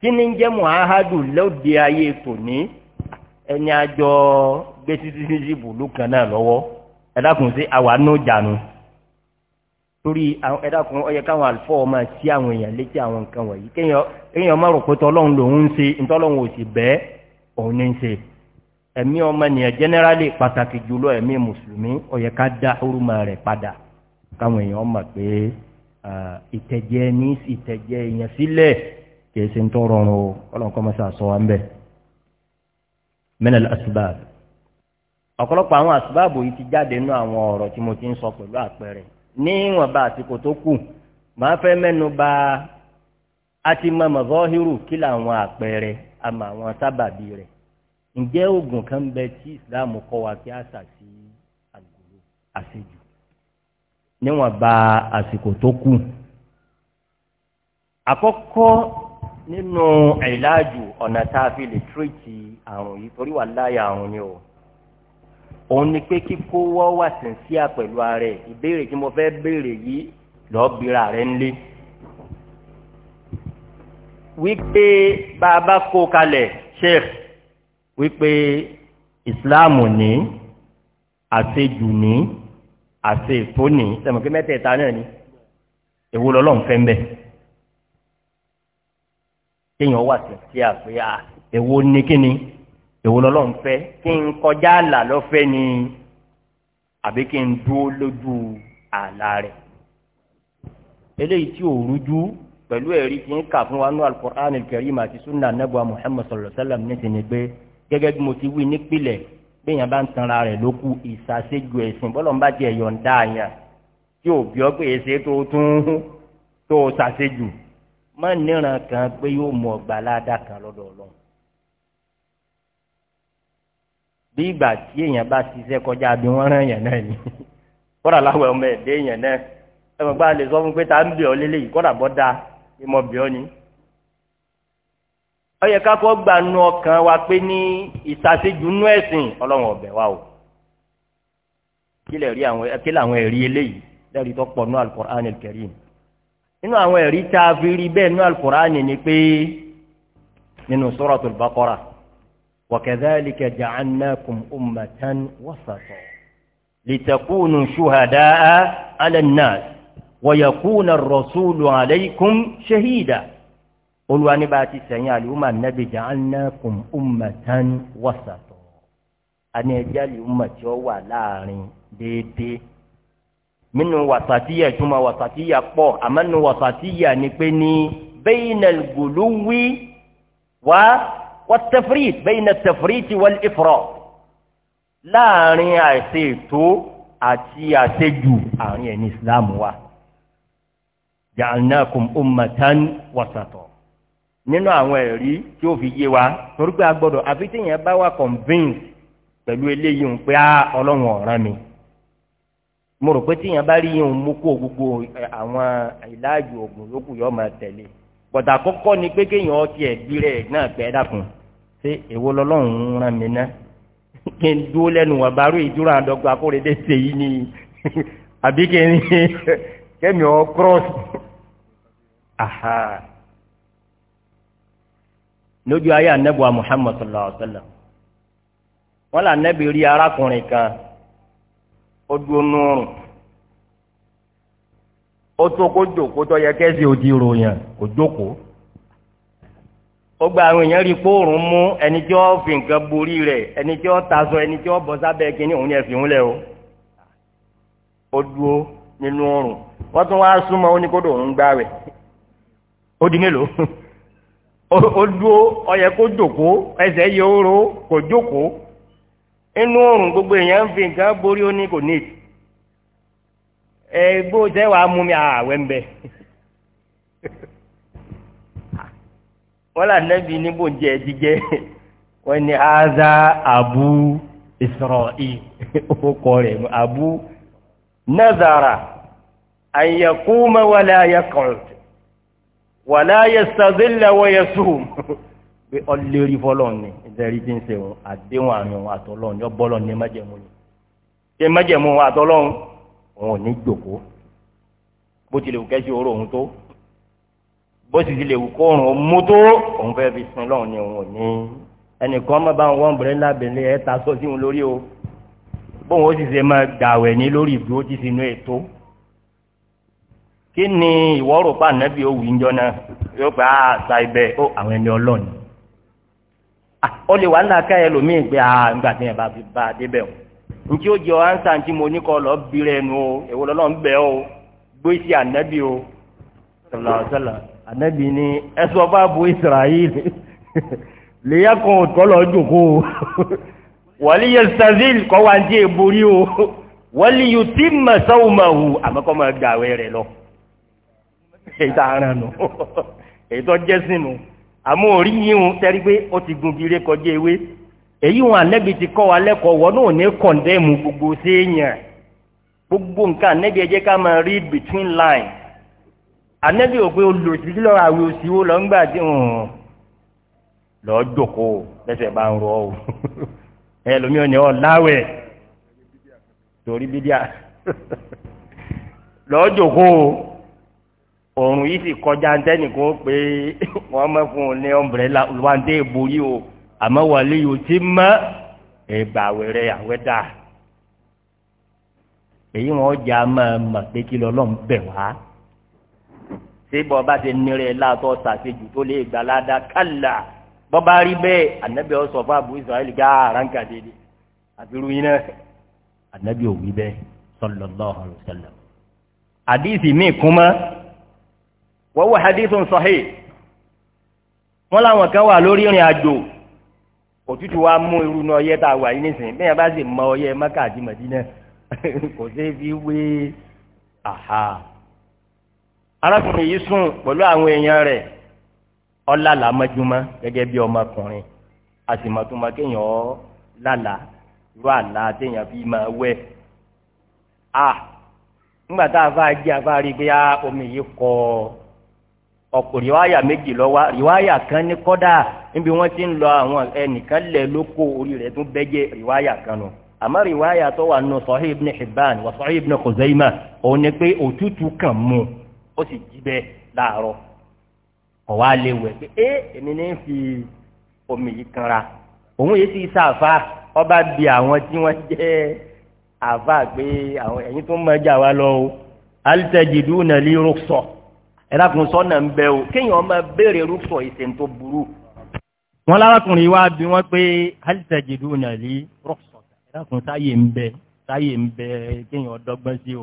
S1: kí ni ń jẹ́ muahadu lóde ayé tòní ẹni àjọ gbé títí títí bùlù kan náà lọ́wọ́ ẹ dákun sí àwa nù jànú torí ẹ dákun ó yẹ káwọn àlùfọ ọmọ sí àwọn èèyàn létí àwọn nǹkan wọ̀nyí kéèyàn ọmọ rò pé lòún ń ṣe ntọlọ́run ò sì bẹ́ẹ̀ òun ní ń ṣe. ẹ̀mí ọmọnìyàn generally pàtàkì jùlọ ẹ̀mí mùsùlùmí ó yẹ ká dá orúmọ rẹ̀ padà káwọn èèyàn mọ̀ pé ìtẹ̀jẹ́ ní ìtẹ̀jẹ́ èèyàn sílẹ̀ kìí ṣe ń tó rọrùn o ọlọ́run kọ́ sọ wá ń bẹ̀. ọ̀pọ̀lọpọ̀ àwọn yìí ti jáde nínú àwọn ọ̀rọ̀ tí mo ti ń sọ pẹ̀lú àpẹẹrẹ àsìkò tó kù fẹ́ ǹjẹ́ oògùn kan bẹ tí islam kọ́ wa kí a sà sí àgbòrò àṣejù níwọ̀n ba àsìkò tó kù àkọ́kọ́ nínú ìlàjù ọ̀nà tá a fi lè tírètì àrùn yìí torí wà láyà àrùn ni o òun ni pé kíkó wọ́ wà sínsíà pẹ̀lú ààrẹ ìbéèrè tí mo fẹ́ béèrè yìí lọ́ọ́ bira rẹ̀ ńlé wípé bàbá kó kalẹ̀ sheikh wípé ìsìláàmù ní àṣejù ní àṣe ètò ní sẹ̀mọ̀kí mẹ́tẹ̀ẹ̀ta náà ni èwo lọ́lọ́run fẹ́ ń bẹ̀. kéèyàn wà sí sí àpé à èwo ní kíni èwo lọ́lọ́run fẹ́ kí n kọjá àlà lọ́fẹ́ ni àbí kí n dúró lójú àlà rẹ̀. eléyìí tí ò rújú pẹ̀lú ẹ̀rí tí ń kà fún wa ní Al-Qur'an al àti sunna anabu Muhammad sallallahu alaihi wa sallam ní ti gẹ́gẹ́ bí mo ti wí nípìlẹ̀ béèyàn bá ń tanra rẹ̀ ló kú ìsàséjù ẹ̀sìn bọ́lọ̀ ń bá tiẹ̀ yọ̀ǹda àyàn tí ò bí ọ pé èsè tó tún tó sàséjù má níran kan pé yóò mú ọgbà ládàá kan lọ́dọ̀ ọlọ́run. bí ìgbà tí èèyàn bá ṣiṣẹ́ kọjá bí wọ́n rán èèyàn náà ni kọ́dà láwọn ọmọ ẹ̀dẹ́ èèyàn náà ẹ̀mọ̀gbá lè sọ fún pé ta ń bẹ̀ ọ́ lélẹ́yìí kọ́dà bọ́ dáa ni mo bẹ̀ ọ́ ni ọyẹ kakọ gbanu ọkàn wa pé ní ìsàsíjú nú ẹsìn Ọlọ́run ọbẹ wa o kí lè rí àwọn kí làwọn ẹ̀rí eléyìí lẹrí tó pọ̀ nú Al-Qur'an al-Karim nínú àwọn ẹ̀rí tá a fi rí bẹ́ẹ̀ nú al ni pé nínú Suratul Baqara wa kadhalika ja'alnakum ummatan wasata litakunu shuhada'a 'ala nas wa rasulu 'alaykum shahida olúwa níbà ti sẹ̀yìn àlùmọ̀ nàbì ja'alnakum ummatan wasata àní ẹ̀jẹ̀ àlùmọ̀ tí ó wà láàrin déédéé minnu wasatiya ìtumọ̀ wasatiya pọ̀ àmọ́ nu wasatiya ni pé ní baynal guluwi wa wat-tafrit baynat tafriti wal ifrat láàrin àìsè ètò àti àṣejù àárín ẹni islam wa ja'alnakum ummatan wasata nínú àwọn ẹ̀rí tí ó fi yé wa torí pé a gbọ́dọ̀ àfi tí yẹn bá wà convince pẹ̀lú eléyìí ń pé á ah, ọlọ́run ọ̀ràn mi mo rò pé tí yẹn bá rí yẹn mú kó gbogbo àwọn ìlàjì oògùn yòókù yóò máa tẹ̀lé bọ̀dà àkọ́kọ́ ni pé kéèyàn ti ẹ̀bí náà pẹ́ dàkún ṣé èwo lọ́lọ́run ràn mí ná kí n dúró lẹ́nu wà bárò ìdúró àdọ́gba kórèdé ṣe ni àbí kí n kẹ́mi ọ́ cross. Aha lójú ayé anabuwa muhammad sallallahu alaihi wa sallam wọn là anabi rí arákùnrin kan ó dúró nùrùn ó tó kó jòkó tó yẹ kẹ́sì òdi ròyìn kò jókòó ó gba àwọn èèyàn rí kóòrùn mú ẹni tí ó fi nǹkan borí rẹ̀ ẹni tí ó tasọ ẹni tí ó bọ́ sábẹ́ kínní òun ni fi ń lẹ̀ o ó dúró nínú oòrùn wọ́n tún wá súnmọ́ ó ní gbá rẹ̀ ó di mélòó. oduo dúó ọyẹ kó jòkó ẹsẹ̀ yẹ kò inú gbogbo èèyàn ń fi nǹkan borí ó ní kò ní ẹ bó ṣe wàá mú mi ń bẹ là níbo jẹ jíjẹ wọ́n ní aza abu israel ó kọ nazara ayẹkú wàlá yastazilla wa yasum pé ọlẹ́rìí fọlọ́ ni ìdẹ́rì tí ń ṣe wọn àdéhùn àrùn wọn àtọ́lọ́ ni ọbọ́lọ́ ni májẹ̀mú ni ṣé májẹ̀mú wọn àtọ́lọ́ wọn ò ní jòkó bó tilẹ̀ wù kẹ́sì oró òun tó bó sì tilẹ̀ wù kóòrùn mú tó òun fẹ́ fi sin lọ́hùn ni òun ò ní ẹnìkan má bá wọn wọ́n bẹ̀rẹ̀ lábẹ́lẹ́ ẹ̀ ta sọ́sí wọn lórí o bóun ó sì ṣe máa dàwẹ̀ ní lórí ìdúró kí ni ìwọ́rò pa ànábì ó wí njọ́ náà yóò pé a ah, ta ibẹ̀ ó àwọn ẹni ọlọ́ọ̀ni ah, ó lè wà nílá káyọ̀ lómìn pé a ah, nígbà tí yẹn bá fi bá a débẹ̀ o ntí ó jẹ ọ ansa ntí mo ní kọ lọ bírẹ nu o èwo lọ́lọ́ ń bẹ̀ o gbé sí ànábì o sọlá sọlá ànábì ni ẹ sọ fún abu israel lèyà
S2: kan kọ́ lọ jòkó o
S1: wàlí yẹ sazil kọ́ wa ń jẹ́ ìborí o wàlí yóò tí mà sáwùmáwù àmọ́ kọ́ máa gbàwé rẹ̀ lọ èyí tá a ràn nù èyí tó jẹ́ sínú àmọ́ orí yíhun tẹ́rí pé ó ti gun gire kọjá ewé èyí wọn ànẹ́bí ti kọ́ wa lẹ́kọ̀ọ́ wọ́n náà ní kọ̀ndẹ́ẹ̀mù gbogbo séèyàn gbogbo nǹkan ànẹ́bí ẹ jẹ́ ká máa read between lines ànẹ́bí ò pé olùsí lọ́wọ́ àwẹ̀ òsì wo lọ́n gbà tí lọ́ọ́ jòkó lẹ́sẹ̀ bá ń rọ ọ́ ẹlòmíràn ni ọ́ láwẹ̀ torí bídíà lọ́ọ́ jòkó òrùn yìí sì kọjá ntẹ́nì kó pé wọ́n mọ̀ fún un ní ọ̀mbrẹ́là olùwàǹdé ìborí o àmọ́ wàlẹ́ yóò ti mọ́ ẹ̀gbà wẹ̀rẹ̀ àwẹ́dà èyí wọn jà máa mọ̀ pé kí lọ́lọ́run bẹ̀ wá ṣé bọ́ba ti nírẹ̀ láàtọ̀ ṣàṣejù tó lè gbà ládàá kálà bọ́ba rí bẹ́ẹ̀ ànábì ọ̀sọ̀ fún àbúrò israẹli gá àránkà dédé àbírú yín náà ànábì òwí bẹ́ẹ̀ sallallahu alaihi wasallam àdìsí mi kún wọ́wọ́ hadithun sahih wọ́n láwọn kan wà lórí ìrìn àjò òtútù wa mú irú ní ọyẹ́ tá a wà yìí nísìnyí bẹ́ẹ̀ bá sì mọ ọyẹ́ mẹ́kà àti mẹ́dínà kò sí fi wé àhà arákùnrin yìí sùn pẹ̀lú àwọn èèyàn rẹ̀ ọlá làmọ́júmọ́ gẹ́gẹ́ bí ọmọkùnrin a sì mọ̀ tó mọ kéèyàn ọ́ lálà irú àlá téèyàn fi máa wẹ̀ a nígbà tá a fà á jí a fà á rí i pé omi yìí kọ́ ọ ọ̀pọ̀ rìwáyà méjì lọ wá rìwáyà kan ní kọ́dà níbi wọ́n ti ń lọ àwọn ẹnìkan lẹ̀ lóko orí rẹ̀ tún bẹ́jẹ́ rìwáyà kan nù àmọ́ rìwáyà tó wà nù Sahih ibn Hibban wà Sahih ibn Khuzaimah òun ni pé òtútù kàn mú ó sì jí bẹ́ẹ̀ láàárọ̀ ọ̀wá lè wẹ̀ pé é èmi ní fi omi yìí kanra òun yìí ti sáfà ọba bi àwọn tí wọ́n jẹ́ àfà pé àwọn ẹ̀yin tó ń mọ̀jà wa lọ o al tajiduna li rukhsah ẹlẹ́kùn sọ́nà ń bẹ o kéèyàn máa béèrè rúfọ̀ ìsìn tó burú. wọ́n lárakùnrin wa bí wọ́n pé alìsàjìdù nàlí rọ̀ṣọ̀tà ẹlẹ́kùn sáyè ń bẹ sáyè ń bẹ kéèyàn dọ́gbọ́n sí o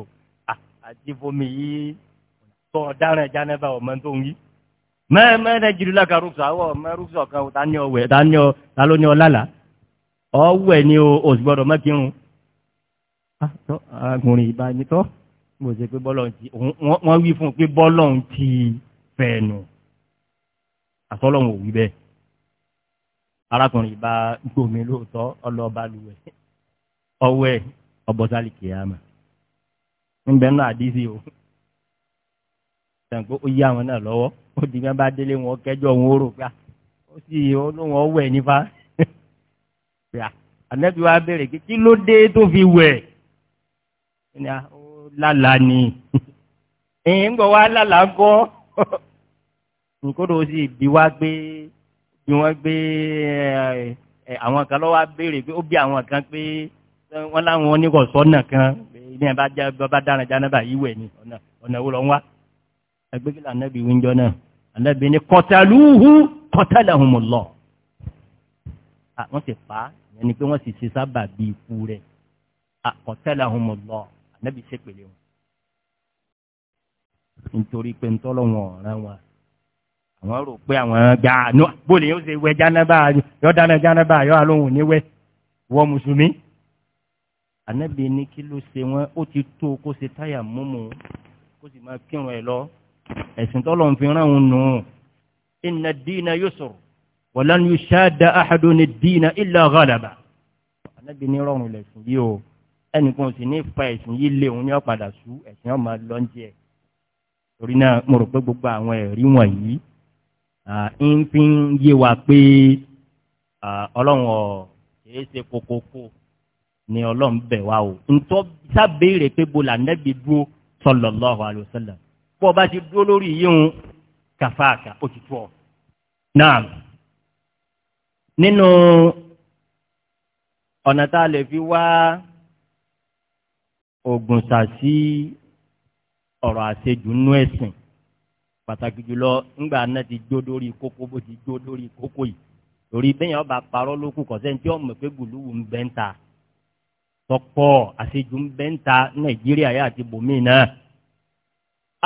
S1: àti fomi yìí tọ́ ọ̀daràn jánẹ́bà ọ̀mọ tó ń yí. mẹ́ẹ̀mẹ́ ẹ̀ jìdù lákà rúfọ̀ àwọ̀ ọ̀mọ rúfọ̀ kan ta ni ọ̀wẹ̀ ta ni ọ ta ló ni ọ lálà ọ̀wẹ̀ ni o òsùgbọ́dọ̀ mẹ́kìrún mo ṣe pé bọ́lọ̀ ti wọ́n wí fún un pé bọ́lọ̀ ti fẹ̀ẹ̀nù àtọ́lọ́hún ò wí bẹ́ẹ̀ arákùnrin bá gbòmí lóòótọ́ ọlọ́ọ̀bá luwẹ̀ ọwọ́ ẹ̀ ọbọ̀sálì kìámà ńbẹ náà àdísí o tẹ̀gbọ́n ó yí àwọn náà lọ́wọ́ ó di mẹ́rin bá délé wọn kẹjọ wọn ó rò pé ó sì olóhùn ọwọ́ ẹ̀ nípa ànẹ́bí wa béèrè kí ló dé tó fi wẹ̀ ẹ̀ ní a ó lálà ni ẹ̀yìn ń gbọ́ wá lálà gọ́ nkóró sì bí wá gbé bí wọ́n gbé àwọn kan lọ́wọ́ béèrè pé ó bí àwọn kan pé wọ́n láwọn oníkọ̀sọ́nà kan ní ẹ̀ bá jẹ́ bá dára jáná báyìí wẹ̀ ni ọ̀nà wo lọ ń wá ẹgbẹ́gílà anábì wíńjọ náà anábì ní kọtàlúhu kọtàlàhùnmùlọ. wọ́n ti pa á ni pé wọ́n sì ṣe sábà bí ikú rẹ̀ kọtàlàhùnmùlọ ànábì ṣépèlé wọn nítorí pé ń tọ́lọ̀ wọn ọ̀ràn wọn àwọn rò pé àwọn gbà ànú bóòlù yóò ṣe wẹ jánábà yọ dáná jánábà yọ àlóhùn níwẹ wọ mùsùlùmí ànábì ní kí ló ṣe wọn ó ti tó kó ṣe táyà múmu kó sì máa kírun ẹ lọ ẹ̀sìn tọ́lọ̀ ń fi ràn wọn nù inna ad-dina yusr walan yushadda ahadun ad-dina illa ghalaba ànábì ní rọrùn lẹ̀sìn yìí o ẹnìkan sì ní fa ẹ̀sìn yìí lé òun ní ọ̀padà sú ẹ̀sìn ọmọ lọ́njì ẹ̀ torí náà mo rò pé gbogbo àwọn ẹ̀rí wọ̀nyí ń fi ń yé wa pé ọlọ́run ọ̀ kìí ṣe kokoko ni ọlọ́run bẹ̀ wá o ntọ́ sábẹ́rẹ̀ pé bo là nẹ́bi dúró sallallahu alaihi wasallam bó o bá ti dúró lórí yíyún kàfáàkà ó ti tó ọ. náà nínú ọ̀nà tá a lè fi wá. Wa oògùn sà sí ọ̀rọ̀ àṣejù nú ẹ̀sìn pàtàkì jùlọ ńgbà náà ti jó lórí kókó bó ti jó lórí kókó yìí torí bẹ́yìn ọba parọ́ lókù kọ̀sẹ́ni tí ọmọ pé gùlùwù ń bẹ́ ń ta tọpọ àṣejù ń bẹ́ ń ta nàìjíríà yá àti bòmíì náà.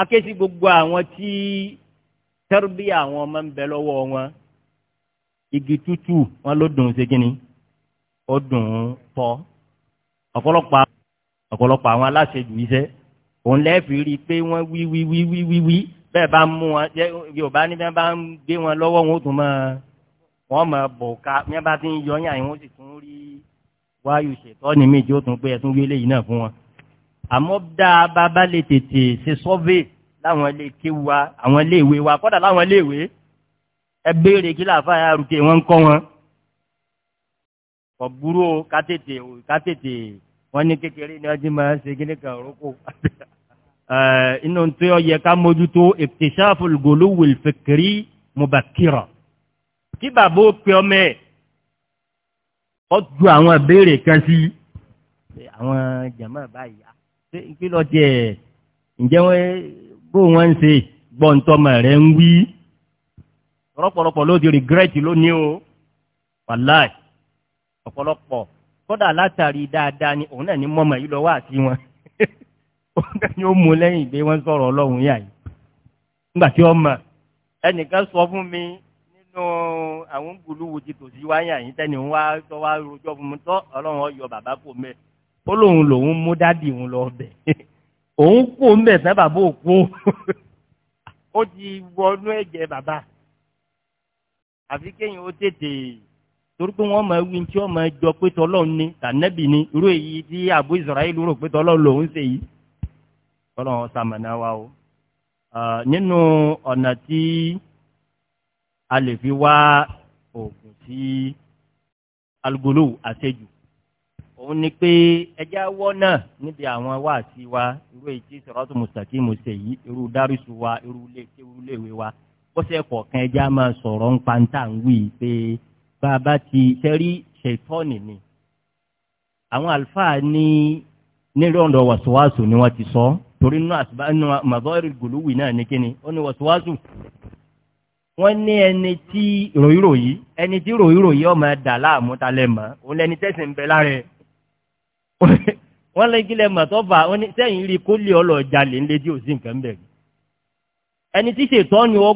S1: akéṣí gbogbo àwọn tí tẹ́rùbí àwọn ọmọ ń bẹ lọ́wọ́ wọn igi tútù wọn ló dùn ún ṣe kínní ó dùn ún tọ́ ọ̀pọ̀lọpọ̀ ọ̀pọ̀lọpọ̀ àwọn aláṣejù iṣẹ́ òun lẹ́ẹ̀fì rí i pé wọ́n wí wí wí wí wí wí bẹ́ẹ̀ bá mú wọn jẹ́ yorùbá ní bẹ́ẹ̀ bá ń gbé wọn lọ́wọ́ wọn ó tún mọ́ wọn mọ̀ bọ̀ ká bẹ́ẹ̀ bá ti ń yọ yàn wọ́n sì tún rí wáyù ṣètọ́ ní méjì ó tún pé ẹ̀tún wí eléyìí náà fún wọn. àmọ́ dá a bá bá lè tètè ṣe sọ́vẹ̀ láwọn ilé ké wa àwọn ilé ìwé wa kọ́dà láwọn ilé ìwé ẹ béèrè kí láàfáà arúgbó wọn ń kọ́ wọn. kọ̀ búrò ká wọ́n ní kékeré ní ọdún máa ń ṣe kí ní kan òrókò eh, inú tó yẹ ká mójútó ìpèsáfù gòlówó ìfẹkẹrí mubakira kí bàbá ó pe ọmọ ẹ ọ ju àwọn ìbéèrè kan sí àwọn jàmá báyìí ah, ṣé kí lọ tiẹ̀ ǹjẹ́ wọ́n bó wọ́n ń ṣe gbọ́ntọ́mọ rẹ̀ ń wí rọpọlọpọ ló di regret lónìí o wàláì ọ̀pọ̀lọpọ̀ kódà látàrí dáadáa ni òun náà ní mọ́mọ́ yìí lọ́wọ́ àti wọn òun náà ni ó mú lẹ́yìn ìgbé wọn sọ̀rọ̀ ọlọ́run yà yìí nígbà tí ọmọ ẹnìkan sọ fún mi nínú àwọn gbùlùwù ti tòsí wáyà yìí tẹ́ni wá tó wá rojọ́ fún mi tọ́ ọlọ́run ọyọ bàbá kò mẹ́ ó lóun lòun mú dádì òun lọ bẹ̀ òun kò mẹ́ sábà bó kó ó ti wọnú ẹ̀jẹ̀ bàbá àfi kéyìn ó tètè torí pé wọ́n máa wí tí wọ́n máa jọ pé tọ́lọ́run ni tànẹ́bì ni irú èyí tí àbú ìsọ̀ráìlú rò pé tọ́lọ́run lòún ṣe yìí tọ́lọ́run sàmànà wa o. nínú ọ̀nà tí a lè fi wá oògùn sí alugolo àṣejù òun ni pé ẹja wọ́ náà níbi àwọn wáàsí wa irú èyí tí sọ̀rọ̀tù mùsàkímù ṣe yìí irú dárúṣu wa irú ilé ìwé wa bó ṣe kọ̀ọ̀kan ẹja máa sọ̀rọ̀ ń pa ń tà ń wí pé bàbá ti sẹ́rí ṣètọ́ọ̀nì ni àwọn àlùfáà ní nílò ọ̀dọ̀ wàsíwàsù ni wọ́n ti sọ torí nínú àtibá nínú màbọ́rì gòlúwì náà ní kíni ó ní wàsíwàsù wọ́n ní ẹni tí ròyìnròyìn ẹni tí ròyìnròyìn ọmọ ẹ̀dà láàmú ta lẹ̀ mọ́ òun lẹni tẹ́sí ń bẹ lára ẹ̀ wọ́n lé gílẹ̀ mọ̀ tó ní sẹ́yìn rí kó lè ọlọ́ jalè ńlé tí ò sí nǹkan bẹ̀ ẹni tí ṣètọ́ ni ó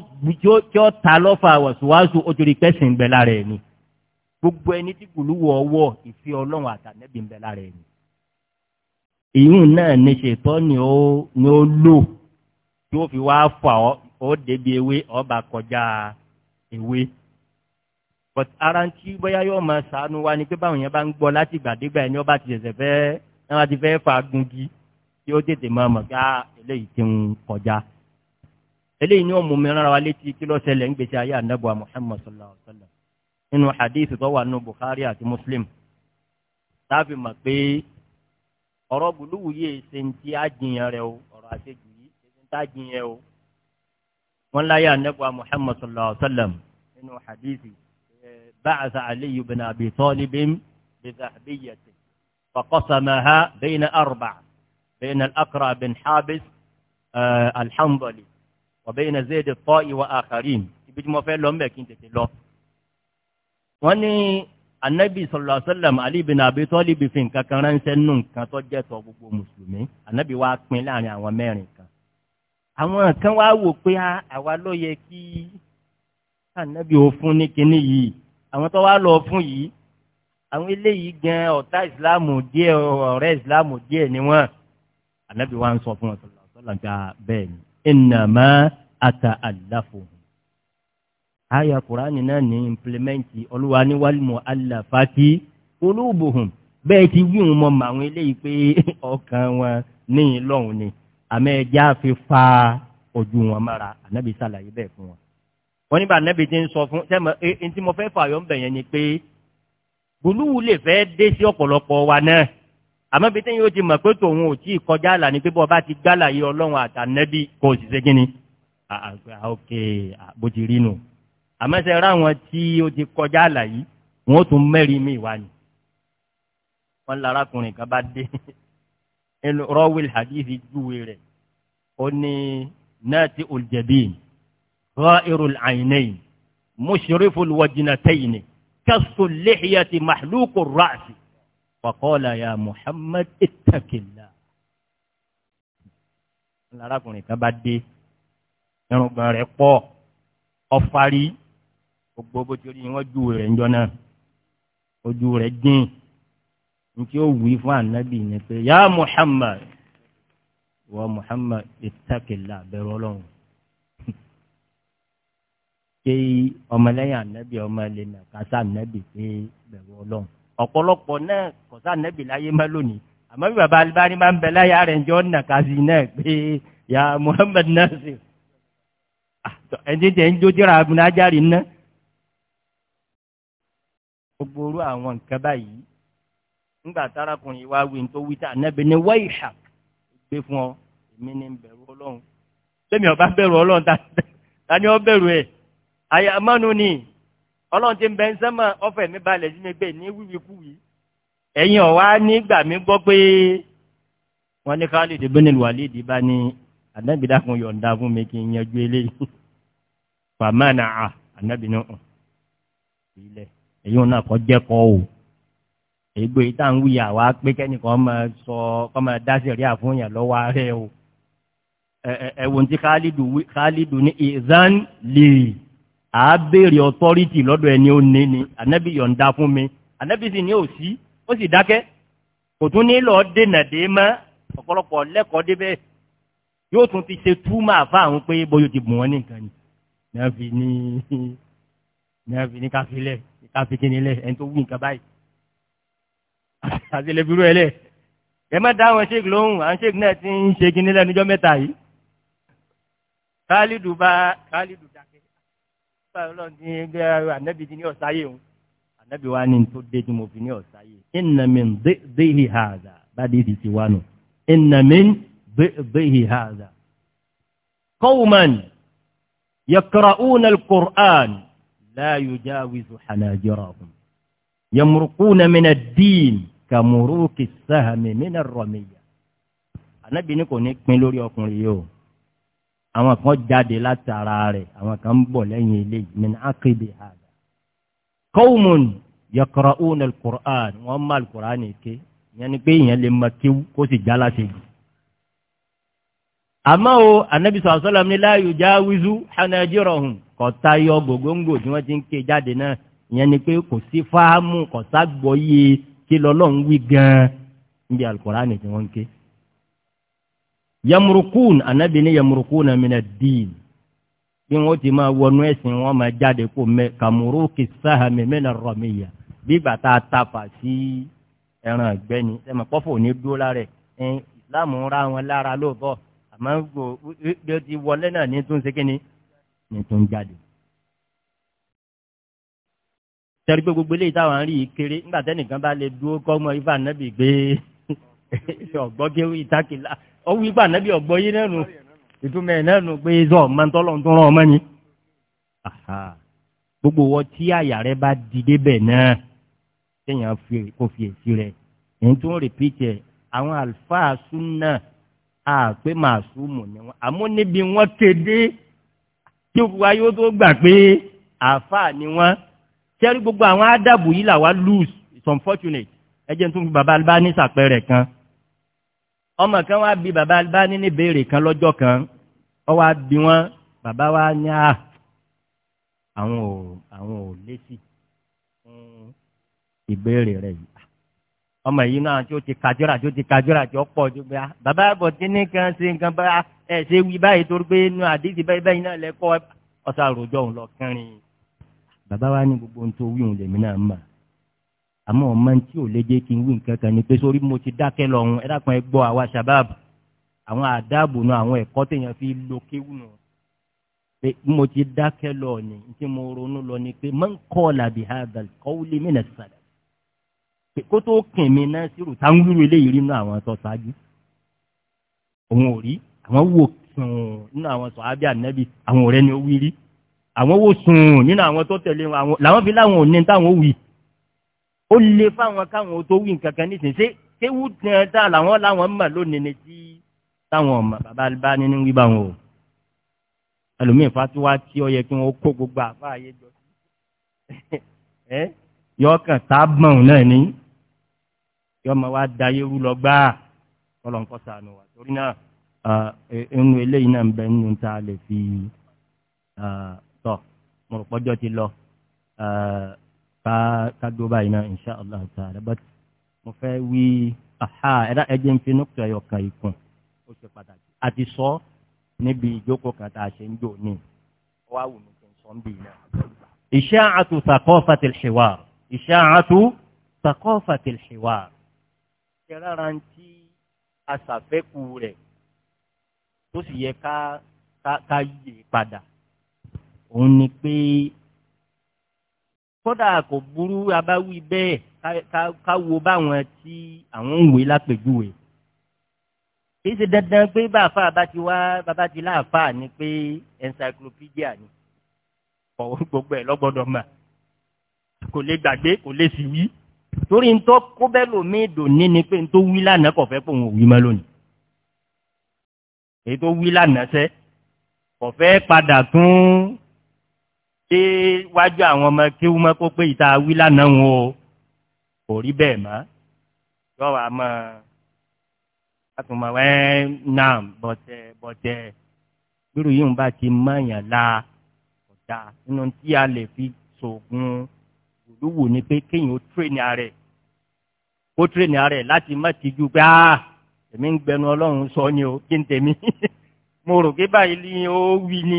S1: tí ó ta lọ́fà wàsíwàsù ó torí pẹ́sì ń bẹ lára ẹ̀ ni gbogbo ẹni tí kùlúwù ọwọ́ ìfẹ́ ọlọ́run àtànẹ́bí ń bẹ lára ẹni. ìyún náà ni ṣètọ́ ni ó ni ó lò tí ó fi wá fà ọ́ ó débi ewé ọba kọjá ewé. but ara ń tí bóyá yóò máa ṣàánú wa ni pé báwọn yẹn bá ń gbọ́ láti ìgbàdégbà ẹni ọba ti ṣẹ̀ṣẹ̀ fẹ́ ẹni wọ́n ti fẹ́ fà gungi tí ó tètè máa mọ̀ ká ah, eléyìí ti ń kọjá. eléyìí ni ó mú wa létí kí ló ṣẹlẹ̀ ń gbèsè ayé ànábọ̀ Muhammad sallallahu alaihi wasallam nínú hadithi tó wà nu Bukhari àti Muslim tabi ma pé ọ̀rọ̀ bùlùwù ye ṣe nti àjìyàn rẹ o ọ̀rọ̀ àṣejù yìí ṣe nti àjìyàn o wọn la láyé anagba Muhammad sallallahu alaihi wasallam sallam nínú hadithi ba'atha ali ibn Abi talib bi zahabiyyati fa qasamaha bayna arba' بين bin بن حابس الحنظلي وبين زيد الطائي وآخرين tai wa akharin ibi tí wọ́n ní anabi sallallahu alaihi wasallam ali bin abi talib fi nǹkan kan ránṣẹ́ nù nǹkan tó jẹ́ tọ́ gbogbo mùsùlùmí anabi wa pín láàrin àwọn mẹ́rin kan àwọn kan wá wò pé ah, àwa ló yẹ kí anabi ò fún ní kinní yìí àwọn tó wá lọ fún yìí àwọn eléyìí gan ọ̀tá ìsìláàmù díẹ̀ ọ̀rẹ́ ìsìláàmù díẹ̀ ni wọ́n anabi wa ń sọ fún wọn sallallahu alaihi wasallam ah, bẹ́ẹ̀ ni innama ata'allafu Aya kurani náà ní implimẹ́ǹtì olúwa ní wàlímù aláfàákì olóòbòhùn bẹ́ẹ̀ ti wí òun mọ màwọn eléyìí pé ọkàn wọn ní ìlọ́hùn ni àmọ́ ẹja fi fa ojú wọn mára ànábì sàlàyé bẹ́ẹ̀ fún wọn. wọ́n nígbà ànábì ti ń sọ fún sẹ́mọ̀ ẹ tí mo fẹ́ fààyọ́ ń bẹ̀ yẹn ni pé gbólúwù lè fẹ́ dé sí ọ̀pọ̀lọpọ̀ wa náà àmọ́ bí téyìn ó ti mọ̀ pé tòun ò tí ì kọjá àlà ni pé bọ́ bá ti gbálàyé ọlọ́run àtànẹ́bí kò sì ṣe kí ni. Ah, ah, ok ah, bó ti rí nù. No àmọ́sẹ̀ ráwọn tí ó ti kọjá àlà yìí wọ́n tún mẹ́rin mi wá ni. wọ́n larákùnrin kan bá dé rọ́wìl hadithi júwe rẹ̀ ó ní náàtì olùjẹ̀bí rọ́ irul àyìnẹ́yìn mushriful wajinatẹ́yìn kásù lẹ́hìyàtì màlúkù ràásì wàkọ́ọ̀lá ya muhammad itakila. larákùnrin kan bá dé irùngbọ̀n rẹ̀ pọ̀ ọ̀farí gbogbo bó ti rí i wọ́n ju rẹ̀ ńjọ náà ojú rẹ̀ dín nítí ó wí fún ànábì ni pé yá Muhammad wọ́n Muhammad ìtàkìlá bẹ̀rù ọlọ́run ṣé ọmọlẹ́yìn ànábì ọmọ lè nà kásá ànábì pé bẹ̀rù ọlọ́run ọ̀pọ̀lọpọ̀ náà kọ̀sá ànábì láyé má lónìí àmọ́ bí bàbá alibáni máa ń bẹ láyé ààrẹ ǹjọ́ nà kásí náà pé yá Muhammad Nasir ah, ẹni tẹ̀ ń jó jẹ́ra abúnájárì náà gbogbo orú àwọn nǹkan báyìí ńgbà tárakùnrin wa wí tó wí tá ànábì ní wáyìṣà gbé fún ọ èmi ní bẹ̀rù ọlọ́run bẹ́ẹ̀ni ọba bẹ̀rù ọlọ́run ta ni ọ bẹ̀rù ẹ̀ àyàmánu ni ọlọ́run ti ń bẹ ń sẹ́mọ̀ ọ̀fẹ́ mi balẹ̀ sí mi bẹ́ẹ̀ ní wíwíkúwì ẹ̀yin ọ̀wá nígbà mi gbọ́ pé wọ́n ní Khalid bin Walid bá ní ànábì dákun yọ̀ǹda fún mi kí n yanjú eléyìí fàmánà ànábì náà ilẹ̀ èyí wọn náà kọ́ jẹ́kọ́ o ègbè tá à ń wíyà wá pé kẹ́nìkan máa sọ kọ́ máa dá sẹ̀rí àfúnyàn lọ́wọ́ ààrẹ o ẹ̀wọ̀n tí Khalidu ní ìzán lè à á béèrè ọ̀tọ́rìtì lọ́dọ̀ ẹni ó ní ni ànábì yọ̀ǹda fún mi ànábì sì ní òsí ó sì dákẹ́ kò tún ní lọ dènà dé mọ́ ọ̀pọ̀lọpọ̀ lẹ́kọ̀ọ́ débẹ̀ yóò tún ti ṣe túmọ̀ àfa àwọn pé bóyá ti bù wọ́n ní ni ní a fi ní ká fi lẹ̀ àfikìnilẹ̀ ẹni tó wí nǹkan báyìí àtìlẹ́bírú ẹlẹ́ ẹ má dá àwọn ṣéèkì lóhùn àwọn ṣéèkì náà ti ń ṣe kinní lẹ́nujọ́ mẹ́ta yìí kálídù bá kálídù dákẹ́ báyọ̀ ọlọ́run ti gbé ànábì ti ní ọ̀sáyé òun ànábì wa ni tó dé tí mo fi ní ọ̀sáyé ìnàmín déhì hàdà bá ti ti wá nù ìnàmín déhì hàdà. قوما يقرؤون القرآن la yujawizu hanajirahum yamurukuna mina diin kamuruki sahami mina rọmiya anabi ni kò ní pin lórí ọkùnrin yìí o àwọn kan jáde látara rẹ̀ àwọn kan ń bọ̀ lẹ́yìn eléyìí min akéde hàdà kọ́wùmùn yaqra'una al-Qur'an wọ́n má al-Qur'an nìke pé ìyẹn lè máa kéwú kó sì já láṣẹ yìí àmọ́ o anabi sọ̀rọ̀ sọ́lá ní láàyò já wíṣú hanajírọ̀ hùn kò tayọ gbogbo tí wọ́n ti ń ké jáde náà ìyẹn ni pé kò sí fáámù kò ságbọ́yé kí lọ́lọ́run wí gan-an níbi alukoraani tí wọ́n ń ké. yamurukun anabi ní yamurukun amina diin bí wọ́n ti máa wọnú ẹ̀sìn wọn máa jáde kó mẹ kàmúrú kì sáhàmì mẹ́nà rọ̀mìyà bí bàtà tapà sí ẹran ẹgbẹ́ni ẹ̀mọ̀ pọ́fọ̀ ò ní dúró lára ẹ̀ ìsìlámù ń ra wọn lára lóòótọ́ mango bí ó ti wọlé náà ní tún ṣe kíni ní tún jáde. tẹ́rí pé gbogbo eléyìí táwọn ń rí i kéré nígbà tẹ́nìkan bá lè dúró kọ́mọ ifá nẹ́bì gbé ọ̀gbọ́n kéwì ìtàkìlá ọwọ́ ifá nẹ́bì ọ̀gbọ́n yín nẹ́nu ìtumọ̀ ẹ̀ nẹ́nu pé zọ mọ́tọ́lọ́ tó rán ọmọ ni. gbogbo wọ tí àyà rẹ bá di débẹ̀ náà téèyàn kò fi èsì rẹ̀ èyí tó ń rìpíìtì àwọn àlùfáà súnà a pé màsúmù ni wọn àmọ́ níbi wọn kéde tí wa yóò tó gbà pé àáfàá ni wọn sẹ́rí gbogbo àwọn ádàbù yìí là wá lose it's unfortunate ẹ jẹ́ n tún fi bàbá Albani ṣàpẹẹrẹ kan ọmọ kan wá bí bàbá Albani ní béèrè kan lọ́jọ́ kan ọ wá bí wọn bàbá wa ní à àwọn ò àwọn ò lésì fún ìbéèrè rẹ yìí ọmọ yìí náà tí ó ti kàjọ́ra tí ó ti kàjọ́ra tí ó pọ̀ ju bá ah, bàbá àbọ̀ tí ní kan ṣe nǹkan bá ẹ ṣe wí báyìí torí pé inú àdéhìí báyìí báyìí náà lẹ́kọ́ ọ̀sà àròjọ òun lọ kẹrin. bàbá wa ní gbogbo ohun tó wí òun lèmi náà mà àmọ́ ọmọ tí ò lè kí n wí nǹkan kan ni pé sórí mo ti dákẹ́ lọ́hùn ẹ dákun ẹ gbọ́ àwa shabab àwọn àdáàbò náà àwọn ẹ̀kọ́ téèyàn fi lo kéwù nù pé mo ti dákẹ́ lọ ni kó tó kìn mí náà sírù táwùrù eléyìí rí nínú àwọn tó ṣáájú òun ò rí àwọn wò sùn nínú àwọn sọ̀hábí ànábì àwọn ọ̀rẹ́ ni ó wí rí àwọn wò sùn nínú àwọn tó tẹ̀lé wọn làwọn fi láwọn ò ní táwọn ó wì ó lè fáwọn káwọn tó wí nǹkan kan nísìnyí ṣé kéwù tiẹ̀ tá làwọn làwọn mọ̀ lónìí ni tí táwọn ọmọ bàbá bá nínú wí bá wọn o ẹlòmíì fatiwa tí ó yẹ kí wọn kó gbogbo àbá ayé jọ sí ẹ yọ tá a bọ̀ náà ní yọmọ wa da yẹrù lọ gbáà Ọlọ́run kó wa torí náà ẹnu e, eléyìí náà ń bẹ nínú tá lè fi tọ mọ̀rọ̀pọ̀jọ́ ti lọ ká dó báyìí náà insha allah ta'ala but mo fẹ́ wí ẹ̀dá ẹ̀jẹ̀ ń fi nọ́ọ̀tì ọ̀kan ìkùn ó ṣe pàtàkì àti sọ níbi ìjókòó kan tá a ṣe ń jò ní wàá wù mí kí n sọ ń bì náà. isha'atu thaqafatil hiwar isha'atu thaqafatil hiwar ẹ rárá ń tí aṣàfẹ́kù rẹ̀ tó sì yẹ ká ká yè padà òun ni pé kódà kò burú abáwí bẹ́ẹ̀ ká wo báwọn tí àwọn ń wé lápèjúwe kìí ṣe dandan pé bàfà bá ti wá bàbá ti láàfà ni pé encyclopedia ni ọ̀wọ́ gbogbo ẹ̀ lọ́gbọ́dọ̀ mà kò lè gbàgbé kò lè sì wí torí ń tọ́ kó bẹ́ẹ̀ lómi ìdòní ni pé ń tó wí lánàá kọ̀ fẹ́ pé òun ò wí mọ́ lónìí èyí tó wí lánàá sẹ́ kọ̀ fẹ́ padà tún dé wájú àwọn ọmọ kéwú mọ́ kó pé ìta wí lánàá wọn o kò rí bẹ́ẹ̀ mọ́ yọ̀wọ̀ àmọ́ àtùmọ̀ ẹ̀ náà bọ̀tẹ̀ eh, bọ̀tẹ̀ gbèrú eh, yìí ń bá ti mọ̀yàn la ọ̀dà nínú tí a lè fi sògùn. So, mm, yòówù ni pé kéèyàn ó tírèèni ara ẹ̀ ó tírèèni ara ẹ̀ láti má tijú pé áá ah, èmi ń gbẹnu ọlọ́run sọ ni o kí n tèmi mo rò pé báyìí ni ó wí ni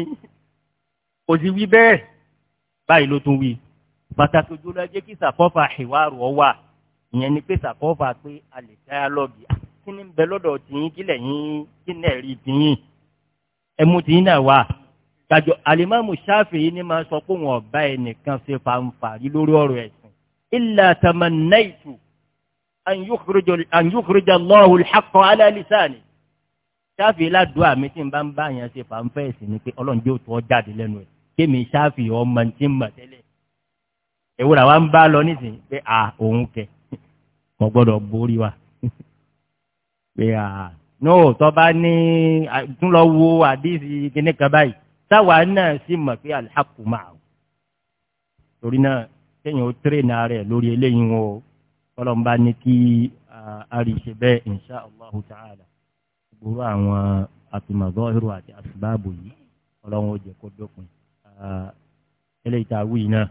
S1: kò sì wí bẹ́ẹ̀ báyìí ló tún wí pàtàkì ojúlọ ẹ jẹ́ kí sàkọ́fà ìwárò ọ wà ìyẹn ni pé sàkọ́fà pé a lè ah, kí ni bẹ lọ́dọ̀ tìyín kílẹ̀ yín kí náà rí tìyín ẹ mú tìyín náà wà tàjọ alimami Shafi'i ni máa sọ pé wọn ọba ẹnìkan ṣe fanfàrí lórí ọ̀rọ̀ ẹ̀sìn illa tamannaitu an yukhrija Allahu al-haqqa ala lisani Shafi'i ládùúgbò mi tí n bá ń bá yẹn ṣe fanfẹ́ ẹ̀sìn ni pé ọlọ́run yóò tọ́ jáde lẹ́nu ẹ̀ kémi Shafi'i ọmọ tí ń mọ̀ tẹ́lẹ̀ ewúrẹ́ wa ń bá lọ nísìnyí pé à òun kẹ kò gbọ́dọ̀ borí wa pé à náà tọ́ bá ní tún lọ wo àdìsí kíní kan báyìí táwa náà sì mọ̀ pé alhaku máa o torí náà kéèyàn ó tírèna rẹ̀ lórí eléyìí wọn kọlọ́mbà ní kí àríṣe bẹ́ẹ̀ insha allah ta'ala gbogbo àwọn àtìmọ̀gbọ́ ìrù àti àsìbáàbò yìí ọlọ́run ó jẹ́ kó dópin eléyìí tá a wí náà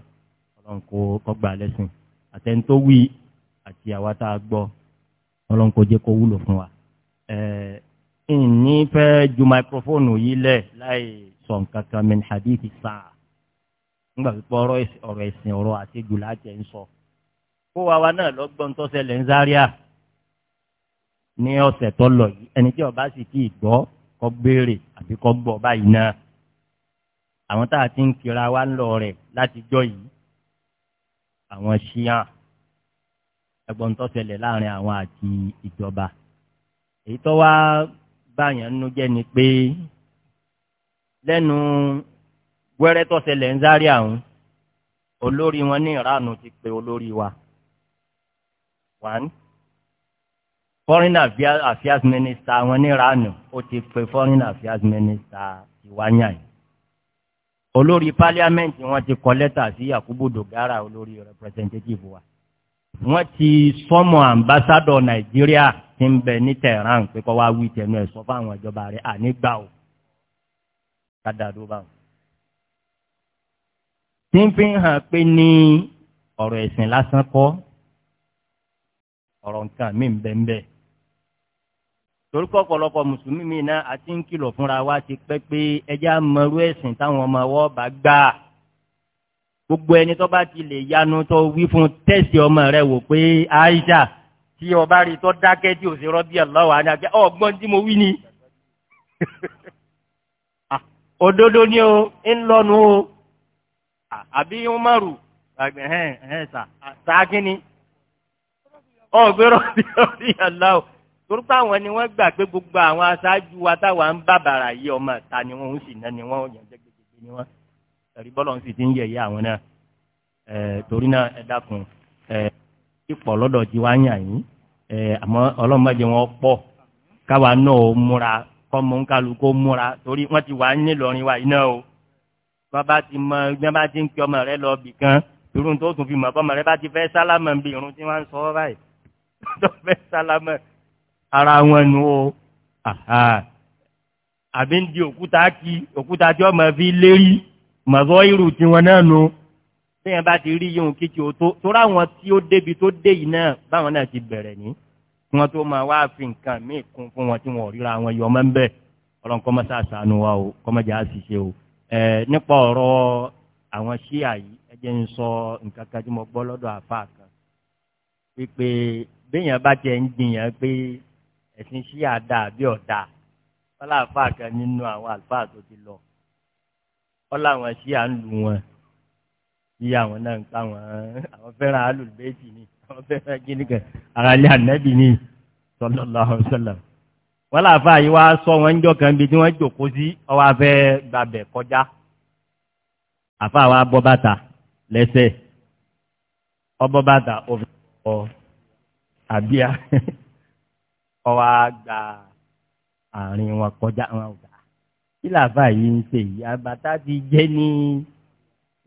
S1: ọlọ́run kó kọ́gbà lẹ́sìn àtẹ̀ntó wí àti àwa tá a gbọ́ ọlọ́run kó jẹ́ kó wúlò fún wa. ǹ ní fẹ́ ju máikrófóònù yìí lẹ̀ láì sọ nǹkan kan min hadithi sáà nígbà pípọ̀ ọ̀rọ̀ ẹ̀sìn ọ̀rọ̀ àṣejù láti ẹ̀ ń sọ. kó wa wa náà lọ gbọ́n tó ṣẹlẹ̀ ń Zaria ní ọ̀sẹ̀ tó lọ yìí ẹni tí ọba sì kí ìgbọ́ kọ́ béèrè àbí kọ́ gbọ́ báyìí náà àwọn tá a ti ń kira wa ńlọ rẹ̀ látijọ́ yìí àwọn ṣíà ẹgbọ́n tó ṣẹlẹ̀ láàrin àwọn àti ìjọba èyí tó wá báyàn nínú jẹ́ ni pé lẹ́nu wẹ́rẹ́ tó ṣẹlẹ̀ ń sáré àwọn olórí wọn ní ìránù ti pe olórí wa. one foreign affairs minister wọn ní ìránù ó ti pe foreign affairs minister ìwáyà yìí olórí parliament wọn ti kọ lẹ́tà sí Yakubu Dogara olórí representative wa wọ́n ti sọ́mọ ambassadọ̀ nàìjíríà tí ń bẹ ní Tehran pé kó wá wí tẹnu ẹ̀ sọ fún àwọn ìjọba rẹ̀ ànígbà o kádàdó báwọn. tí ń fi hàn pé ní ọ̀rọ̀ ẹ̀sìn lásán kọ́ ọ̀rọ̀ nǹkan mi ń bẹ ń bẹ. torí kọ́ ọ̀pọ̀lọpọ̀ mùsùlùmí mi náà àti ń kìlọ̀ fúnra wa ti pẹ́ pé ẹjẹ́ àmọ́rú ẹ̀sìn táwọn ọmọ ọwọ́ bá gbà gbogbo ẹni tó bá ti lè yanu tó wí fún tẹ́sì ọmọ rẹ wò pé Aisha tí ọba rí tó dákẹ́ tí ò sí rọ́bì ọlọ́wà ni àgbẹ̀ tí mo wí ni òdodo ni o ń lọnu o àbí umaru àgbẹ̀ hẹ́n hẹ́n sà sà kínní ọ̀gbẹ́rọ̀ bí ọ̀rí o àwọn ni gbà pé gbogbo àwọn aṣáájú wa táwa ń bàbàrà yìí ọmọ ìta ni wọ́n ń sì ná ni yàn ni bọ́lọ̀ ń sì ti ń yẹ̀yẹ́ àwọn kọ́mọ ń kálukó múra torí wọ́n ti wà nílọrin wa iná o bàbá ti mọ bàbá ti ń pè ọmọ rẹ lọ bì kan irun tó tún fi mọ̀ bọ́mọ rẹ bá ti fẹ́ sálámà ń bi irun tí wọ́n ń sọ ọ́ báyìí tó fẹ́ sálámà ara wọn nu o àbí ń di òkúta kí òkúta tí ọmọ fi lérí mọ̀fọ́ irú tiwọn náà nu bẹ́ẹ̀ bá ti rí yíyún kí o tó tó ráwọn tí ó débi tó dé yìí náà báwọn náà ti bẹ̀rẹ̀ ní kí wọ́n tó máa wá fi nǹkan míì kún fún wọn tí wọ́n ríra wọn yọ ọmọ ń bẹ̀ ọlọ́run kọ́ mọ́sá àṣàánú wa o kọ́ mọ́jà á sì ṣe o nípa ọ̀rọ̀ àwọn ṣíà yìí ẹ jẹ́ ń sọ nǹkan kan tí mo gbọ́ lọ́dọ̀ àfáà kan pípé béèyàn bá tiẹ̀ ń jiyàn pé ẹ̀sìn ṣíà dà bí ọ̀dà ọlá àfáà kan nínú àwọn àlùfáà tó ti lọ ọlá àwọn ṣíà ń lu wọn bí àwọn náà ń pa àwọn àwọn fẹ́ràn alùbẹ́ẹ̀tì ni ọ̀fẹ́fẹ́ gíníkẹ̀ àràlẹ́ ànẹ́bì ní sallallahu alaihi wasallam wọ́n láàfáà yìí wá sọ wọn jọ kan bí tí wọ́n jòkó sí ọwọ́ afẹ́ gbàbẹ̀ kọjá àfáà wa bọ́ bàtà lẹ́sẹ̀ ọbọ̀ bàtà òfin ọ̀ àbíà ọwọ́ àgbà àárín wọn kọjá wọn ò gbà kí làáfáà yìí ń ṣe yìí àbàtà ti jẹ́ ní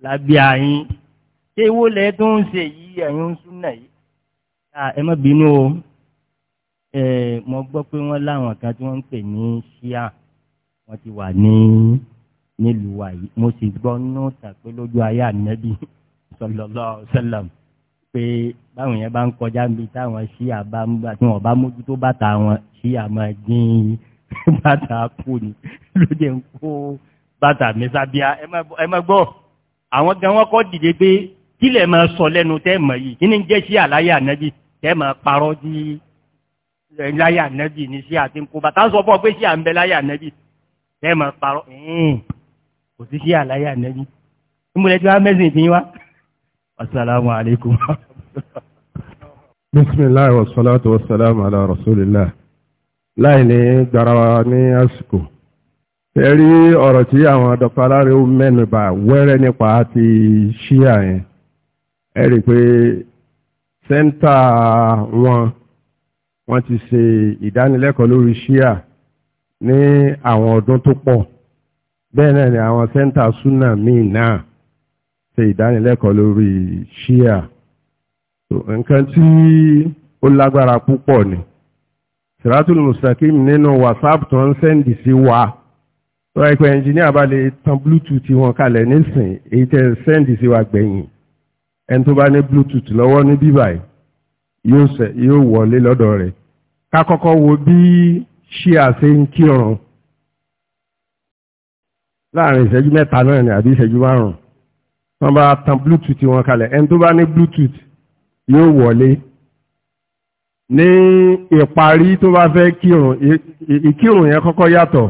S1: lábẹ́ àyín ṣé wo tó ń ṣe yìí ẹ̀yin súnà yìí ẹ má bínú o mo gbọ́ pé wọ́n láwọn kan tí wọ́n ń pè ní ṣíà wọ́n ti wà ní nílùú wa yìí mo sì gbọ́ nù tàpé lójú ayé ànábì sallallahu alaihi wasallam pé báwọn yẹn bá ń kọjá níbi táwọn ṣíà bá ń gbà tí wọ́n bá mójútó bàtà wọn ṣíà máa dín bàtà kù ní lóde ń kó bàtà mẹsàbíà ẹ má gbọ́ àwọn gan wọn kọ́ dìde pé kílẹ̀ máa sọ lẹ́nu tẹ́ mọ̀ yìí kí ni ń jẹ́ ṣíà láyé ànábì tẹ́ máa parọ́ di eh, láyé ànábì ní sí àti ń kó bàtà sọ fún ọ pé sí à ń bẹ láyé ànábì tẹ́ máa parọ́ kò sí sí àláyé ànábì ìmúlẹ̀ tí wàá mẹ́sìn ìpín wa. asalaamu alaykum.
S2: bisimilahi wa salatu wa salam ala rasulillah láì ní gbarawa ní àsìkò ẹ̀rí ọ̀rọ̀ tí àwọn dọ̀pálárẹ̀ mẹ́nubà wẹ́rẹ́ nípa ti ṣíà yẹn ẹ̀rí pé sẹ́ńtà wọn wọ́n ti ṣe ìdánilẹ́kọ̀ọ́ lórí ṣíà ní àwọn ọdún tó pọ̀ bẹ́ẹ̀ náà ni àwọn sẹ́ńtà súnà míì náà ṣe ìdánilẹ́kọ̀ọ́ lórí ṣíà nǹkan tí ó lágbára púpọ̀ ni siratul mustakim nínú whatsapp tó ń sẹ́ndì sí wa tó ẹ̀pẹ́ ẹnjìníà bá lè tan bluetooth wọn kalẹ̀ nísìn èyí tẹ́ sẹ́ndì sí wa gbẹ̀yìn ẹni tó bá ní bluetooth lọ́wọ́ ní bíbáyìí yóò ṣe yóò wọlé lọ́dọ̀ rẹ̀ ká kọ́kọ́ wo bí ṣíà ṣe ń kírun láàrin ìṣẹ́jú mẹ́ta náà ni àbí ìṣẹ́jú márùn wọ́n bá tan bluetooth wọn kalẹ̀ ẹni tó bá ní bluetooth yóò wọlé ní ìparí tó bá fẹ́ kírun ìkírun yẹn kọ́kọ́ yàtọ̀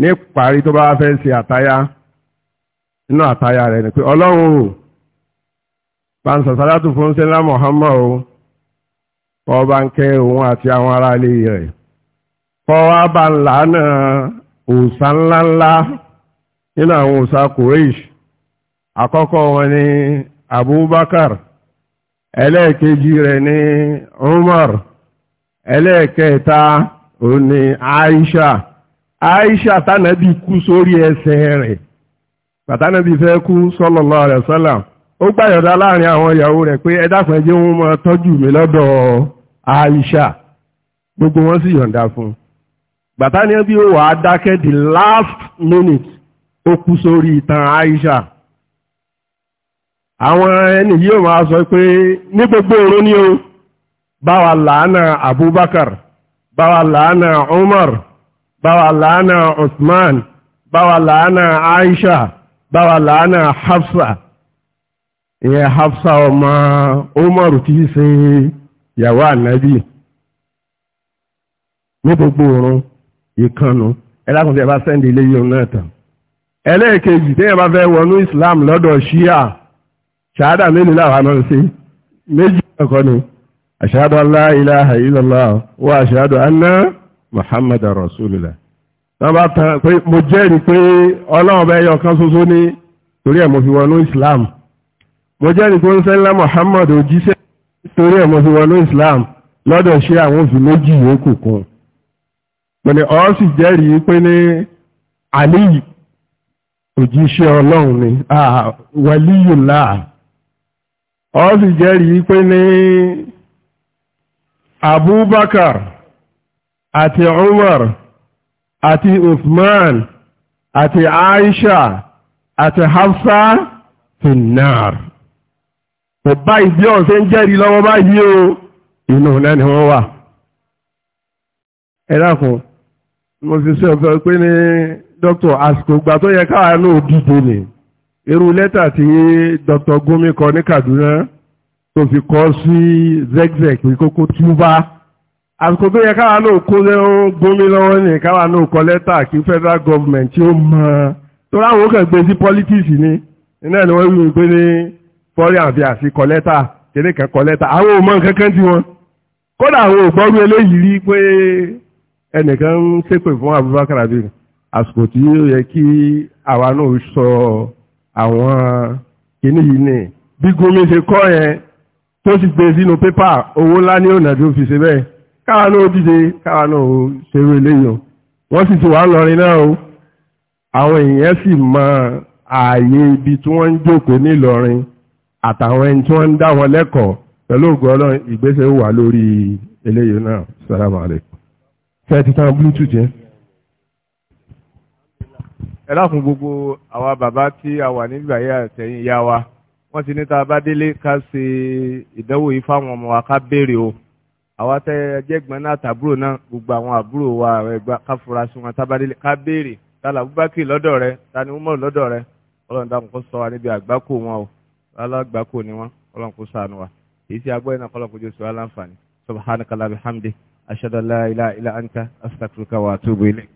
S2: ní ìparí tó bá fẹ́ ṣe àtayá nínú àtayá rẹ̀ ni pé ọlọ́run o pansa salatu fun sinna muhammad o ko ba ati awon ara ile re ko wa ba nla na osa nla nla nina awon osa kureish akoko won ni abubakar eleekeji re ni umar eleeketa o ni aisha aisha tanabi ku sori ese re patanabi fe ku sọlọlọ ala wasallam ó gbàyọ̀dá láàrin àwọn ìyàwó rẹ̀ pé ẹ dákun ẹ jẹ́ wọn máa tọ́jú mi lọ́dọ̀ Aisha gbogbo wọn sì yọ̀ǹda fún gbàtà ní bí ó wà the last minute ó kú sórí ìtàn Aisha àwọn ẹni yìí ó máa sọ pé ní gbogbo òru ni o báwa làánà Abubakar báwa làánà Umar báwa làánà Usman báwa làánà Aisha báwa làánà Hafsa ìyẹn Hafsa ọmọ Umaru tí í ṣe ìyàwó ànábì ní gbogbo òrun ìkànnù ẹlákùnrin ẹ̀bá sẹ́ndì ilé yìí náà tàn ẹlẹ́ẹ̀kejì tẹ́yẹ̀ bá fẹ́ wọnú Islam lọ́dọ̀ ṣíà ṣáádà mélòó làwọn àmọ́ ṣe méjì ọkọ ni ashhadu an la ilaha illallah wa ashhadu anna muhammadar rasulullah wọ́n bá tán pé mo jẹ́rìí pé ọlọ́run bẹ́ẹ̀ yọ kan ṣoṣo ní torí ẹ̀ mo fi wọnú Islam mo jẹ́rìí pé ń sẹ́lá Muhammad òjíṣẹ́ torí ẹ̀ mo fi wọnú Islam lọ́dọ̀ ṣe àwọn òfin méjì yòókù kún mo ní ọ́ sì jẹ́rìí pé ní Aliyu òjíṣẹ́ ọlọ́run ni wàlíyùlá ọ́ sì jẹ́rìí pé ní Abubakar àti Umar àti Uthman àti Aisha àti Hafsa finnar kò bá ìbí ọ̀sẹ̀ ń jẹ́rìí lọ́wọ́ báyìí o inú náà ni wọ́n wà ẹ̀dàkùn mo sì sọ ọ̀fẹ́ pé ní dr àsìkò ìgbà tó yẹ káwa náà dìde nì irú lẹ́tà tí dr Gumi kọ ní Kaduna tó fi kọ sí zegzeg pé kókó túbá àsìkò tó yẹ káwa náà kó Gumi lọ́wọ́ ní káwa náà kọ lẹ́tà kí federal government tí ó mọ̀ tó láwọn ó kàn gbé sí politics ni iná ni wọ́n wí pé ní fọ́rí àbí àfi kọ́lẹ́tà kéré kan kọ́lẹ́tà àwọn ò mọ nǹkan kan tí wọn kódà àwọn ò gbọ́rú eléyìí rí pé ẹnìkan ń ṣépè fún Abubakar Abiru àsìkò tí ó yẹ kí àwa náà sọ àwọn kìíní yìí ní bí Gumi ṣe kọ́ yẹn tó sì gbé sínú pépà owó ńlá ní ọ̀nà tó fi ṣe bẹ́ẹ̀ káwa náà dìde káwa náà ṣerú eléyìí wọ́n sì ti wà lọ́rin náà o àwọn èèyàn sì mọ ààyè ibi tí wọ́n ń jókòó nílọrin àtàwọn ẹni tí wọ́n ń dá wọn lẹ́kọ̀ọ́ pẹ̀lú ògùn ìgbésẹ̀ wà lórí eléyìí náà salamu alaykum fẹ́ ti tán bluetooth yẹn. ẹ lákun gbogbo àwa bàbá tí a wà níbi àyè àtẹ̀yìn ìyá wa wọ́n ti ní ta bá délé ká ṣe ìdánwò yìí fáwọn ọmọ wa ká béèrè o àwa tẹ ẹjẹgbọn náà tàbúrò náà gbogbo àwọn àbúrò wa àwọn ẹgbà ká fura sí wọn tábàdélé ká béèrè ta làbúbákì lọ́dọ̀ rẹ ta umar lọ́dọ̀ rẹ ọlọ́run dákun kó sọ wa níbi àgbákò wọn o alágbàkó ni wọ́n ọlọ́run kó ṣàánú wa èyí tí a gbọ́ iná kọ́lọ́kù jù sí aláǹfààní subhanakala bihamdi ashhadu an la ilaha illa anta astaghfiruka wa atubu ilayk